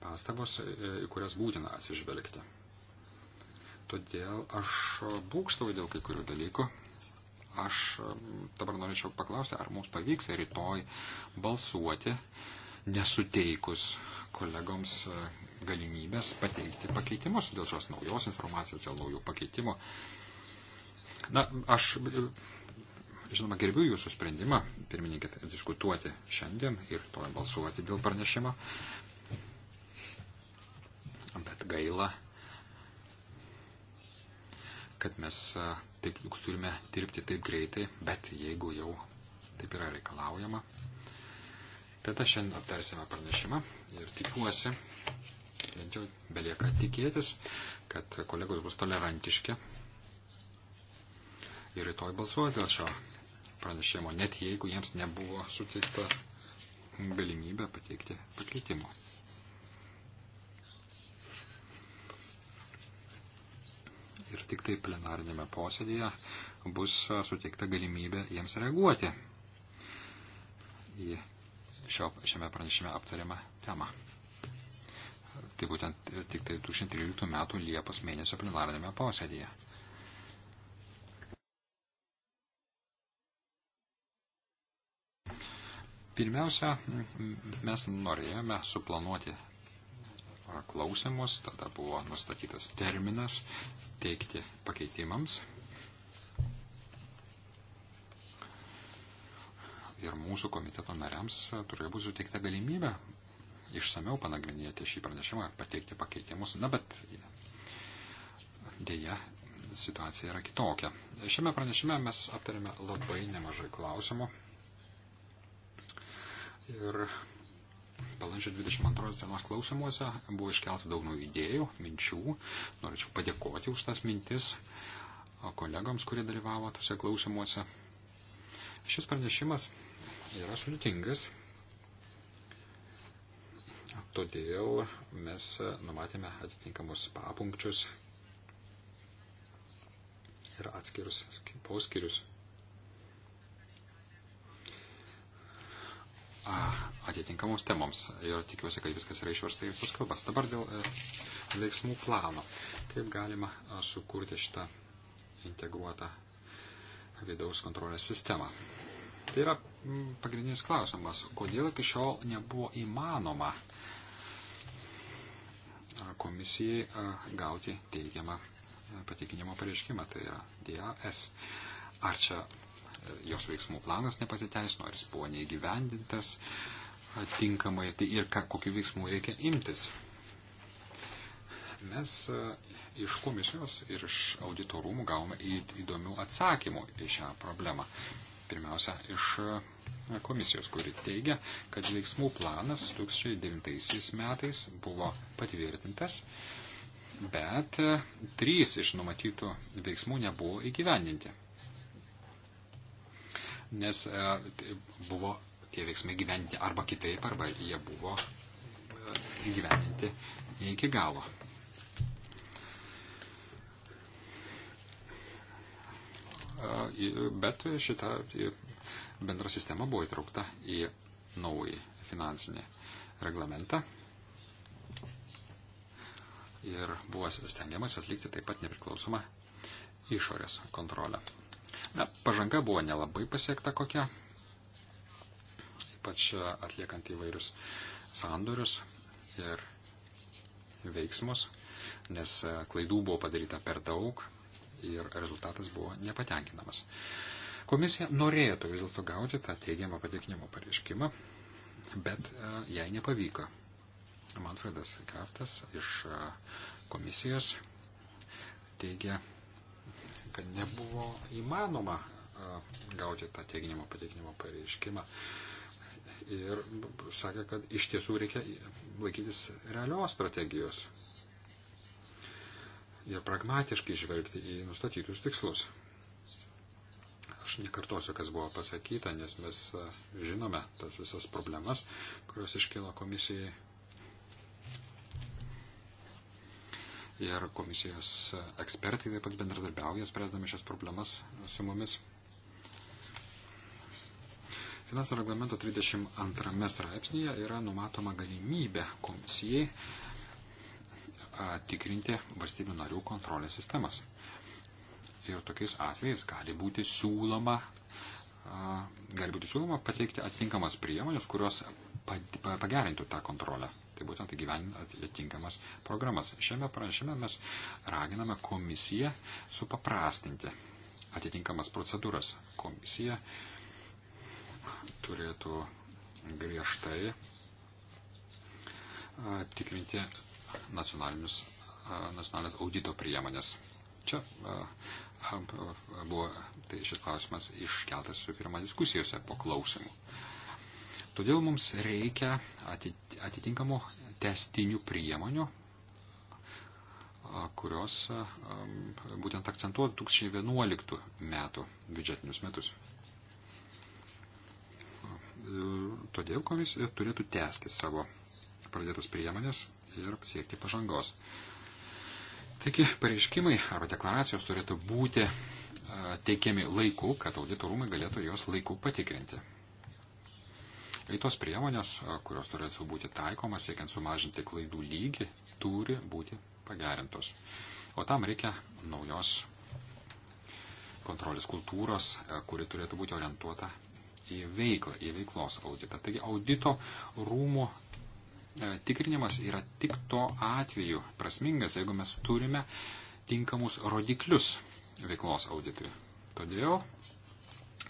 pastabos, e, į kurias būtina atsižvelgti. Todėl aš būkstauju dėl kai kurių dalykų. Aš e, dabar norėčiau paklausti, ar mums pavyks rytoj balsuoti, nesuteikus kolegoms e, galimybės pateikti pakeitimus dėl šios naujos informacijos, dėl naujų pakeitimų. Na, aš Žinoma, gerbiu jūsų sprendimą, pirmininkė, diskutuoti šiandien ir to balsuoti dėl pranešimo. Bet gaila, kad mes taip turime dirbti taip greitai, bet jeigu jau taip yra reikalaujama, tada šiandien aptarsime pranešimą ir tikiuosi, bent jau belieka tikėtis, kad kolegos bus tolerantiški ir rytoj balsuos dėl šio pranešimo, net jeigu jiems nebuvo suteikta galimybė pateikti pakeitimo. Ir tik tai plenarinėme posėdėje bus suteikta galimybė jiems reaguoti į šio, šiame pranešime aptariamą temą. Tai būtent tik tai 2013 m. Liepos mėnesio plenarinėme posėdėje. Pirmiausia, mes norėjome suplanuoti klausimus, tada buvo nustatytas terminas teikti pakeitimams. Ir mūsų komiteto nariams turėjo būti suteikta galimybė išsameu panagrinėti šį pranešimą, pateikti pakeitimus. Na, bet dėja, situacija yra kitokia. Šiame pranešime mes aptarėme labai nemažai klausimų Ir balandžio 22 dienos klausimuose buvo iškelta daug naujų idėjų, minčių. Norėčiau padėkoti už tas mintis kolegoms, kurie dalyvavo tuose klausimuose. Šis pranešimas yra sudėtingas, todėl mes numatėme atitinkamus papunkčius ir atskirus poskirius atitinkamoms temoms ir tikiuosi, kad viskas yra išversta į visas kalbas. Dabar dėl e, veiksmų plano. Kaip galima e, sukurti šitą integruotą vidaus kontrolės sistemą? Tai yra pagrindinis klausimas, kodėl iki šiol nebuvo įmanoma e, komisijai gauti teigiamą patikinimo pareiškimą, tai yra DAS. Ar čia jos veiksmų planas nepasiteisino, ar jis buvo neįgyvendintas tinkamai tai ir ką, kokiu veiksmu reikia imtis. Mes e, iš komisijos ir iš auditorumų gavome įdomių atsakymų į šią problemą. Pirmiausia, iš e, komisijos, kuri teigia, kad veiksmų planas 2009 metais buvo patvirtintas, bet e, trys iš numatytų veiksmų nebuvo įgyvendinti nes e, tai buvo tie veiksmai gyventi arba kitaip, arba jie buvo e, gyveninti ne iki galo. E, bet šita bendra sistema buvo įtraukta į naują finansinį reglamentą. Ir buvo stengiamas atlikti taip pat nepriklausomą išorės kontrolę. Na, pažanga buvo nelabai pasiekta kokia, ypač atliekant įvairius sandorius ir veiksmus, nes klaidų buvo padaryta per daug ir rezultatas buvo nepatenkinamas. Komisija norėtų vis dėlto gauti tą teigiamą patikinimo pareiškimą, bet e, jai nepavyko. Manfredas Kraftas iš e, komisijos teigia, kad nebuvo įmanoma gauti tą teiginimo pateikinimo pareiškimą. Ir sakė, kad iš tiesų reikia laikytis realios strategijos ir pragmatiškai žvelgti į nustatytus tikslus. Aš nekartosiu, kas buvo pasakyta, nes mes žinome tas visas problemas, kurios iškilo komisijai ir komisijos ekspertai taip pat bendradarbiauja, spręsdami šias problemas su mumis. Finansų reglamento 32 straipsnėje yra numatoma galimybė komisijai tikrinti valstybių narių kontrolės sistemas. Ir tokiais atvejais gali būti siūloma, gali būti siūloma pateikti atitinkamas priemonės, kurios pagerintų tą kontrolę tai būtent įgyveninant atitinkamas programas. Šiame pranešime mes raginame komisiją supaprastinti atitinkamas procedūras. Komisija turėtų griežtai tikrinti nacionalinius, nacionalinės audito priemonės. Čia buvo tai šis klausimas iškeltas su pirma diskusijose po klausimų. Todėl mums reikia atitinkamų testinių priemonių, kurios būtent akcentuoja 2011 metų biudžetinius metus. Todėl komisija turėtų tęsti savo pradėtas priemonės ir siekti pažangos. Taigi, pareiškimai arba deklaracijos turėtų būti teikiami laiku, kad auditorumai galėtų juos laiku patikrinti. Tai tos priemonės, kurios turėtų būti taikomas, siekiant sumažinti klaidų lygį, turi būti pagerintos. O tam reikia naujos kontrolės kultūros, kuri turėtų būti orientuota į veiklą, į veiklos auditą. Taigi audito rūmų tikrinimas yra tik to atveju prasmingas, jeigu mes turime tinkamus rodiklius veiklos auditui. Todėl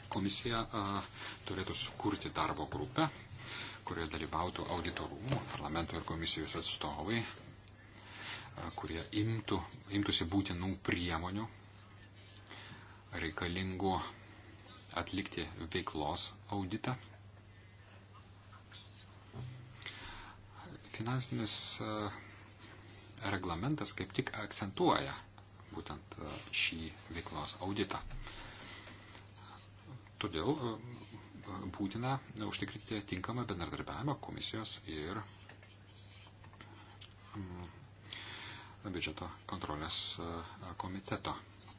Komisija a, turėtų sukurti darbo grupę, kurioje dalyvautų auditorumų, parlamento ir komisijos atstovai, a, kurie imtų, imtųsi būtinų priemonių reikalingų atlikti veiklos auditą. Finansinis a, reglamentas kaip tik akcentuoja būtent šį veiklos auditą. Todėl e, e, būtina užtikrinti tinkamą bendradarbiavimą komisijos ir biudžeto kontrolės e, komiteto.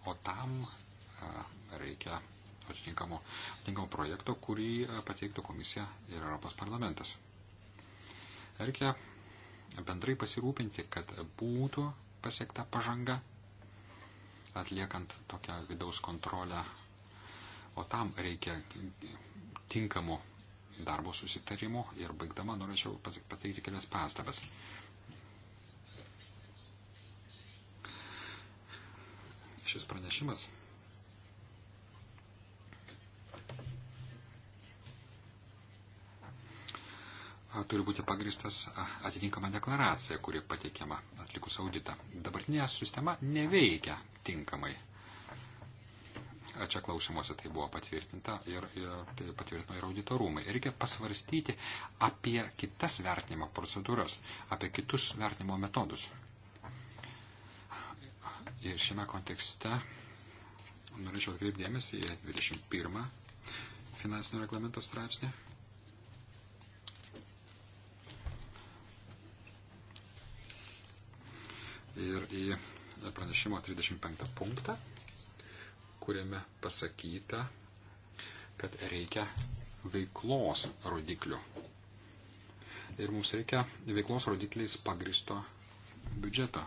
O tam reikia atitinkamų, atitinkamų projektų, kurį pateiktų komisija ir Europos parlamentas. Reikia bendrai pasirūpinti, kad būtų pasiekta pažanga, atliekant tokią vidaus kontrolę O tam reikia tinkamų darbo susitarimų ir baigdama norėčiau pateikti kelias pastabas. Šis pranešimas turi būti pagristas atitinkama deklaracija, kuri pateikiama atlikus auditą. Dabartinė sistema neveikia tinkamai čia klausimuose tai buvo patvirtinta ir, ir tai patvirtino ir auditorumai. Reikia pasvarstyti apie kitas vertinimo procedūras, apie kitus vertinimo metodus. Ir šiame kontekste norėčiau atkreipdėmėsi į 21 finansinio reglamento straipsnį. Ir į pranešimo 35 punktą kuriame pasakyta, kad reikia veiklos rodiklių. Ir mums reikia veiklos rodikliais pagristo biudžeto.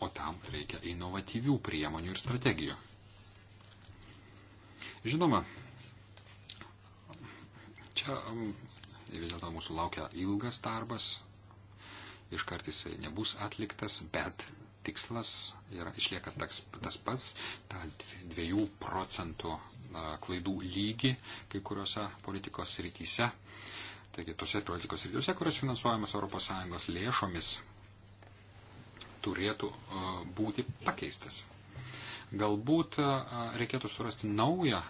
O tam reikia inovatyvių priemonių ir strategijų. Žinoma, čia um, vis dėlto mūsų laukia ilgas darbas, iškart jisai nebus atliktas, bet tikslas yra, išlieka tas, tas pats, tą 2 procentų klaidų lygį kai kuriuose politikos rytise. Taigi tose politikos rytise, kurios finansuojamos ES lėšomis, turėtų būti pakeistas. Galbūt reikėtų surasti naują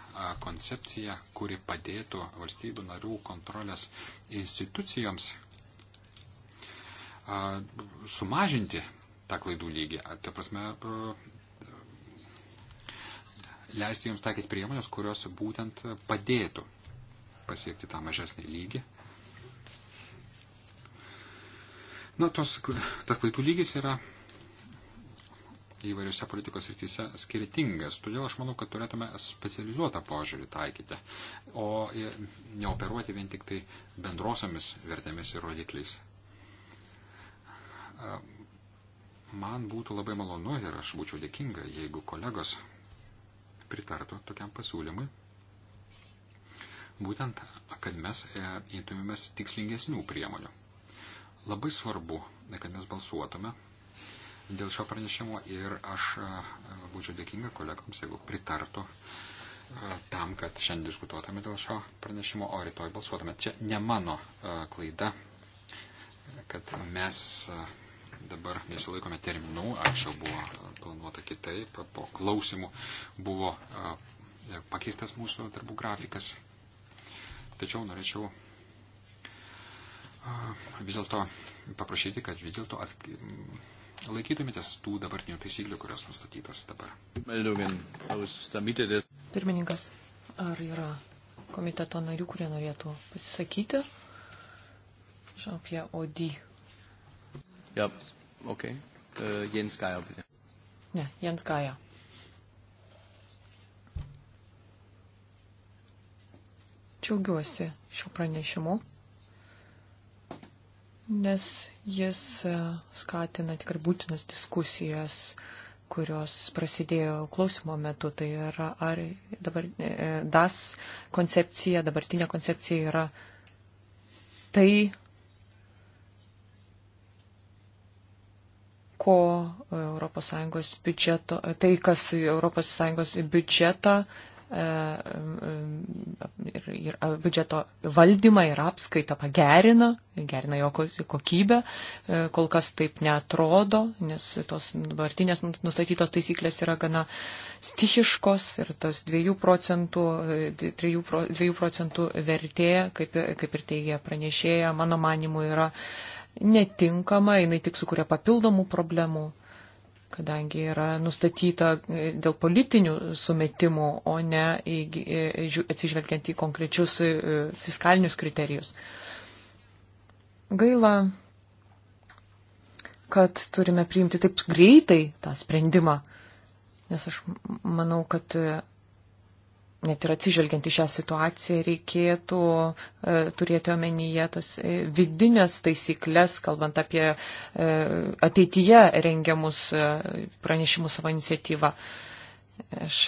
koncepciją, kuri padėtų valstybių narių kontrolės institucijoms sumažinti tą klaidų lygį. Tai prasme, e, leisti jums taikyti priemonės, kurios būtent padėtų pasiekti tą mažesnį lygį. Na, tos, tas klaidų lygis yra įvairiose politikos rytise skirtingas. Todėl aš manau, kad turėtume specializuotą požiūrį taikyti, o neoperuoti vien tik tai bendrosiomis vertėmis ir rodikliais. Man būtų labai malonu ir aš būčiau dėkinga, jeigu kolegos pritartų tokiam pasiūlymui. Būtent, kad mes e, imtumėmės tikslingesnių priemonių. Labai svarbu, kad mes balsuotume dėl šio pranešimo ir aš e, būčiau dėkinga kolegams, jeigu pritartų e, tam, kad šiandien diskutuotume dėl šio pranešimo, o rytoj balsuotume. Čia ne mano klaida, kad mes dabar nesilaikome terminų, anksčiau buvo planuota kitaip, po klausimų buvo e, pakeistas mūsų darbų grafikas. Tačiau norėčiau e, vis dėlto paprašyti, kad vis dėlto at... laikytumėtės tų dabartinių taisyklių, kurios nustatytos dabar. Pirmininkas, ar yra komiteto narių, kurie norėtų pasisakyti? Jean-Pierre Audi. Yep. Okay. Äh, Jens Geier, bitte. Ja, Jens Geier. Džiaugiuosi šiuo pranešimu, nes jis uh, skatina tikrai būtinas diskusijas, kurios prasidėjo klausimo metu. Tai yra, ar dabar e, e, DAS koncepcija, dabartinė koncepcija yra tai, ko ES biudžeto, e, tai kas ES biudžetą e, ir, ir biudžeto valdymą ir apskaitą pagerina, gerina jo kokybę, e, kol kas taip netrodo, nes tos dabartinės nustatytos taisyklės yra gana stichiškos ir tas 2 procentų, 3, 2 procentų vertė, kaip, kaip ir teigia pranešėja, mano manimu yra netinkama, jinai tik sukuria papildomų problemų, kadangi yra nustatyta e, dėl politinių sumetimų, o ne e, atsižvelgiant į konkrečius e, fiskalinius kriterijus. Gaila, kad turime priimti taip greitai tą sprendimą, nes aš manau, kad net ir atsižvelgiant į šią situaciją, reikėtų e, turėti omenyje tas e, vidinės taisyklės, kalbant apie e, ateityje rengiamus pranešimus savo iniciatyvą. Aš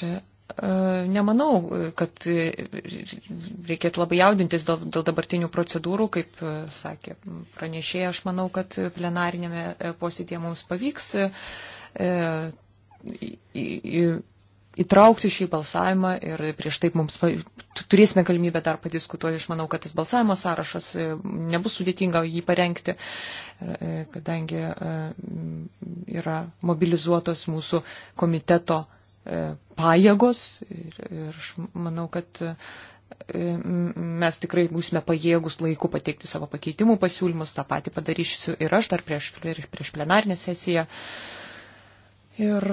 nemanau, kad reikėtų labai jaudintis dėl, dėl dabartinių procedūrų, kaip sakė pranešėja, aš manau, kad plenarinėme posėdėje mums pavyks įtraukti šį balsavimą ir prieš taip mums turėsime galimybę dar padiskutuoti. Aš manau, kad tas balsavimo sąrašas e, nebus sudėtinga jį parengti, e, kadangi e, yra mobilizuotos mūsų komiteto pajėgos ir aš manau, kad mes tikrai būsime pajėgus laiku pateikti savo pakeitimų pasiūlymus, tą patį padarysiu ir aš dar prieš, prieš plenarinę sesiją. Ir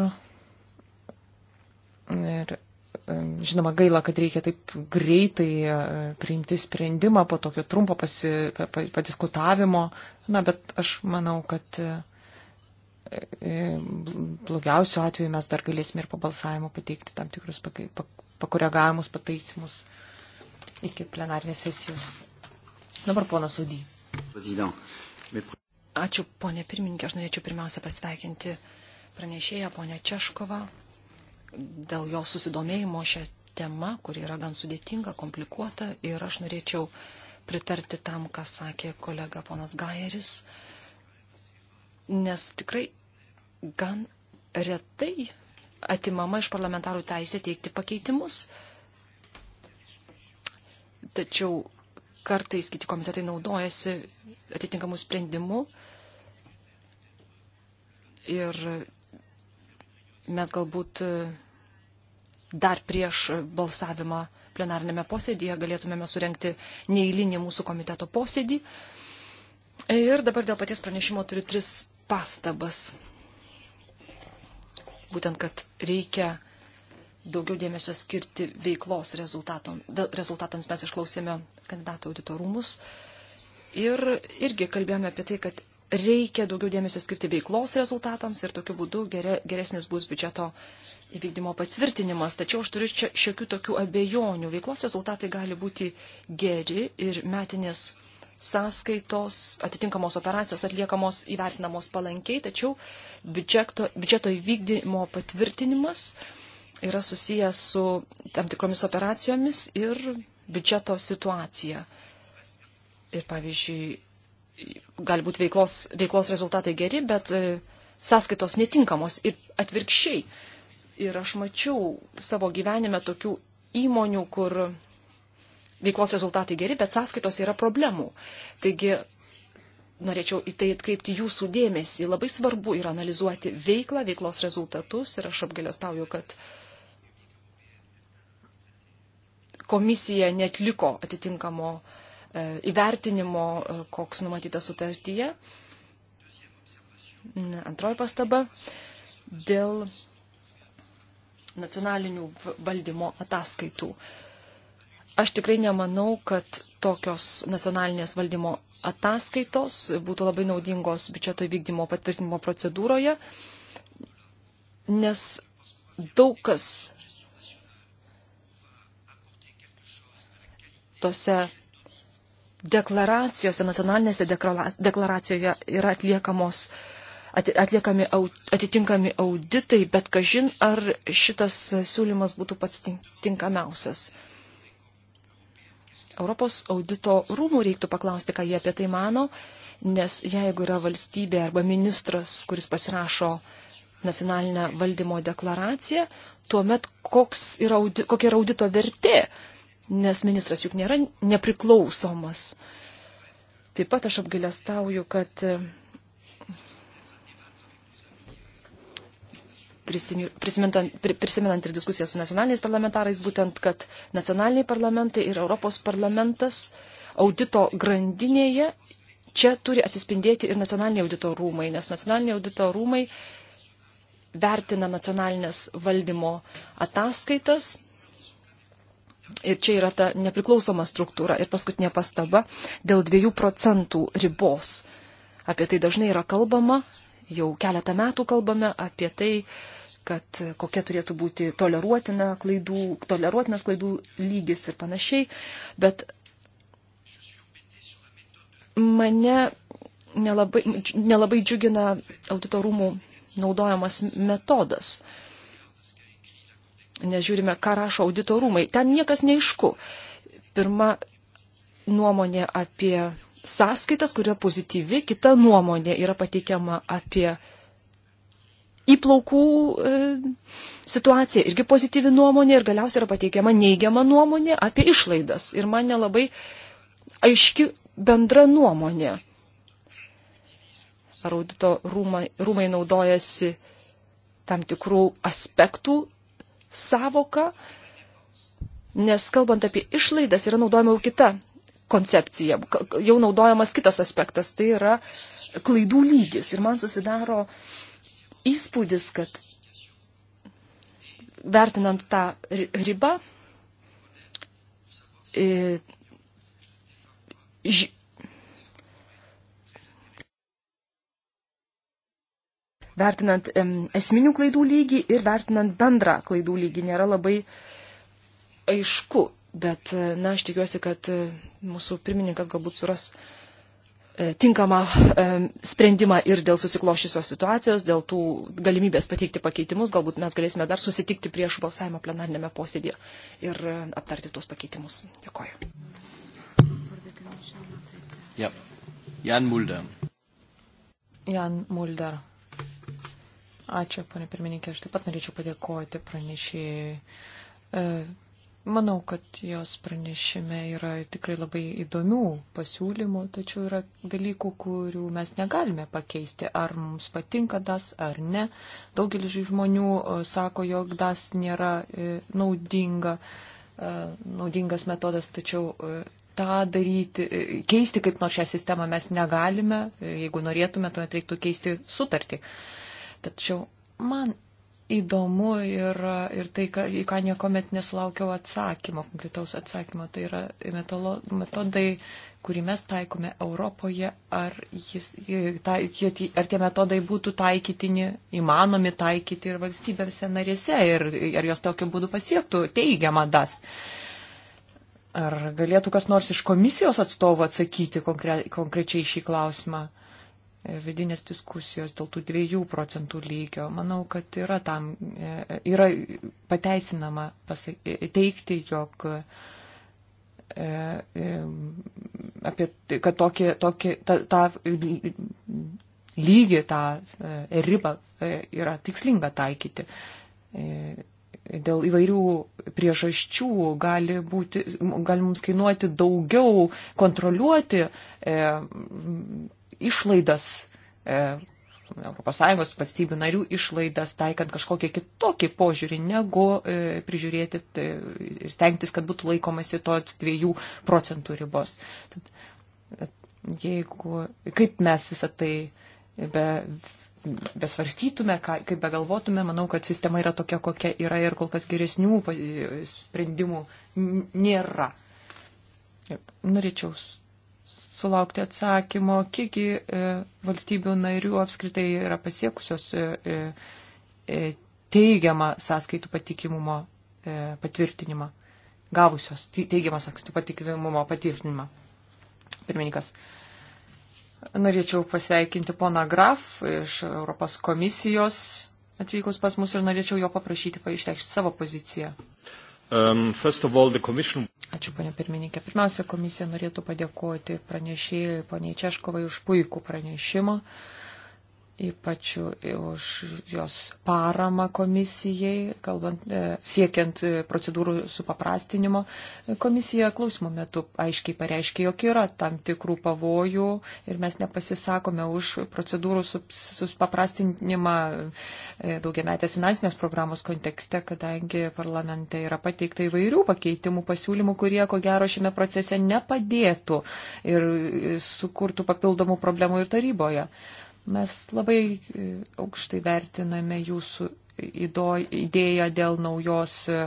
Ir žinoma, gaila, kad reikia taip greitai e, priimti sprendimą po tokio trumpo pasi, padiskutavimo. Na, bet aš manau, kad e, e, blogiausiu atveju mes dar galėsime ir po balsavimo pateikti tam tikrus pakoregavimus, pataisimus iki plenarinės sesijos. Dabar ponas Udy. Ačiū, ponė pirmininkė, aš norėčiau pirmiausia pasveikinti pranešėją ponę Češkovą dėl jo susidomėjimo šią temą, kuri yra gan sudėtinga, komplikuota ir aš norėčiau pritarti tam, ką sakė kolega ponas Gajeris, nes tikrai gan retai atimama iš parlamentarų teisė teikti pakeitimus. Tačiau kartais kiti komitetai naudojasi atitinkamų sprendimų ir mes galbūt dar prieš balsavimą plenarinėme posėdėje galėtumėme surenkti neįlinį mūsų komiteto posėdį. Ir dabar dėl paties pranešimo turiu tris pastabas. Būtent, kad reikia daugiau dėmesio skirti veiklos rezultatom. rezultatams. Mes išklausėme kandidatų auditorumus ir irgi kalbėjome apie tai, kad reikia daugiau dėmesio skirti veiklos rezultatams ir tokiu būdu geresnis bus biudžeto įvykdymo patvirtinimas. Tačiau aš turiu čia šiokių tokių abejonių. Veiklos rezultatai gali būti geri ir metinės sąskaitos, atitinkamos operacijos atliekamos įvertinamos palankiai, tačiau biudžeto, biudžeto įvykdymo patvirtinimas yra susijęs su tam tikromis operacijomis ir biudžeto situacija. Ir pavyzdžiui, gali būti veiklos, veiklos rezultatai geri, bet e, sąskaitos netinkamos ir atvirkščiai. Ir aš mačiau savo gyvenime tokių įmonių, kur veiklos rezultatai geri, bet sąskaitos yra problemų. Taigi norėčiau į tai atkreipti jūsų dėmesį. Labai svarbu yra analizuoti veiklą, veiklos rezultatus ir aš apgalėstauju, kad komisija netliko atitinkamo uh, E, įvertinimo, e, koks numatytas sutartyje. Antroji pastaba dėl nacionalinių valdymo ataskaitų. Aš tikrai nemanau, kad tokios nacionalinės valdymo ataskaitos būtų labai naudingos biudžeto įvykdymo patvirtinimo procedūroje, nes daug kas tose deklaracijose, nacionalinėse deklaracijoje yra atliekamos, atliekami atitinkami auditai, bet kažin ar šitas siūlymas būtų pats tinkamiausias. Europos audito rūmų reiktų paklausti, ką jie apie tai mano, nes jeigu yra valstybė arba ministras, kuris pasirašo nacionalinę valdymo deklaraciją, tuomet yra, kokia yra audito vertė, nes ministras juk nėra nepriklausomas. Taip pat aš apgailestauju, kad e, prisimenant ir diskusiją su nacionaliniais parlamentarais, būtent, kad nacionaliniai parlamentai ir Europos parlamentas audito grandinėje čia turi atsispindėti ir nacionaliniai audito rūmai, nes nacionaliniai audito rūmai vertina nacionalinės valdymo ataskaitas Ir čia yra ta nepriklausoma struktūra. Ir paskutinė pastaba dėl 2 procentų ribos. Apie tai dažnai yra kalbama, jau keletą metų kalbame apie tai, kad kokia turėtų būti toleruotina klaidų, toleruotinas klaidų lygis ir panašiai. Bet mane nelabai, nelabai džiugina auditorumų naudojamas metodas. Uh, nes žiūrime, ką rašo auditorumai. Ten niekas neišku. Pirma nuomonė apie sąskaitas, kuria pozityvi, kita nuomonė yra pateikiama apie įplaukų e, situaciją, irgi pozityvi nuomonė ir galiausiai yra pateikiama neigiama nuomonė apie išlaidas. Ir man nelabai aiški bendra nuomonė. Ar audito rūmai, rūmai naudojasi tam tikrų aspektų savoka, nes kalbant apie išlaidas yra naudojama jau kita koncepcija, jau naudojamas kitas aspektas, tai yra klaidų lygis. Ir man susidaro įspūdis, kad vertinant tą ribą, ž, vertinant esminių klaidų lygį ir vertinant bendrą klaidų lygį nėra labai aišku. Bet, e, na, aš tikiuosi, kad e, mūsų pirmininkas galbūt suras e, tinkamą sprendimą ir dėl susiklošysios situacijos, dėl tų galimybės pateikti pakeitimus. Galbūt mes galėsime dar susitikti prieš balsavimą plenarnėme posėdėje ir aptarti tuos pakeitimus. Dėkoju. Ja. Jan Mulder. Jan Mulder. Ačiū, ponė pirmininkė. Aš taip pat norėčiau padėkoti pranešėjai. E, manau, kad jos pranešime yra tikrai labai įdomių pasiūlymų, tačiau yra dalykų, kurių mes negalime pakeisti. Ar mums patinka DAS ar ne. Daugelis žmonių e, sako, jog DAS nėra e, naudinga, naudingas metodas, tačiau tą daryti, keisti kaip nors šią sistemą mes negalime. Jeigu norėtume, tuomet reiktų keisti sutartį. Tačiau man įdomu ir, ir tai, ką, į ką niekuomet nesulaukiau atsakymo, konkretaus atsakymo, tai yra metolo, metodai, kurį mes taikome Europoje, ar, jis, ta, ar tie metodai būtų taikytini, įmanomi taikyti ir valstybėse narėse, ir ar jos tokiu būdu pasiektų teigiamą das. Ar galėtų kas nors iš komisijos atstovų atsakyti konkre, konkrečiai šį klausimą? E, vidinės diskusijos dėl tų dviejų procentų lygio. Manau, kad yra tam, e, yra pateisinama pasak, e, teikti, jog apie, tai, kad tokį, tokį, tą, tą lygį, tą ribą yra tikslinga taikyti. Dėl įvairių priežasčių gali, būti, gali mums kainuoti daugiau kontroliuoti išlaidas, ES valstybių narių išlaidas, taikant kažkokį kitokį požiūrį, negu e, prižiūrėti e, ir stengtis, kad būtų laikomasi to 2 procentų ribos. Jeigu, kaip mes visą tai be besvarstytume, kaip begalvotume, manau, kad sistema yra tokia, kokia yra ir kol kas geresnių e, sprendimų nėra. Norėčiau sulaukti atsakymo, kiekgi e, valstybių narių apskritai yra pasiekusios e, e, teigiamą sąskaitų patikimumo patvirtinimą, gavusios teigiamą sąskaitų patikimumo patvirtinimą. Pirmininkas. Norėčiau pasveikinti poną Graf iš Europos komisijos atvykus pas mus ir norėčiau jo paprašyti paaišreikšti savo poziciją. Um, all, commission... Ačiū, ponė pirmininkė. Pirmiausia, komisija norėtų padėkoti pranešėjai, poniai Češkovai, už puikų pranešimą. Uh, ypač už jos paramą komisijai, kalbant, e, siekiant e, procedūrų supaprastinimo. Komisija klausimų metu aiškiai pareiškė, jog yra tam tikrų pavojų ir mes nepasisakome už procedūrų supaprastinimą e, daugiametės finansinės programos kontekste, kadangi parlamente yra pateikta įvairių pakeitimų pasiūlymų, kurie ko gero šiame procese nepadėtų ir sukurtų papildomų problemų ir taryboje. Yeah. Mes labai e, aukštai vertiname jūsų idėją dėl naujos e,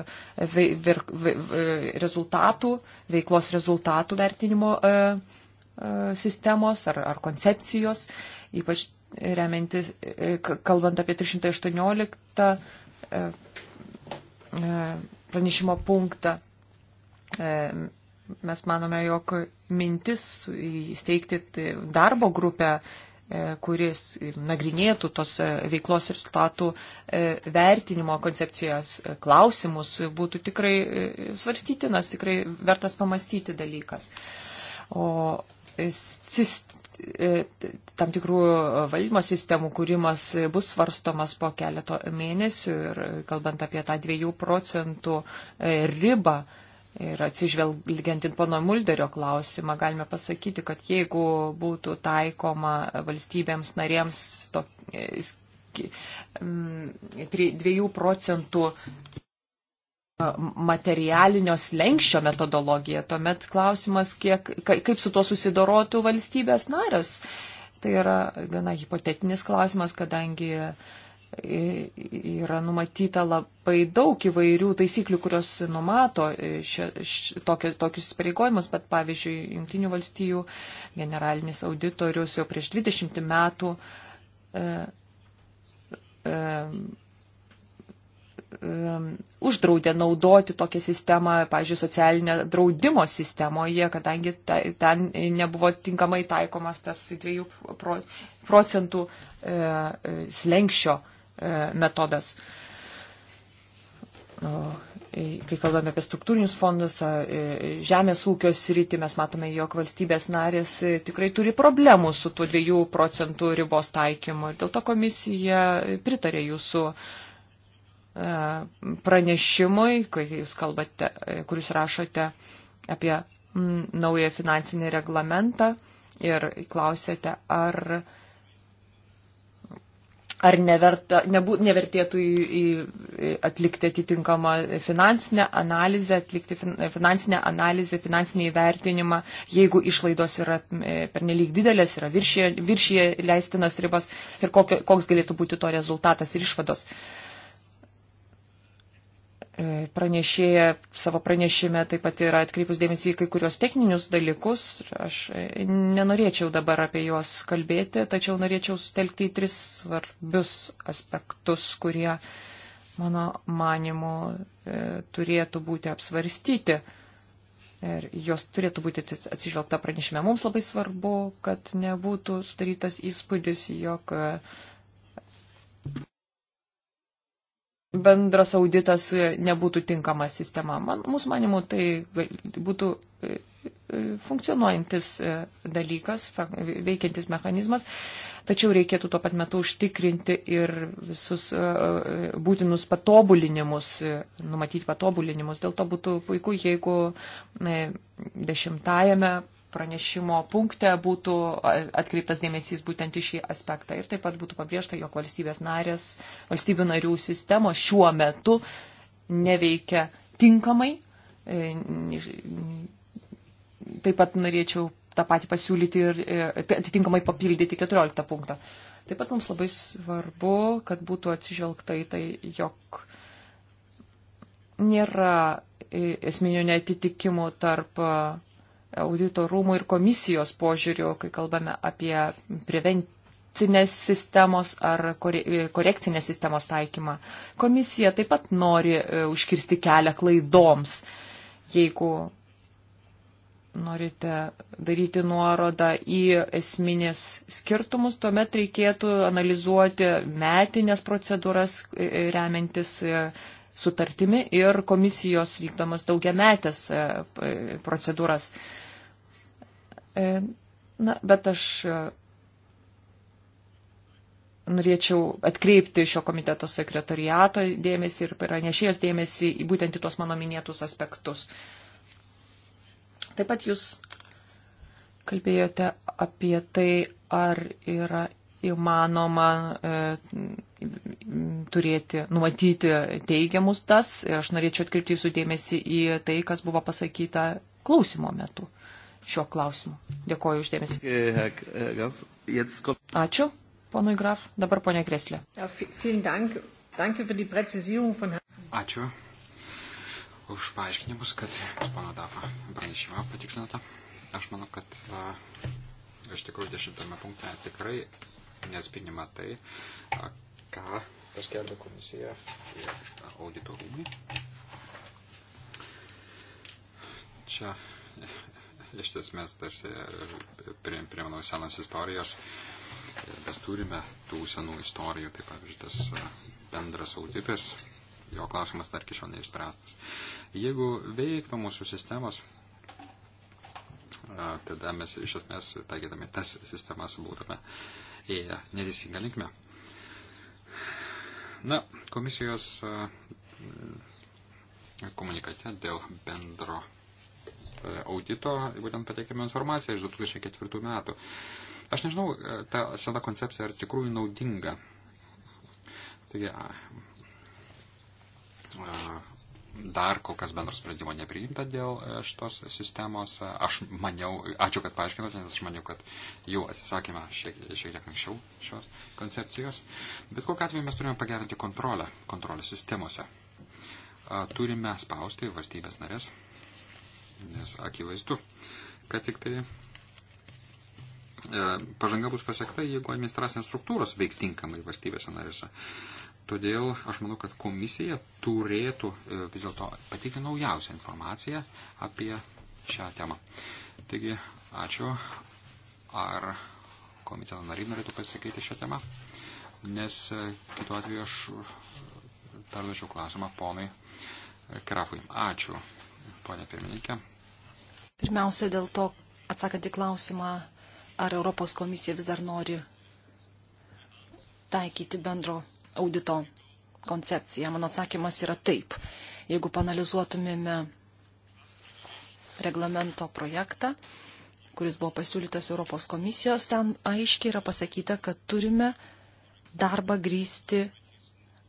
e, rezultatų, veiklos rezultatų vertinimo sistemos ar, ar koncepcijos, ypač remiantis, kalbant apie 318 pranešimo punktą. Mes manome, jog mintis įsteigti darbo grupę E, kuris nagrinėtų tos e, veiklos rezultatų e, vertinimo koncepcijos klausimus, būtų tikrai svarstytinas, tikrai vertas pamastyti dalykas. O tam tikrų valdymo sistemų kūrimas bus svarstomas po keleto mėnesių ir kalbant apie tą dviejų procentų ribą, Ir atsižvelgiant į pono Mulderio klausimą, galime pasakyti, kad jeigu būtų taikoma valstybėms narėms to, e, mm, dviejų procentų e, materialinio slengščio metodologija, tuomet klausimas, kiek, kaip su tuo susidorotų valstybės narės. Tai yra gana hipotetinis klausimas, kadangi uh, yra numatyta labai daug įvairių taisyklių, kurios numato e, šia, š, tokio, tokius įsipareigojimus, bet pavyzdžiui, Junktinių valstijų generalinis auditorius jau prieš 20 metų e, e, e, uždraudė naudoti tokią sistemą, pažiūrėjau, socialinę draudimo sistemoje, kadangi ten nebuvo tinkamai taikomas tas 2 procentų e, slengščio E, metodas. Kai kalbame apie struktūrinius fondus, žemės ūkio sritį, mes matome, jog valstybės narės e, tikrai turi problemų su tuo 2 procentų ribos taikymu. Ir dėl to komisija pritarė jūsų e, pranešimui, kai jūs kalbate, kuris rašote apie naują finansinį reglamentą ir klausėte, ar ar neverta, nebū, nevertėtų į, į atlikti atitinkamą finansinę analizę, atlikti fin, finansinę analizę, finansinį įvertinimą, jeigu išlaidos yra e, pernelyg didelės, yra viršyje, viršyje leistinas ribas ir kokio, koks galėtų būti to rezultatas ir išvados. Uh, E, pranešėja savo pranešime taip pat yra atkreipus dėmesį į kai kurios techninius dalykus. Aš e, nenorėčiau dabar apie juos kalbėti, tačiau norėčiau sutelkti į tris svarbius aspektus, kurie, mano manimu, e, turėtų būti apsvarstyti. Ir jos turėtų būti atsižvelgta pranešime. Mums labai svarbu, kad nebūtų sudarytas įspūdis, jog bendras auditas nebūtų tinkama sistema. Man, mūsų manimų tai būtų e, e, funkcionuojantis e, dalykas, veikiantis mechanizmas, tačiau reikėtų tuo pat metu užtikrinti ir visus būtinus patobulinimus, numatyti patobulinimus. Dėl to būtų puiku, jeigu dešimtajame pranešimo punkte būtų atkreiptas dėmesys būtent į šį aspektą. Ir taip pat būtų pabrėžta, jog valstybės narės, valstybių narių sistemos šiuo metu neveikia tinkamai. E, taip pat norėčiau tą patį pasiūlyti ir e, atitinkamai papildyti 14 punktą. Taip pat mums labai svarbu, kad būtų atsižvelgta į tai, jog nėra e, esminių netitikimų tarp audito rūmų ir komisijos požiūrių, kai kalbame apie prevencinės sistemos ar korekcinės sistemos taikymą. Komisija taip pat nori e, užkirsti kelią klaidoms. Jeigu norite daryti nuorodą į esminės skirtumus, tuomet reikėtų analizuoti metinės procedūras e, e, remiantis sutartimi ir komisijos vykdomas daugiametės e, procedūras. E, na, bet aš e, norėčiau atkreipti šio komiteto sekretariato dėmesį ir pranešėjos dėmesį į būtent į tuos mano minėtus aspektus. Taip pat jūs kalbėjote apie tai, ar yra įmanoma e, turėti, numatyti teigiamus tas. Ir aš norėčiau atkreipti jūsų dėmesį į tai, kas buvo pasakyta klausimo metu šiuo klausimu. Dėkoju uždėmesį. Ačiū, ponui Graf. Dabar ponia Kreslė. Ačiū už paaiškinimus, kad pono Dafa pranešimą patikslinote. Aš manau, kad a, e, iš tikrųjų dešimtame punkte tikrai neatspindima tai, ką paskelbė komisija ir auditorumai. Čia iš esmės tarsi priminau senos istorijos. Mes turime tų senų istorijų, tai pavyzdžiui, tas bendras auditas, jo klausimas dar iki šiol neišspręstas. Jeigu veiktų mūsų sistemos, tada mes iš esmės, taikydami tas sistemas, būtume uh, eina neteisinga linkme. Na, komisijos e, komunikate dėl bendro e, audito, būtent pateikėme informaciją iš 2004 metų. Aš nežinau, e, ta sena koncepcija ar tikrųjų naudinga. Taigi, dar kol kas bendro sprendimo nepriimta dėl e, šitos sistemos. Aš maniau, ačiū, kad paaiškinote, nes aš maniau, kad jau atsisakėme šiek, šiek tiek anksčiau šios koncepcijos. Bet kokiu atveju mes turime pagerinti kontrolę, kontrolę sistemose. Turime spausti valstybės narės, nes akivaizdu, kad tik tai e, pažanga bus pasiekta, jeigu administracinės struktūros veiks tinkamai valstybėse narėse. Todėl aš manau, kad komisija turėtų e, vis dėlto patikti naujausią informaciją apie šią temą. Taigi, ačiū. Ar komiteto nariai norėtų pasakyti šią temą? Nes e, kitu atveju aš e, perduočiau klausimą ponui Krafui. Ačiū, ponė pirmininkė. Pirmiausia, dėl to, atsakant į klausimą, ar Europos komisija vis dar nori taikyti bendro audito koncepciją? Mano atsakymas yra taip. Jeigu panalizuotumėme reglamento projektą, kuris buvo pasiūlytas Europos komisijos, ten aiškiai yra pasakyta, kad turime darbą grįsti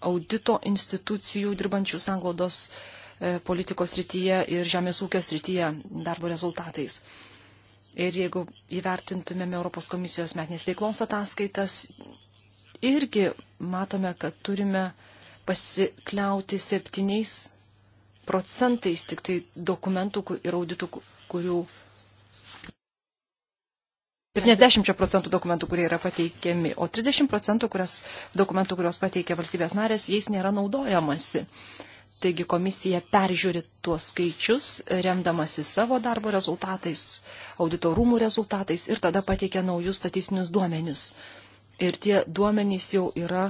audito institucijų dirbančių sanglaudos e, politikos srityje ir žemės ūkio srityje darbo rezultatais. Ir jeigu įvertintumėme Europos komisijos metinės veiklos ataskaitas, irgi matome, kad turime pasikliauti septyniais procentais tik tai dokumentų ir auditų, kurių 70 procentų dokumentų, kurie yra pateikiami, o 30 procentų kurias, dokumentų, kurios pateikia valstybės narės, jais nėra naudojamasi. Taigi komisija peržiūri tuos skaičius, remdamasi savo darbo rezultatais, audito rūmų rezultatais ir tada pateikia naujus statistinius duomenis Ir tie duomenys jau yra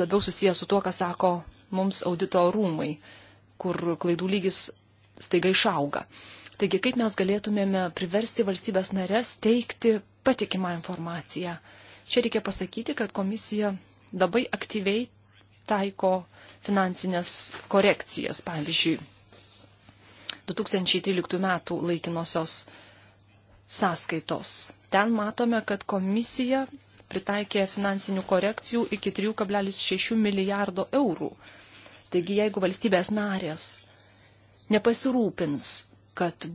labiau susijęs su tuo, ką sako mums audito rūmai, kur klaidų lygis staiga išauga. Taigi, kaip mes galėtumėme priversti valstybės narės teikti patikimą informaciją? Čia reikia pasakyti, kad komisija labai aktyviai taiko finansinės korekcijas. Pavyzdžiui, 2013 m. laikinosios sąskaitos Ten matome, kad komisija pritaikė finansinių korekcijų iki 3,6 milijardo eurų. Taigi jeigu valstybės narės nepasirūpins, kad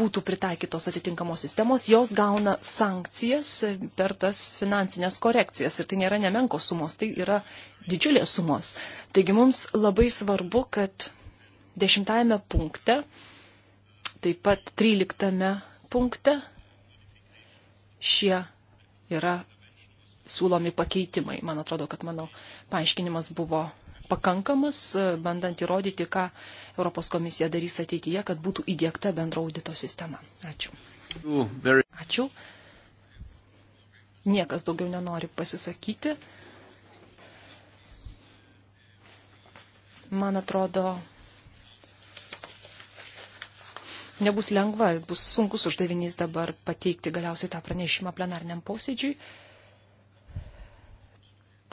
būtų pritaikytos atitinkamos sistemos, jos gauna sankcijas per tas finansinės korekcijas. Ir tai nėra nemenkos sumos, tai yra didžiulės sumos. Taigi mums labai svarbu, kad dešimtajame punkte, taip pat tryliktame punkte šie yra siūlomi pakeitimai. Man atrodo, kad mano paaiškinimas buvo pakankamas, bandant įrodyti, ką Europos komisija darys ateityje, kad būtų įdėkta bendra audito sistema. Ačiū. Ačiū. Niekas daugiau nenori pasisakyti. Man atrodo, nebus lengva, bus sunkus uždavinys dabar pateikti galiausiai tą pranešimą plenariniam posėdžiui.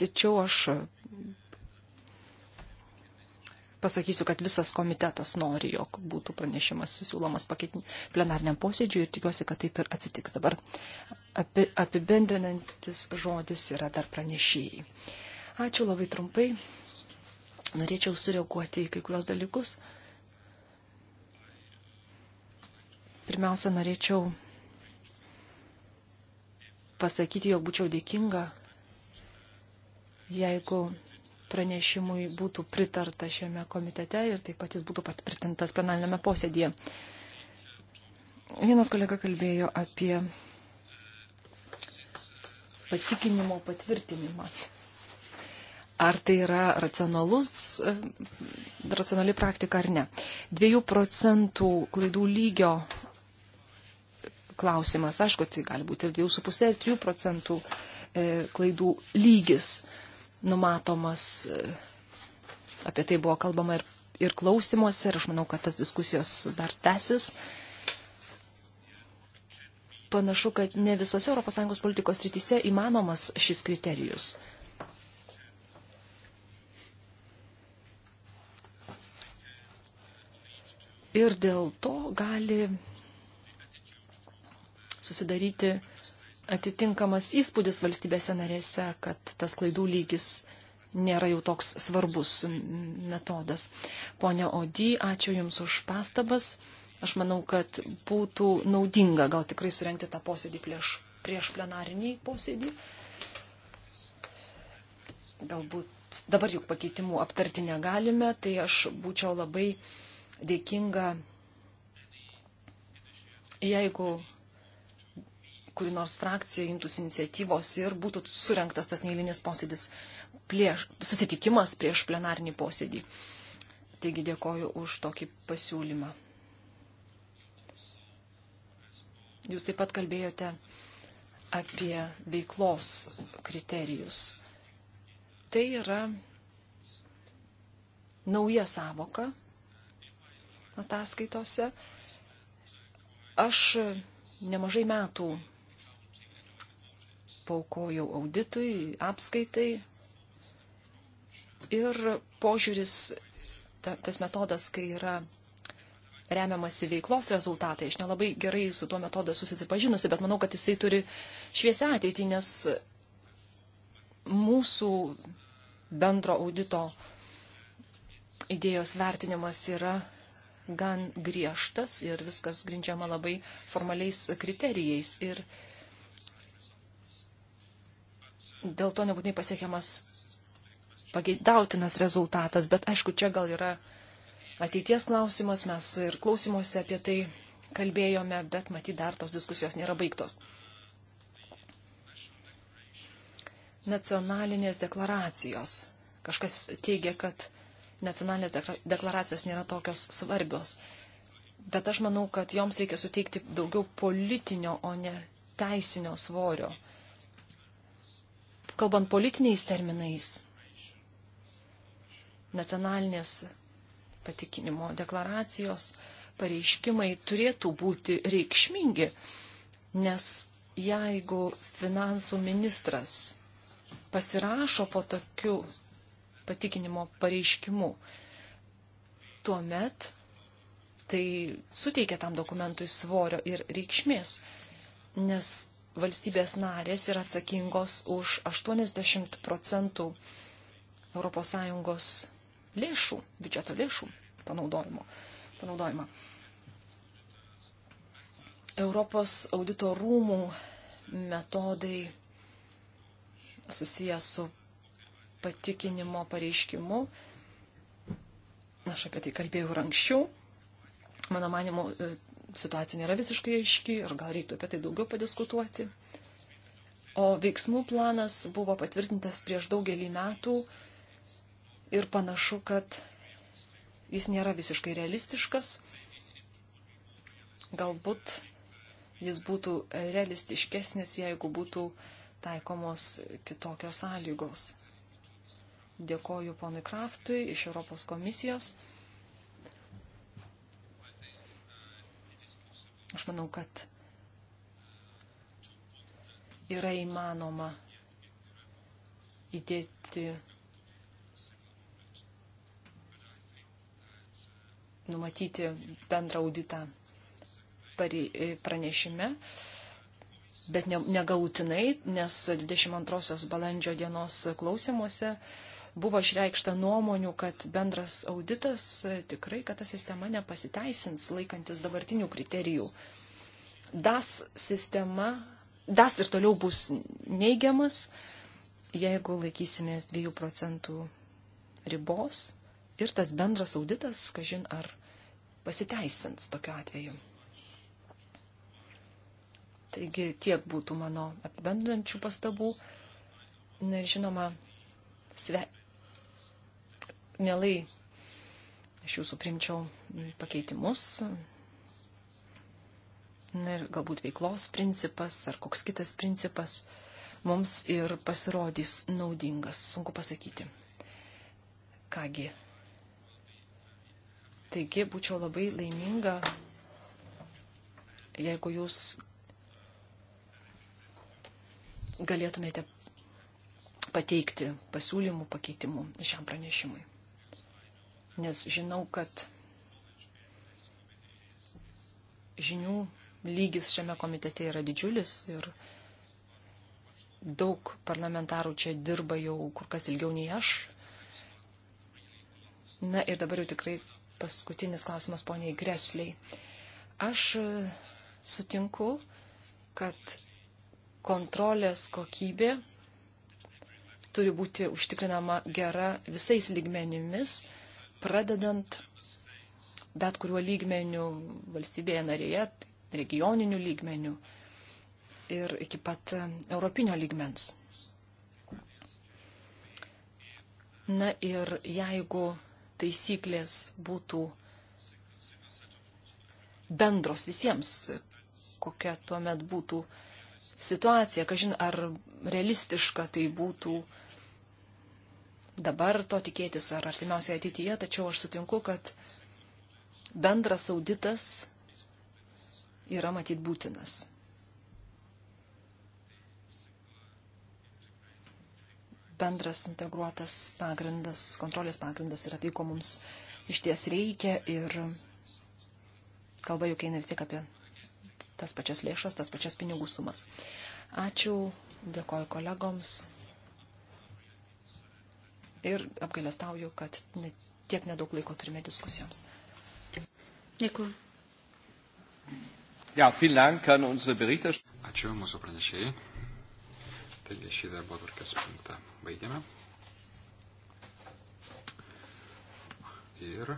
Tačiau aš pasakysiu, kad visas komitetas nori, jog būtų pranešimas siūlomas plenariniam posėdžiui ir tikiuosi, kad taip ir atsitiks dabar. Api, apibendrinantis žodis yra dar pranešėjai. Ačiū labai trumpai. Norėčiau sureaguoti į kai kurios dalykus. Uh, Pirmiausia, norėčiau pasakyti, jog būčiau dėkinga, jeigu pranešimui būtų pritarta šiame komitete ir taip pat jis būtų patvirtintas plenarinėme posėdėje. Vienas kolega kalbėjo apie patikinimo patvirtinimą. Ar tai yra racionalus, racionali praktika ar ne. Dviejų procentų klaidų lygio klausimas. Aišku, tai gali būti ir 2,5 ir 3 procentų e, klaidų lygis numatomas. E, apie tai buvo kalbama ir, ir klausimuose ir aš manau, kad tas diskusijos dar tęsis. Panašu, kad ne visose ES politikos rytise įmanomas šis kriterijus. ir dėl to gali susidaryti atitinkamas įspūdis valstybėse narėse, kad tas klaidų lygis nėra jau toks svarbus metodas. Pone Odį, ačiū Jums už pastabas. Aš manau, kad būtų naudinga gal tikrai surenkti tą posėdį prieš, prieš plenarinį posėdį. Galbūt dabar juk pakeitimų aptarti negalime, tai aš būčiau labai dėkinga, jeigu kuri nors frakcija imtųsi iniciatyvos ir būtų surinktas tas neįlinis posėdis, prieš, susitikimas prieš plenarinį posėdį. Taigi dėkoju už tokį pasiūlymą. Jūs taip pat kalbėjote apie veiklos kriterijus. Tai yra nauja savoka ataskaitose. Aš nemažai metų paukojau auditui, apskaitai. Ir požiūris, ta, tas metodas, kai yra remiamasi veiklos rezultatai. Aš nelabai gerai su tuo metodu esu susipažinusi, bet manau, kad jisai turi šviesę ateitį, nes mūsų bendro audito idėjos vertinimas yra gan griežtas ir viskas grindžiama labai formaliais kriterijais. Ir dėl to nebūtinai pasiekiamas pageidautinas rezultatas, bet aišku, čia gal yra ateities klausimas, mes ir klausimuose apie tai kalbėjome, bet matyt, dar tos diskusijos nėra baigtos. Nacionalinės deklaracijos. Kažkas teigia, kad nacionalinės deklaracijos nėra tokios svarbios, bet aš manau, kad joms reikia suteikti daugiau politinio, o ne teisinio svorio kalbant politiniais terminais, nacionalinės patikinimo deklaracijos pareiškimai turėtų būti reikšmingi, nes jeigu finansų ministras pasirašo po tokiu patikinimo pareiškimu, tuomet tai suteikia tam dokumentui svorio ir reikšmės, nes valstybės narės yra atsakingos už 80 procentų ES lėšų, biudžeto lėšų panaudojimo, panaudojimą. Europos audito rūmų metodai susijęs su patikinimo pareiškimu. Aš apie tai kalbėjau ir anksčiau. Mano manimu, e, situacija nėra visiškai aiški ir gal reiktų apie tai daugiau padiskutuoti. O veiksmų planas buvo patvirtintas prieš daugelį metų ir panašu, kad jis nėra visiškai realistiškas. Galbūt jis būtų realistiškesnis, jeigu būtų taikomos kitokios sąlygos. Dėkoju ponui Kraftui iš Europos komisijos. Aš manau, kad yra įmanoma įdėti numatyti bendrą auditą pranešime, bet negalutinai, nes 22 balandžio dienos klausimuose Buvo išreikšta nuomonių, kad bendras auditas e, tikrai, kad ta sistema nepasiteisins laikantis dabartinių kriterijų. DAS sistema, DAS ir toliau bus neigiamas, jeigu laikysimės 2 procentų ribos ir tas bendras auditas, kažin ar pasiteisins tokiu atveju. Taigi tiek būtų mano apibendrinančių pastabų. Na ir žinoma, sve, mielai iš jūsų primčiau pakeitimus. Na ir galbūt veiklos principas ar koks kitas principas mums ir pasirodys naudingas, sunku pasakyti. Kągi. Taigi būčiau labai laiminga, jeigu jūs galėtumėte pateikti pasiūlymų pakeitimų šiam pranešimui nes žinau, kad žinių lygis šiame komitete yra didžiulis ir daug parlamentarų čia dirba jau kur kas ilgiau nei aš. Na ir dabar jau tikrai paskutinis klausimas poniai Gresliai. Aš e, sutinku, kad kontrolės kokybė turi būti užtikrinama gera visais lygmenimis pradedant bet kuriuo lygmeniu valstybėje narėje, regioniniu lygmeniu ir iki pat e, europinio lygmens. Na ir jeigu taisyklės būtų bendros visiems, kokia tuomet būtų situacija, kažin ar realistiška tai būtų uh, dabar to tikėtis ar artimiausioje ateityje, tačiau aš sutinku, kad bendras auditas yra matyt būtinas. Bendras integruotas pagrindas, kontrolės pagrindas yra tai, ko mums iš ties reikia ir kalba juk eina vis tiek apie tas pačias lėšas, tas pačias pinigų sumas. Ačiū, dėkoju kolegoms ir apgailestauju, kad ne, tiek nedaug laiko turime diskusijoms. Dėkui. Ja, Dank an Berichter... Ačiū mūsų pranešėjai. Taigi šį darbo tvarkės punktą baigiame. Ir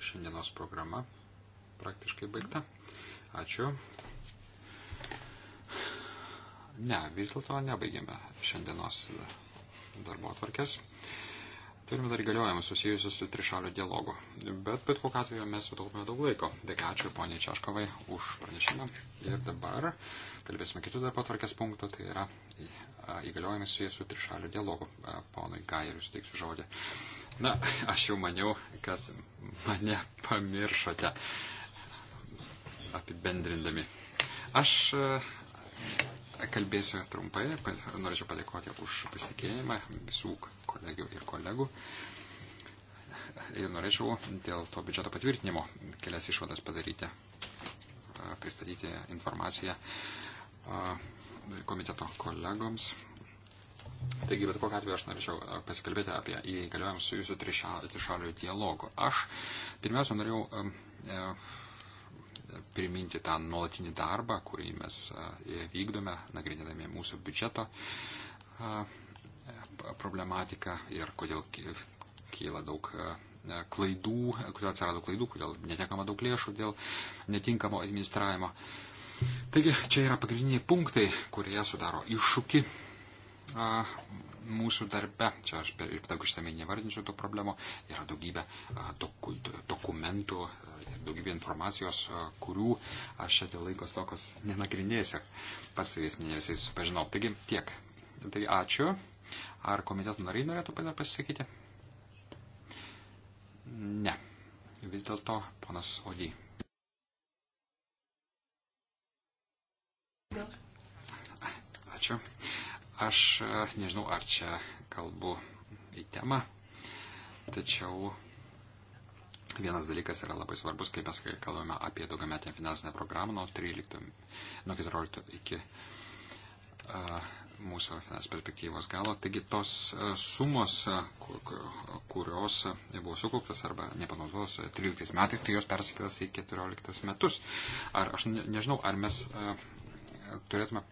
šiandienos programa praktiškai baigta. Ačiū. Ne, vis dėlto nebaigėme šiandienos darbo atvarkės. Turime dar įgaliojimus susijusius su trišalio dialogu, bet bet kokiu atveju mes sutaupėme daug laiko. Dėka ačiū poniai Češkovai už pranešimą. Ir dabar kalbėsime kitų dar patvarkės punktų, tai yra įgaliojimai susijęs su trišalio dialogu. Ponui Gairiui suteiksiu žodį. Na, aš jau maniau, kad mane pamiršote apibendrindami. Aš kalbėsiu trumpai, norėčiau padėkoti už pasitikėjimą visų kolegių ir kolegų. Ir norėčiau dėl to biudžeto patvirtinimo kelias išvadas padaryti, pristatyti informaciją komiteto kolegoms. Taigi, bet kokiu atveju aš norėčiau pasikalbėti apie įgaliojimus su jūsų trišaliu dialogu. Aš pirmiausia norėjau priminti tą nuolatinį darbą, kurį mes vykdome, nagrinėdami mūsų biudžeto problematiką ir kodėl kyla daug e, klaidų, kodėl atsirado klaidų, kodėl netekama daug lėšų dėl netinkamo administravimo. Taigi čia yra pagrindiniai punktai, kurie sudaro iššūkį a, mūsų darbe. Čia aš per, ir daug išsamei nevardinsiu tų problemų. Yra daugybė a, doku, dokumentų a, ir daugybė informacijos, a, kurių aš čia dėl laiko stokos nenagrinėsiu. Pats su jais ne visais supažinau. Taigi tiek. Tai ačiū. Ar komiteto nariai norėtų pasisakyti? Ne. Vis dėlto ponas Odį. Ačiū. Aš e, nežinau, ar čia kalbu į temą, tačiau vienas dalykas yra labai svarbus, kai mes kalbame apie daugiametę finansinę programą nuo 13, nuo 14 iki uh, mūsų finansinės perspektyvos galo. Taigi tos e, sumos, e, kurios buvo sukauptas arba nepanaudotos 13 metais, tai jos persikėlės į 14 metus. Ar aš nežinau, ar mes e, turėtume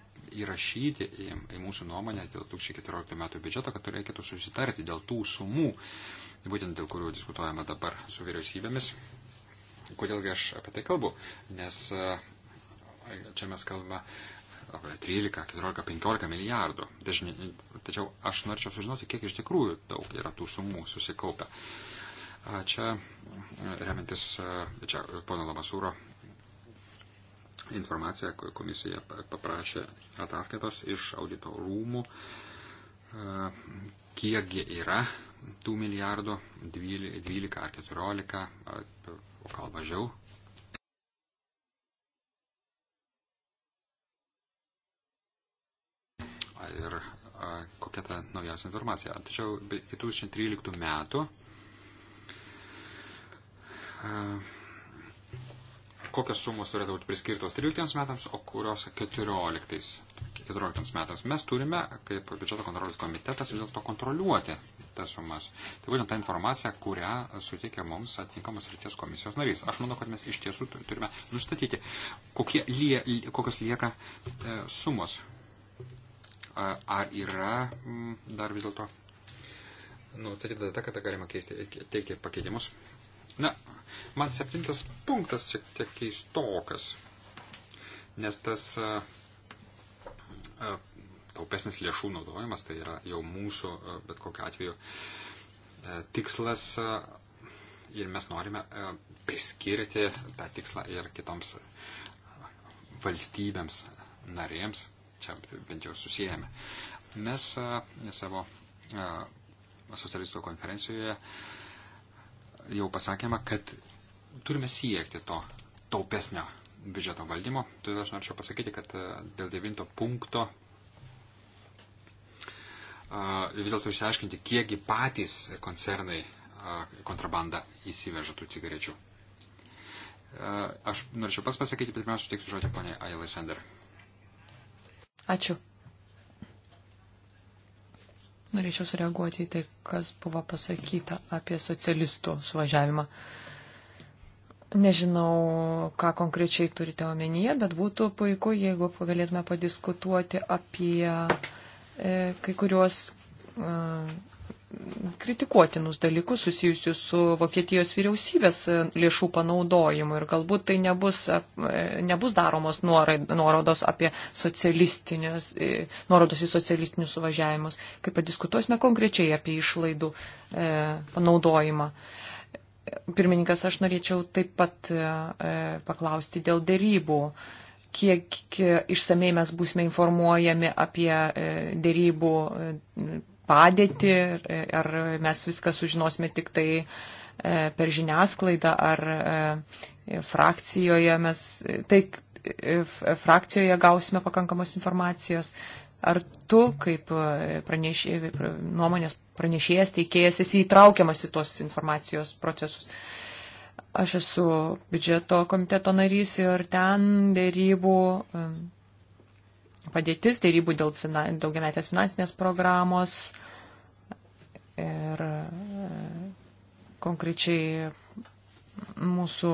įrašyti į, į mūsų nuomonę dėl 2014 metų biudžeto, kad reikėtų susitarti dėl tų sumų, būtent dėl kurių diskutuojame dabar su vyriausybėmis. Kodėlgi aš apie tai kalbu? Nes čia mes kalbame apie 13, 14, 15 milijardų. Dažnai, tačiau aš norėčiau sužinoti, kiek iš tikrųjų daug yra tų sumų susikaupę. Čia remiantis, čia pono Lamasūro informacija, komisija paprašė ataskaitos iš audito rūmų, kiekgi yra tų milijardų, 12 ar 14, o gal mažiau, ir kokia ta naujausia informacija. Tačiau 2013 metų kokios sumos turėtų būti priskirtos 13 metams, o kurios 14, 14 metams. Mes turime, kaip biudžeto kontrolės komitetas, vis dėlto kontroliuoti tas sumas. Tai būtent ta informacija, kurią suteikia mums atinkamos ryties komisijos narys. Aš manau, kad mes iš tiesų turime nustatyti, kokie lie, kokios lieka e, sumos ar yra mm, dar vis dėlto nustatyta data, kada galima keisti, teikti pakeitimus. Na, man septintas punktas šiek tiek keistokas, nes tas taupesnis lėšų naudojimas, tai yra jau mūsų, bet kokiu atveju, tikslas ir mes norime priskirti tą tikslą ir kitoms valstybėms narėms čia bent jau susijęme. Mes savo socialistų konferencijoje jau pasakėme, kad turime siekti to taupesnio biudžeto valdymo. Todėl aš norėčiau pasakyti, kad dėl devinto punkto vis dėlto išsiaiškinti, kiekgi patys koncernai kontrabandą įsiveža tų cigarečių. Aš norėčiau pas pasakyti, pirmiausia, teiksiu žodį poniai Ailai Sender. Ačiū. Norėčiau sureaguoti į tai, kas buvo pasakyta apie socialistų suvažiavimą. Nežinau, ką konkrečiai turite omenyje, bet būtų puiku, jeigu galėtume padiskutuoti apie e, kai kuriuos e, kritikuotinus dalykus susijusius su Vokietijos vyriausybės e, lėšų panaudojimu ir galbūt tai nebus, e, nebus daromos nuorodos apie socialistinius, e, nuorodos į socialistinius suvažiavimus, kai padiskutuosime konkrečiai apie išlaidų panaudojimą. Pirmininkas, aš norėčiau taip pat paklausti dėl dėrybų kiek išsamei mes būsime informuojami apie dėrybų padėtį, ar mes viską sužinosime tik tai e, per žiniasklaidą, ar e, frakcijoje mes, tai e, frakcijoje gausime pakankamos informacijos. Ar tu, kaip praneš, nuomonės pranešėjas, teikėjas, esi įtraukiamas į tos informacijos procesus? Aš esu biudžeto komiteto narys ir ten dėrybų padėtis, dėrybų dėl finan, daugiametės finansinės programos ir e, konkrečiai mūsų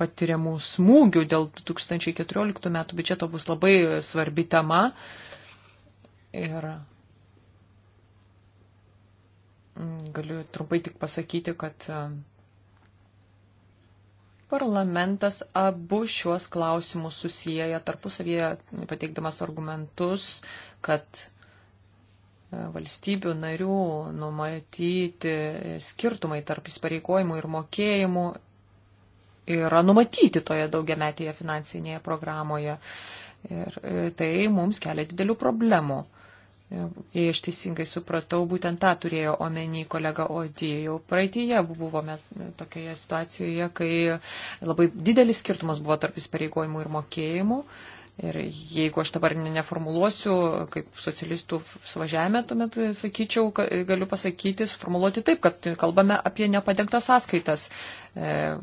patiriamų smūgių dėl 2014 metų biudžeto bus labai svarbi tema. Ir galiu trumpai tik pasakyti, kad parlamentas abu šiuos klausimus susiję tarpusavyje, pateikdamas argumentus, kad e, valstybių narių numatyti skirtumai tarp įsipareigojimų ir mokėjimų yra numatyti toje daugiametėje finansinėje programoje. Ir e, tai mums kelia didelių problemų. Jei aš teisingai supratau, būtent tą turėjo omeny kolega Odį. Jau praeitįje buvome tokioje situacijoje, kai labai didelis skirtumas buvo tarp įsipareigojimų ir mokėjimų. Ir jeigu aš dabar neformuluosiu, kaip socialistų suvažiavime, tuomet sakyčiau, galiu pasakyti, suformuluoti taip, kad kalbame apie nepadengtas sąskaitas. E,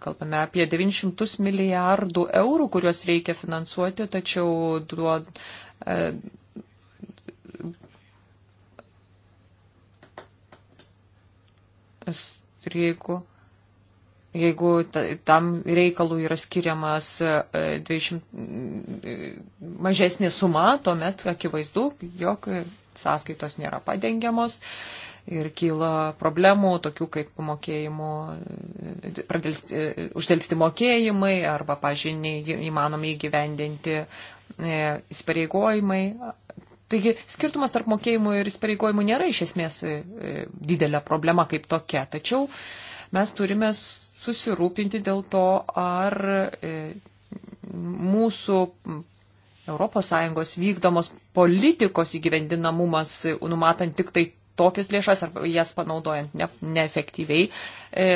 kalbame apie 900 milijardų eurų, kuriuos reikia finansuoti, tačiau duod e, streikų, jeigu tam reikalų yra skiriamas 200, e, e, mažesnė suma, tuomet akivaizdu, jog sąskaitos nėra padengiamos ir kyla problemų, tokių kaip mokėjimų, e, uždelsti mokėjimai arba, pažiniai, įmanomi įgyvendinti įsipareigojimai, Taigi skirtumas tarp mokėjimų ir įsipareigojimų nėra iš esmės e, e, didelė problema kaip tokia, tačiau mes turime susirūpinti dėl to, ar e, mūsų ES vykdomos politikos įgyvendinamumas, numatant tik tai tokias lėšas ar jas panaudojant ne, neefektyviai, e,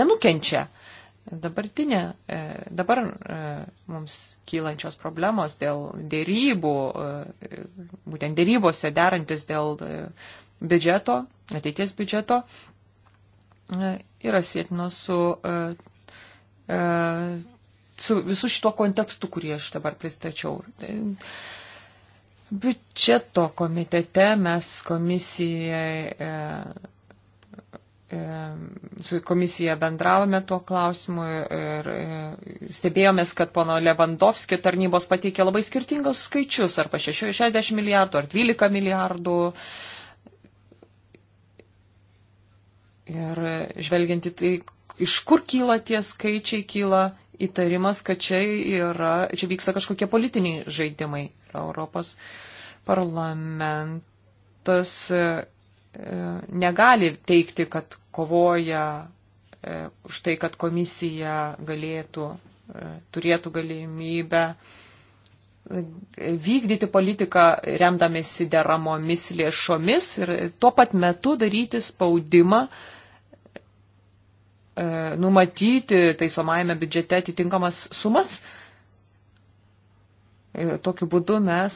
nenukenčia. E, dabartinė, e, dabar e, mums kylančios problemos dėl dėrybų, e, būtent dėrybose derantis dėl biudžeto, ateities biudžeto, yra sėtinos su, su visu šituo kontekstu, kurį aš dabar pristačiau. Biudžeto komitete mes komisijai E, su komisija bendravome tuo klausimu ir e, stebėjomės, kad pono Levandovskio tarnybos pateikė labai skirtingus skaičius, arba 60 milijardų, ar 12 milijardų. Ir žvelgiant į tai, iš kur kyla tie skaičiai, kyla įtarimas, kad čia, yra, čia vyksta kažkokie politiniai žaidimai. Europos parlamentas negali teikti, kad kovoja e, už tai, kad komisija galėtų, e, turėtų galimybę e, vykdyti politiką remdamėsi deramomis lėšomis ir tuo pat metu daryti spaudimą, numatyti taisomajame biudžete atitinkamas sumas. Tokiu būdu mes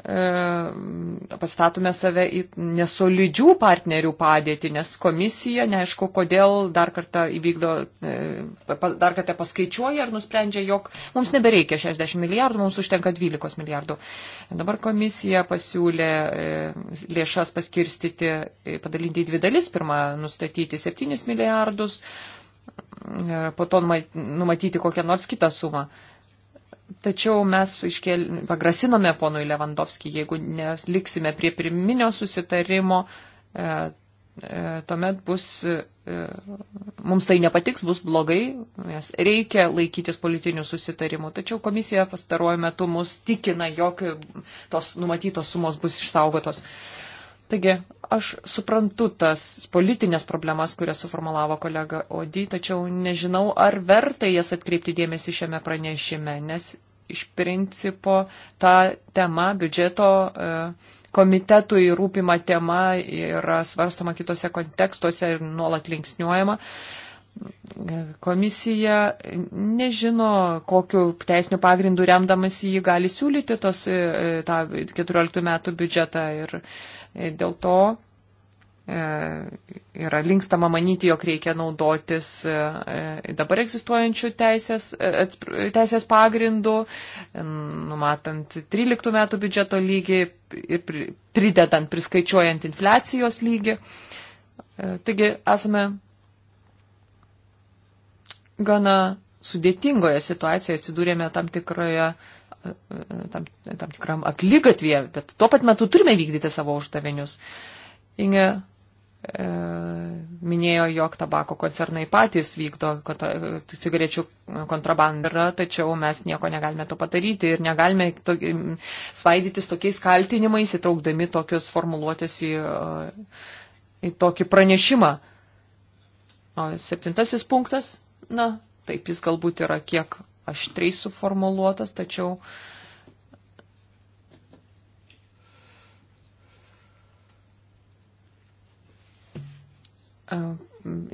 E, pastatome save į nesolidžių partnerių padėtį, nes komisija, neaišku, kodėl dar kartą įvykdo, e, dar kartą paskaičiuoja ir nusprendžia, jog mums nebereikia 60 milijardų, mums užtenka 12 milijardų. Dabar komisija pasiūlė e, lėšas paskirstyti, padalinti į dvi dalis, pirmą nustatyti 7 milijardus, po to numatyti kokią nors kitą sumą. Tačiau mes iškėl, pagrasinome ponui Levandovskį, jeigu liksime prie pirminio susitarimo, e, e, tuomet bus, e, mums tai nepatiks, bus blogai, nes reikia laikytis politinių susitarimų. Tačiau komisija pastaruoju metu mus tikina, jog tos numatytos sumos bus išsaugotos. Taigi, aš suprantu tas politinės problemas, kurias suformulavo kolega Odi, tačiau nežinau, ar verta jas atkreipti dėmesį šiame pranešime, nes iš principo ta tema biudžeto e, komitetui rūpima tema yra svarstoma kitose kontekstuose ir nuolat linksniuojama. E, komisija nežino, kokiu teisiniu pagrindu remdamas jį gali siūlyti tos, e, tą 14 metų biudžetą ir dėl to E, yra linkstama manyti, jog reikia naudotis e, e, dabar egzistuojančių teisės, teisės pagrindų, numatant 13 metų biudžeto lygį ir pridedant, priskaičiuojant infliacijos lygį. Taigi esame gana sudėtingoje situacijoje atsidūrėme tam tikroje tam, tam tikram aklygatvėje, bet tuo pat metu turime vykdyti savo uždavinius. Inge E, minėjo, jog tabako koncernai patys vykdo cigarečių kontrabandą, tačiau mes nieko negalime to padaryti ir negalime to, svaidytis tokiais kaltinimais, įtraukdami tokius formuluotės į, e, į tokį pranešimą. O septintasis punktas, na, taip jis galbūt yra kiek aštriai suformuluotas, tačiau uh,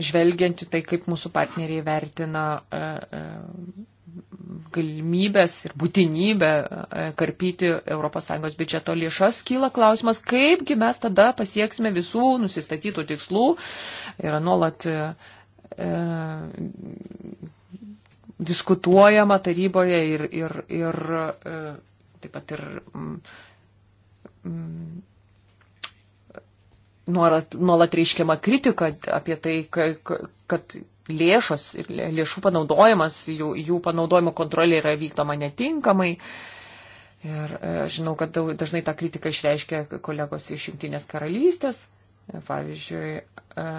žvelgianti tai, kaip mūsų partneriai vertina e, e, galimybės ir būtinybę e, karpyti ES biudžeto lėšas, kyla klausimas, kaipgi mes tada pasieksime visų nusistatytų tikslų. Yra nuolat e, diskutuojama taryboje ir, ir, ir e, taip pat ir. Mm, mm nuolat reiškiama kritika apie tai, kad lėšos ir lėšų panaudojimas, jų, jų panaudojimo kontrolė yra vykdoma netinkamai. Ir e, žinau, kad dažnai tą kritiką išreiškia kolegos iš Junktinės karalystės. E, pavyzdžiui, e,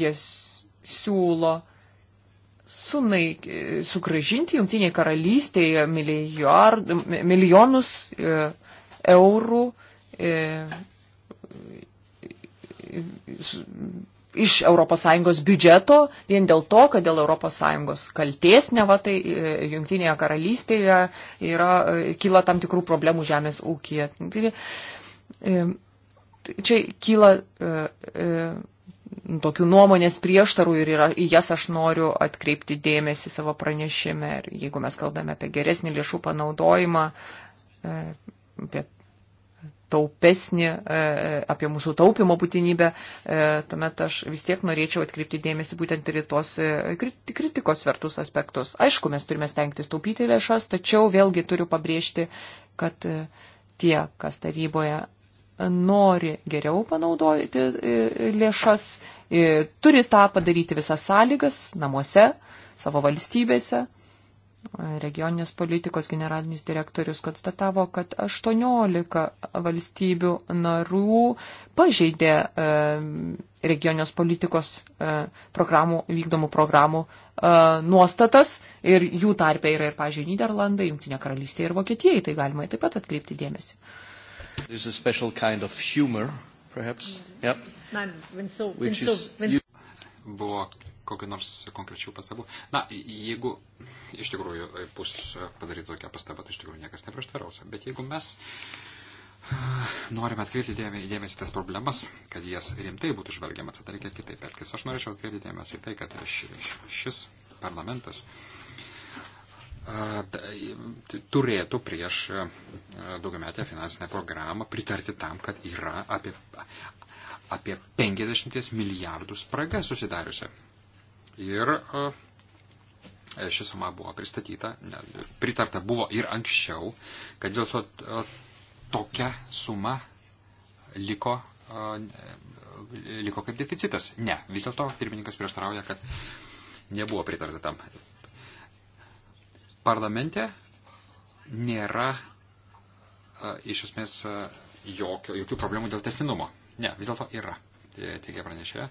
jie siūlo sunaik, sugražinti Junktiniai karalystėje milijard, milijonus eurų iš ES biudžeto vien dėl to, kad dėl ES kalties neva tai e, Junktinėje karalystėje yra, e, kyla tam tikrų problemų žemės ūkija. E, čia kyla tokių nuomonės prieštarų ir yra, į jas aš noriu atkreipti dėmesį savo pranešime. Ir jeigu mes kalbame apie geresnį lėšų panaudojimą, apie taupesnį, e, e, apie mūsų taupimo būtinybę, e, tuomet aš vis tiek norėčiau atkreipti dėmesį būtent ir į tuos kritikos vertus aspektus. Aišku, mes turime stengtis taupyti lėšas, tačiau vėlgi turiu pabrėžti, kad tie, kas taryboje nori geriau panaudoti lėšas, turi tą padaryti visas sąlygas namuose, savo valstybėse regioninės politikos generalinis direktorius konstatavo, kad 18 valstybių narų pažeidė e, regioninės politikos e, programų, vykdomų programų e, nuostatas ir jų tarpe yra ir, pažiūrėjau, Niderlandai, Junktinė karalystė ir Vokietijai, tai galima taip pat atkreipti dėmesį. Kind of humor, mm-hmm. yep. Nein, when so, when so, when... Buvo kokiu nors konkrečių pastabų? Na, jeigu iš tikrųjų e, bus e, padaryta tokia pastaba, tai iš tikrųjų niekas neprieštaraus. Bet jeigu mes *sighs* norime atkreipti dėmesį tas problemas, kad jas rimtai būtų žvelgiama, tada reikia kitaip elgtis. Aš norėčiau atkreipti dėmesį į tai, kad šis parlamentas e, turėtų prieš daugiametę finansinę programą pritarti tam, kad yra apie, apie 50 milijardų spraga susidariusi Ir e, ši suma buvo pristatyta, ne, pritarta buvo ir anksčiau, kad dėl to e, tokia suma liko, e, liko kaip deficitas. Ne, vis dėlto pirmininkas prieštarauja, kad nebuvo pritarta tam. Parlamente nėra iš esmės jokio, jokių problemų dėl testinumo. Ne, vis dėlto yra, teigia pranešė.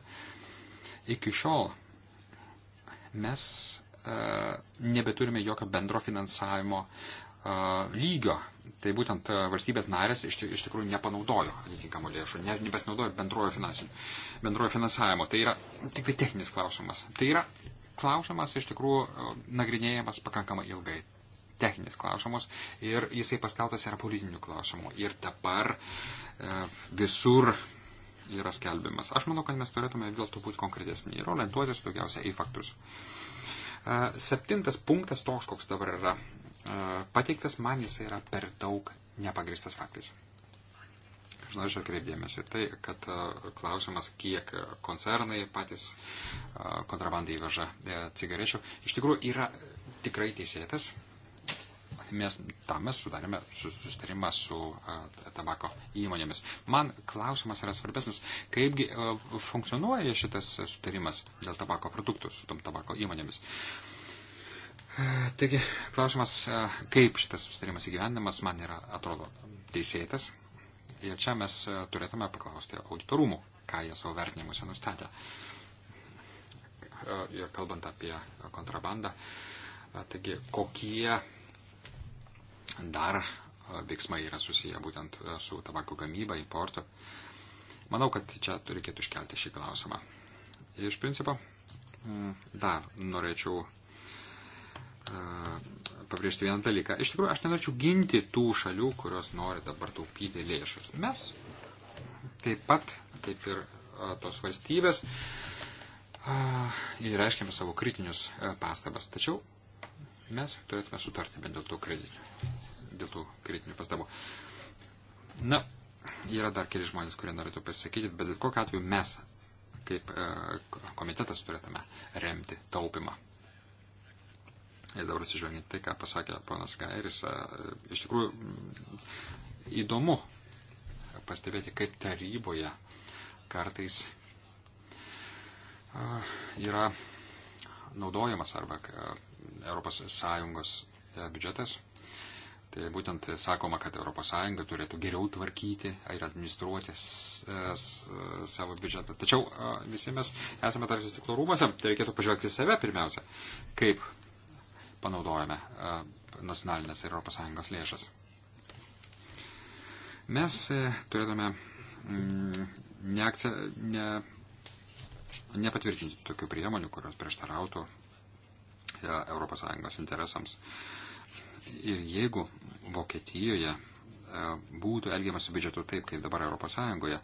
Iki šiol mes e, nebeturime jokio bendro finansavimo e, lygio. Tai būtent e, valstybės narės iš, iš tikrųjų nepanaudojo atitinkamų lėšų, ne, nebesinaudojo bendrojo, bendrojo finansavimo. Tai yra tik tai techninis klausimas. Tai yra klausimas iš tikrųjų nagrinėjamas pakankamai ilgai. Techninis klausimas ir jisai paskeltas yra politinių klausimų. Ir dabar visur yra skelbiamas. Aš manau, kad mes turėtume vėl to būti konkretesnį ir orientuotis daugiausia į faktus. E, septintas punktas toks, koks dabar yra e, pateiktas, man jis yra per daug nepagristas faktais. Aš noriu atkreipdėmėsi tai, kad e, klausimas, kiek koncernai patys kontrabandai įveža cigarečių, iš tikrųjų yra tikrai teisėtas mes tam mes sudarėme sustarimą su a, tabako įmonėmis. Man klausimas yra svarbesnis, kaipgi a, funkcionuoja šitas sustarimas dėl tabako produktų su tom tabako įmonėmis. A, taigi, klausimas, a, kaip šitas sustarimas įgyvendamas, man yra, atrodo, teisėtas. Ir čia mes a, turėtume paklausti auditorumų, ką jie savo vertinimuose nustatė. Ir kalbant apie kontrabandą, taigi, kokie dar veiksmai yra susiję būtent su tabako gamyba, importu. Manau, kad čia reikėtų iškelti šį klausimą. Iš principo, dar norėčiau pabrėžti vieną dalyką. Iš tikrųjų, aš nenorėčiau ginti tų šalių, kurios nori dabar taupyti lėšas. Mes taip pat, kaip ir tos valstybės, įreiškėme savo kritinius pastabas. Tačiau mes turėtume sutarti bent dėl tų kreditinių dėl tų kritinių pastabų. Na, yra dar keli žmonės, kurie norėtų pasakyti, bet bet kokiu atveju mes, kaip e, komitetas, turėtume remti taupimą. Ir dabar atsižvelgiant tai, ką pasakė ponas Gairis, e, iš tikrųjų mm, įdomu pastebėti, kaip taryboje kartais e, yra naudojamas arba Europos Sąjungos biudžetas Tai būtent sakoma, kad ES turėtų geriau tvarkyti ir administruoti e, e, savo biudžetą. Tačiau visi mes esame tarsi stiklo rūmose, tai reikėtų pažvelgti save pirmiausia, kaip panaudojame nacionalinės ir ES lėšas. Mes turėtume mm, neakce, ne, nepatvirtinti tokių priemonių, kurios prieštarautų ES interesams. Uh, Ir jeigu Vokietijoje e, būtų elgiamasi biudžetu taip, kaip dabar Europos Sąjungoje,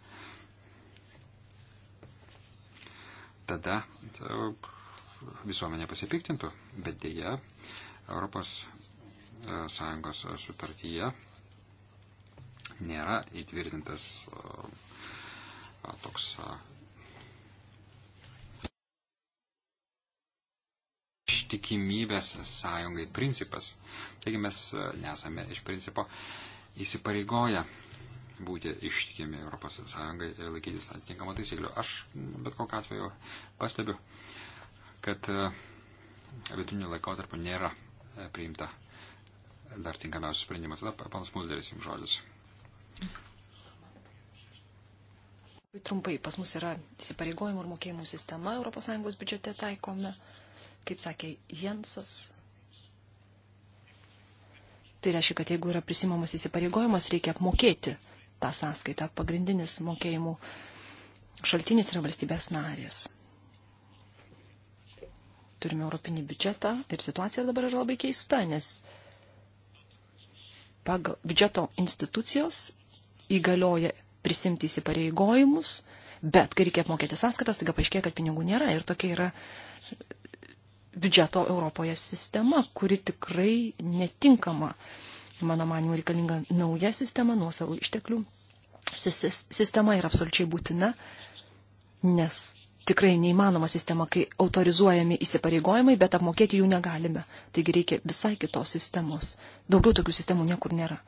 tada e, visuomenė pasipiktintų, bet dėja Europos e, Sąjungos sutartyje nėra įtvirtintas toks ištikimybės sąjungai principas. Taigi mes e, nesame iš principo įsipareigoję būti ištikimi Europos Sąjungai ir laikytis atitinkamą taisyklių. Aš bet kokiu atveju pastebiu, kad e, vidutiniu laikotarpiu nėra e, priimta dar tinkamiausių sprendimų. Tada panas Mulderis jums žodis. Trumpai, pas mus yra įsipareigojimų ir mokėjimų sistema ES biudžete taikome kaip sakė Jensas. Tai reiškia, kad jeigu yra prisimamas įsipareigojimas, reikia apmokėti tą sąskaitą. Pagrindinis mokėjimų šaltinis yra valstybės narės. Turime europinį biudžetą ir situacija dabar yra labai keista, nes pagal biudžeto institucijos įgalioja prisimti įsipareigojimus, bet kai reikia apmokėti sąskaitas, taigi paaiškėja, kad pinigų nėra ir tokia yra biudžeto Europoje sistema, kuri tikrai netinkama. Mano manimo reikalinga nauja sistema, nuosavų išteklių sistema yra absoliučiai būtina, nes tikrai neįmanoma sistema, kai autorizuojami įsipareigojimai, bet apmokėti jų negalime. Taigi reikia visai kitos sistemos. Daugiau tokių sistemų niekur nėra.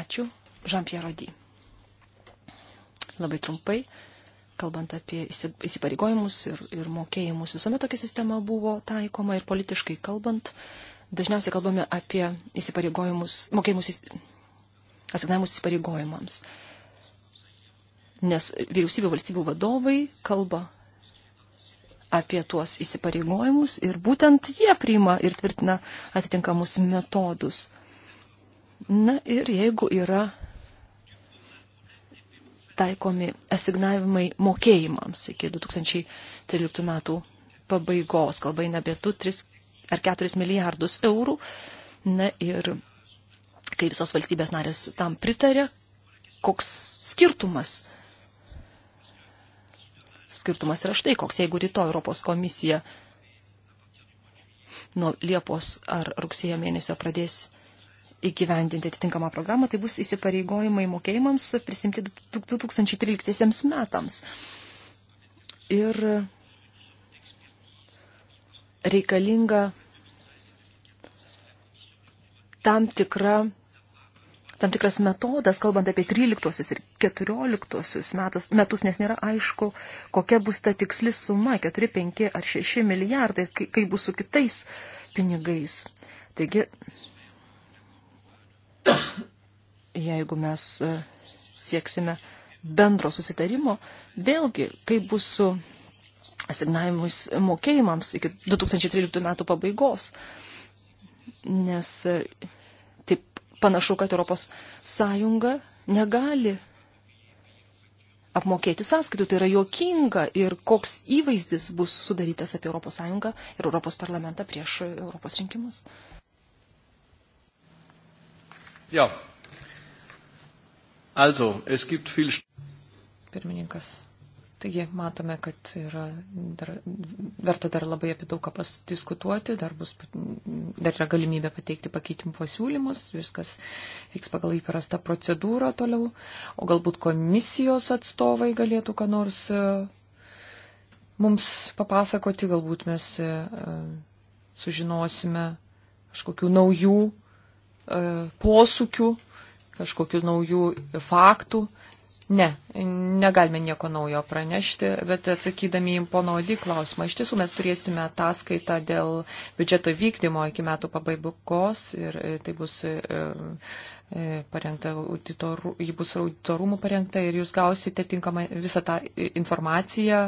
Ačiū. Jean-Pierre Rodi. Labai trumpai kalbant apie įsipareigojimus ir, ir mokėjimus. Visuomet tokia sistema buvo taikoma ir politiškai kalbant. Dažniausiai kalbame apie įsipareigojimus, mokėjimus, asignavimus įsipareigojimams. Nes vyriausybių valstybių vadovai kalba apie tuos įsipareigojimus ir būtent jie priima ir tvirtina atitinkamus metodus. Na ir jeigu yra taikomi asignavimai mokėjimams iki 2013 metų pabaigos, kalba eina apie 2, 3 ar 4 milijardus eurų. Na ir kai visos valstybės narės tam pritarė, koks skirtumas? Skirtumas yra štai koks, jeigu ryto Europos komisija nuo Liepos ar rugsėjo mėnesio pradės įgyvendinti atitinkamą programą, tai bus įsipareigojimai mokėjimams prisimti 2013 metams. Ir reikalinga tam, tikra, tam tikras metodas, kalbant apie 13 ir 14 metus, metus, nes nėra aišku, kokia bus ta tiksli suma - 4, 5 ar 6 milijardai, kaip bus su kitais pinigais. Taigi jeigu mes e, sieksime bendro susitarimo, vėlgi, kaip bus su asignavimus mokėjimams iki 2013 metų pabaigos. Nes e, taip panašu, kad Europos Sąjunga negali apmokėti sąskaitų. Tai yra juokinga ir koks įvaizdis bus sudarytas apie Europos Sąjungą ir Europos parlamentą prieš Europos rinkimus. Ja. Also, es gibt viel. Pirmininkas. Taigi matome, kad yra dar, verta dar labai apie daug ką pasidiskutuoti, dar, bus, dar yra galimybė pateikti pakeitimų pasiūlymus, viskas vyks pagal įprastą procedūrą toliau, o galbūt komisijos atstovai galėtų ką nors e, mums papasakoti, galbūt mes e, e, sužinosime kažkokių naujų E, posūkių, kažkokių naujų faktų. Ne, negalime nieko naujo pranešti, bet atsakydami į pono Odį klausimą, iš tiesų mes turėsime ataskaitą dėl biudžeto vykdymo iki metų pabaigos ir e, tai bus e, parengta, auditoru, ji bus auditorumų parengta ir jūs gausite tinkamą visą tą informaciją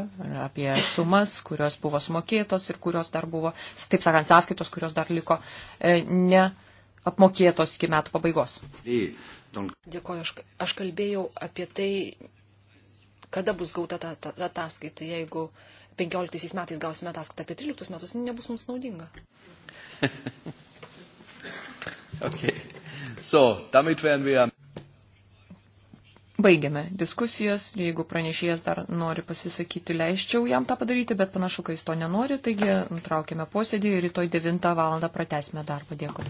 apie sumas, kurios buvo sumokėtos ir kurios dar buvo, taip sakant, sąskaitos, kurios dar liko ne apmokėtos iki metų pabaigos. Tai, Dėkoju, aš, aš kalbėjau apie tai, kada bus gauta ta ataskaita. Jeigu 15 metais gausime ataskaitą apie 13 metus, nebus mums naudinga. *laughs* okay. so, damit wären wir... Baigiame diskusijas, jeigu pranešėjas dar nori pasisakyti, leiščiau jam tą padaryti, bet panašu, kad jis to nenori, taigi nutraukėme posėdį ir rytoj 9 val. pratesime darbą. Dėkui.